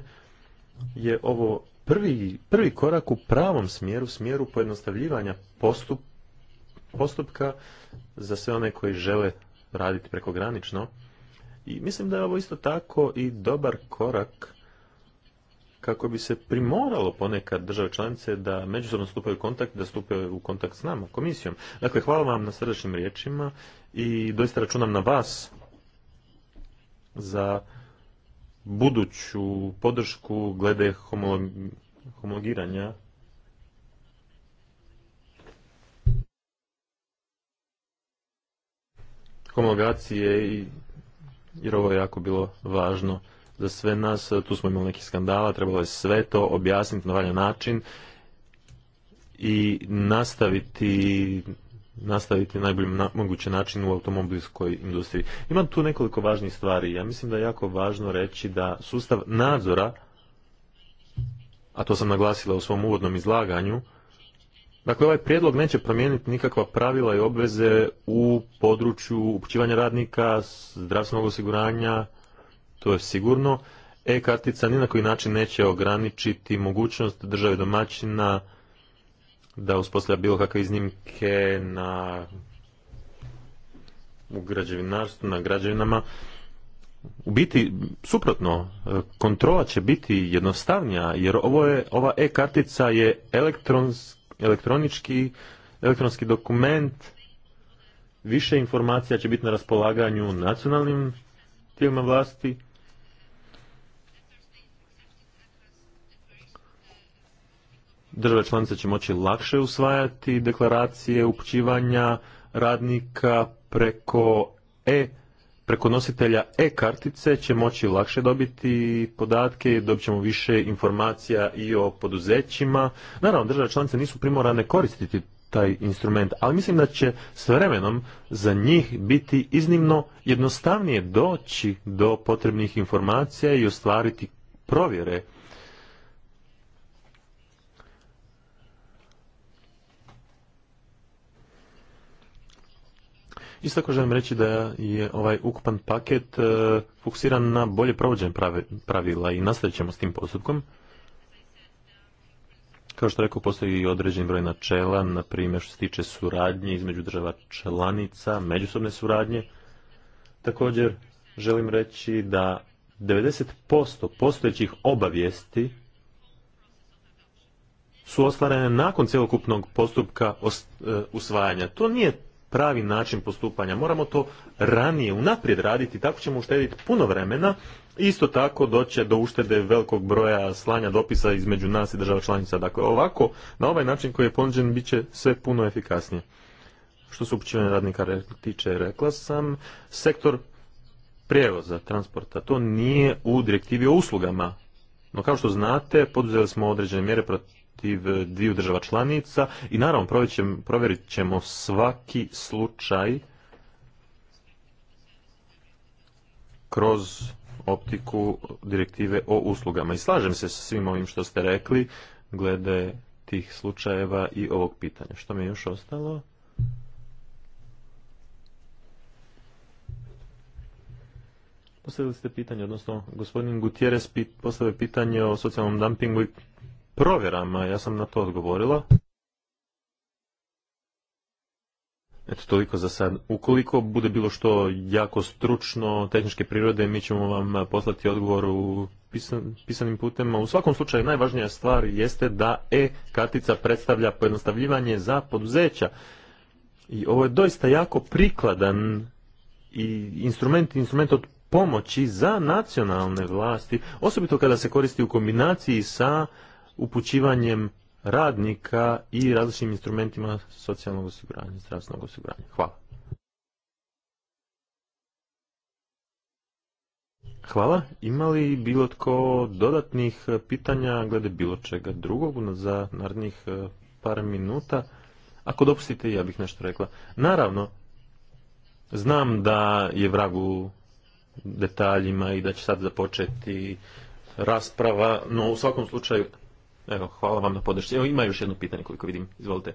je ovo prvi, prvi korak u pravom smjeru, smjeru pojednostavljivanja postup, postupka za sve one koji žele raditi prekogranično. I mislim da je ovo isto tako i dobar korak kako bi se primoralo ponekad države članice da međusobno stupaju u kontakt, da stupe u kontakt s nama, komisijom. Dakle, hvala vam na srdečnim riječima i doista računam na vas za buduću podršku glede homologiranja homologacije i jer ovo je jako bilo važno za sve nas. Tu smo imali nekih skandala, trebalo je sve to objasniti na valjan način i nastaviti nastaviti najbolji mogući način u automobilskoj industriji. Imam tu nekoliko važnih stvari. Ja mislim da je jako važno reći da sustav nadzora, a to sam naglasila u svom uvodnom izlaganju, Dakle, ovaj prijedlog neće promijeniti nikakva pravila i obveze u području upućivanja radnika, zdravstvenog osiguranja to je sigurno. E-kartica ni na koji način neće ograničiti mogućnost države domaćina da uspostavlja bilo kakve iznimke na u građevinarstvu, na građevinama. U biti, suprotno, kontrola će biti jednostavnija, jer ovo je, ova e-kartica je elektronički, elektronski dokument, više informacija će biti na raspolaganju nacionalnim tijelima vlasti, Države članice će moći lakše usvajati deklaracije upućivanja radnika preko e preko nositelja e-kartice će moći lakše dobiti podatke, dobit ćemo više informacija i o poduzećima. Naravno, države članice nisu primorane koristiti taj instrument, ali mislim da će s vremenom za njih biti iznimno jednostavnije doći do potrebnih informacija i ostvariti provjere Isto tako želim reći da je ovaj ukupan paket e, fokusiran na bolje provođenje pravila i nastavit ćemo s tim postupkom. Kao što rekao, postoji i određen broj načela, na primjer što se tiče suradnje između država članica, međusobne suradnje. Također želim reći da 90% postojećih obavijesti su ostvarene nakon cjelokupnog postupka e, usvajanja. To nije pravi način postupanja. Moramo to ranije, unaprijed raditi, tako ćemo uštediti puno vremena. Isto tako doće do uštede velikog broja slanja dopisa između nas i država članica. Dakle, ovako, na ovaj način koji je ponuđen, bit će sve puno efikasnije. Što se upućivanja radnika tiče, rekla sam, sektor prijevoza, transporta, to nije u direktivi o uslugama. No kao što znate, poduzeli smo određene mjere protiv protiv e, dviju država članica i naravno provjerit ćemo svaki slučaj kroz optiku direktive o uslugama. I slažem se sa svim ovim što ste rekli glede tih slučajeva i ovog pitanja. Što mi je još ostalo? Postavili ste pitanje, odnosno gospodin Gutierrez postavio pitanje o socijalnom dumpingu i provjerama, ja sam na to odgovorila. Eto, toliko za sad. Ukoliko bude bilo što jako stručno, tehničke prirode, mi ćemo vam poslati odgovor u pisan, pisanim putem. U svakom slučaju, najvažnija stvar jeste da e-kartica predstavlja pojednostavljivanje za poduzeća. I ovo je doista jako prikladan i instrument, instrument od pomoći za nacionalne vlasti, osobito kada se koristi u kombinaciji sa upućivanjem radnika i različitim instrumentima socijalnog osiguranja, zdravstvenog osiguranja. Hvala. Hvala. Ima li bilo tko dodatnih pitanja glede bilo čega drugog za narednih e, par minuta? Ako dopustite, ja bih nešto rekla. Naravno, znam da je vragu detaljima i da će sad započeti rasprava, no u svakom slučaju Evo, hvala vam na podršci. Evo, ima još jedno pitanje koliko vidim. Izvolite.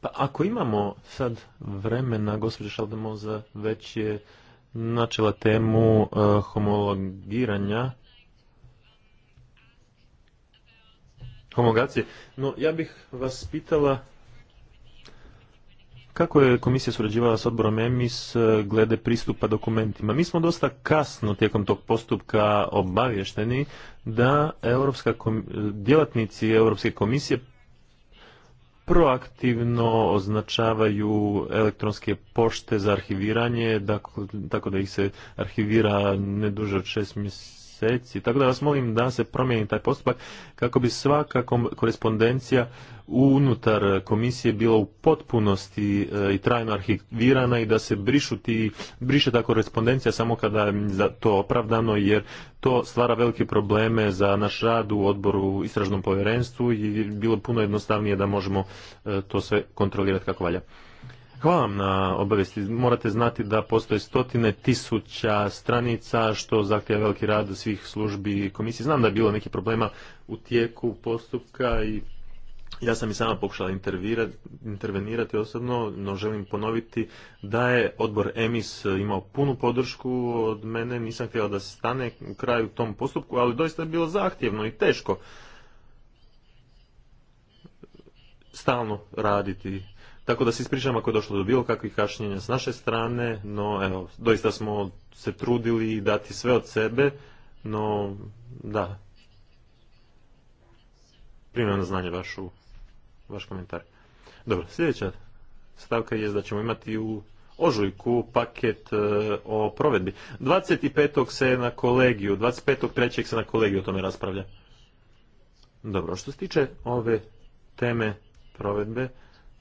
Pa ako imamo sad vremena, gospođa Šaldemoza već je načela temu uh, homologiranja homogacije. No, ja bih vas pitala kako je komisija surađivala s odborom EMIS e, glede pristupa dokumentima? Mi smo dosta kasno tijekom tog postupka obavješteni da Europska djelatnici Europske komisije proaktivno označavaju elektronske pošte za arhiviranje, tako da ih se arhivira ne duže od šest mjeseci mjeseci. Tako da vas molim da se promijeni taj postupak kako bi svaka korespondencija unutar komisije bila u potpunosti e, i trajno arhivirana i da se brišu ti, briše ta korespondencija samo kada je to opravdano jer to stvara velike probleme za naš rad u odboru istražnom povjerenstvu i bilo puno jednostavnije da možemo e, to sve kontrolirati kako valja. Hvala vam na obavijesti. Morate znati da postoje stotine tisuća stranica što zahtjeva veliki rad svih službi i komisije. Znam da je bilo nekih problema u tijeku postupka i ja sam i sama pokušala intervenirati osobno, no želim ponoviti da je odbor EMIS imao punu podršku od mene, nisam htjela da se stane u kraju tom postupku, ali doista je bilo zahtjevno i teško stalno raditi tako da se ispričam ako je došlo do bilo kakvih kašnjenja s naše strane, no evo, doista smo se trudili dati sve od sebe, no da. Primam na znanje vašu, vaš komentar. Dobro, sljedeća stavka je da ćemo imati u ožujku paket e, o provedbi. 25. se na kolegiju, 25. trećeg se na kolegiju o tome raspravlja. Dobro, što se tiče ove teme provedbe,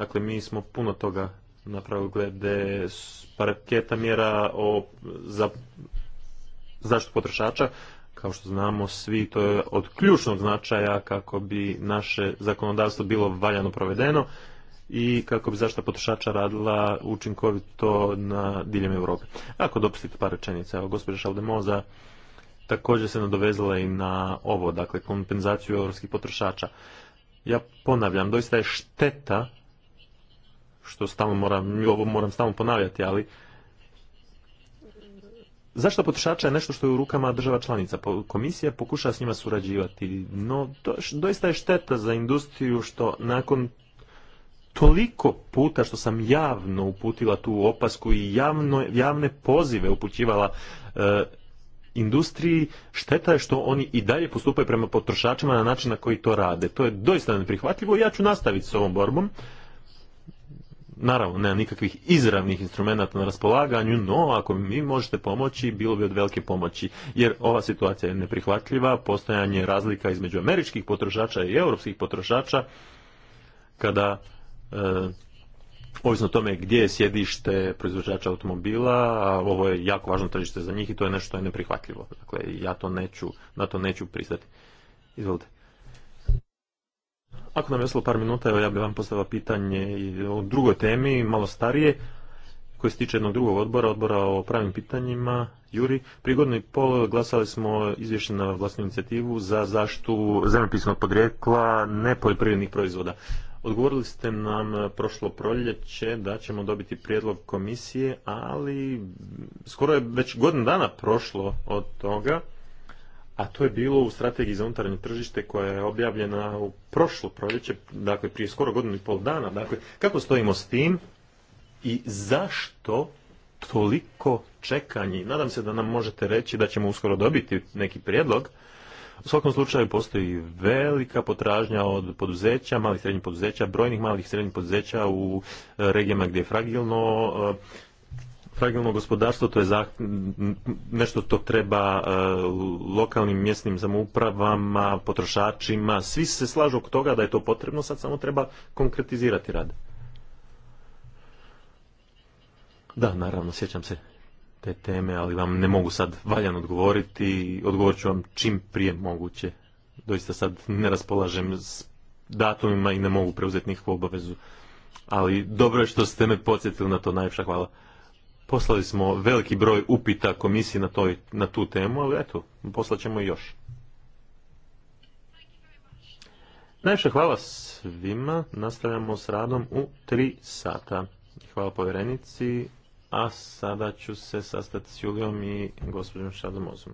Dakle, mi smo puno toga napravili glede paraketa mjera o, za zaštitu potrošača. Kao što znamo svi, to je od ključnog značaja kako bi naše zakonodavstvo bilo valjano provedeno i kako bi zaštita potrošača radila učinkovito na diljem Europe. Ako dopustite par rečenica, evo gospođa Šaldemoza također se nadovezala i na ovo, dakle kompenzaciju europskih potrošača. Ja ponavljam, doista je šteta što stalno moram, ovo moram stalno ponavljati, ali Zašto potrošača je nešto što je u rukama država članica? Komisija pokuša s njima surađivati, no doista je šteta za industriju što nakon toliko puta što sam javno uputila tu opasku i javno, javne pozive upućivala e, industriji, šteta je što oni i dalje postupaju prema potrošačima na način na koji to rade. To je doista neprihvatljivo i ja ću nastaviti s ovom borbom naravno nema nikakvih izravnih instrumenata na raspolaganju, no ako mi možete pomoći, bilo bi od velike pomoći, jer ova situacija je neprihvatljiva, postojanje razlika između američkih potrošača i europskih potrošača, kada eh, ovisno o tome gdje je sjedište proizvođača automobila, a ovo je jako važno tržište za njih i to je nešto što je neprihvatljivo. Dakle, ja to neću, na to neću pristati. Izvolite. Ako nam je ostalo par minuta, evo ja bih vam postavila pitanje o drugoj temi, malo starije, koje se tiče jednog drugog odbora, odbora o pravim pitanjima. Juri, prije godinu i pol glasali smo izvješće na vlastnu inicijativu za zaštu zemljopisnog podrijekla nepoljoprivrednih proizvoda. Odgovorili ste nam prošlo proljeće da ćemo dobiti prijedlog komisije, ali skoro je već godin dana prošlo od toga a to je bilo u strategiji za unutarnje tržište koja je objavljena u prošlo proljeće, dakle prije skoro godinu i pol dana. Dakle, kako stojimo s tim i zašto toliko čekanje? Nadam se da nam možete reći da ćemo uskoro dobiti neki prijedlog. U svakom slučaju postoji velika potražnja od poduzeća, malih srednjih poduzeća, brojnih malih srednjih poduzeća u regijama gdje je fragilno fragilno gospodarstvo, to je za, nešto to treba e, lokalnim mjesnim samoupravama, potrošačima, svi se slažu oko toga da je to potrebno, sad samo treba konkretizirati rad. Da, naravno, sjećam se te teme, ali vam ne mogu sad valjan odgovoriti, odgovorit ću vam čim prije moguće. Doista sad ne raspolažem s datumima i ne mogu preuzeti nikakvu obavezu. Ali dobro je što ste me podsjetili na to, najljepša hvala. Poslali smo veliki broj upita komisiji na, toj, na tu temu, ali eto, poslat ćemo i još. Najviše hvala svima. Nastavljamo s radom u tri sata. Hvala povjerenici. A sada ću se sastati s Julijom i gospođom Šadomozom.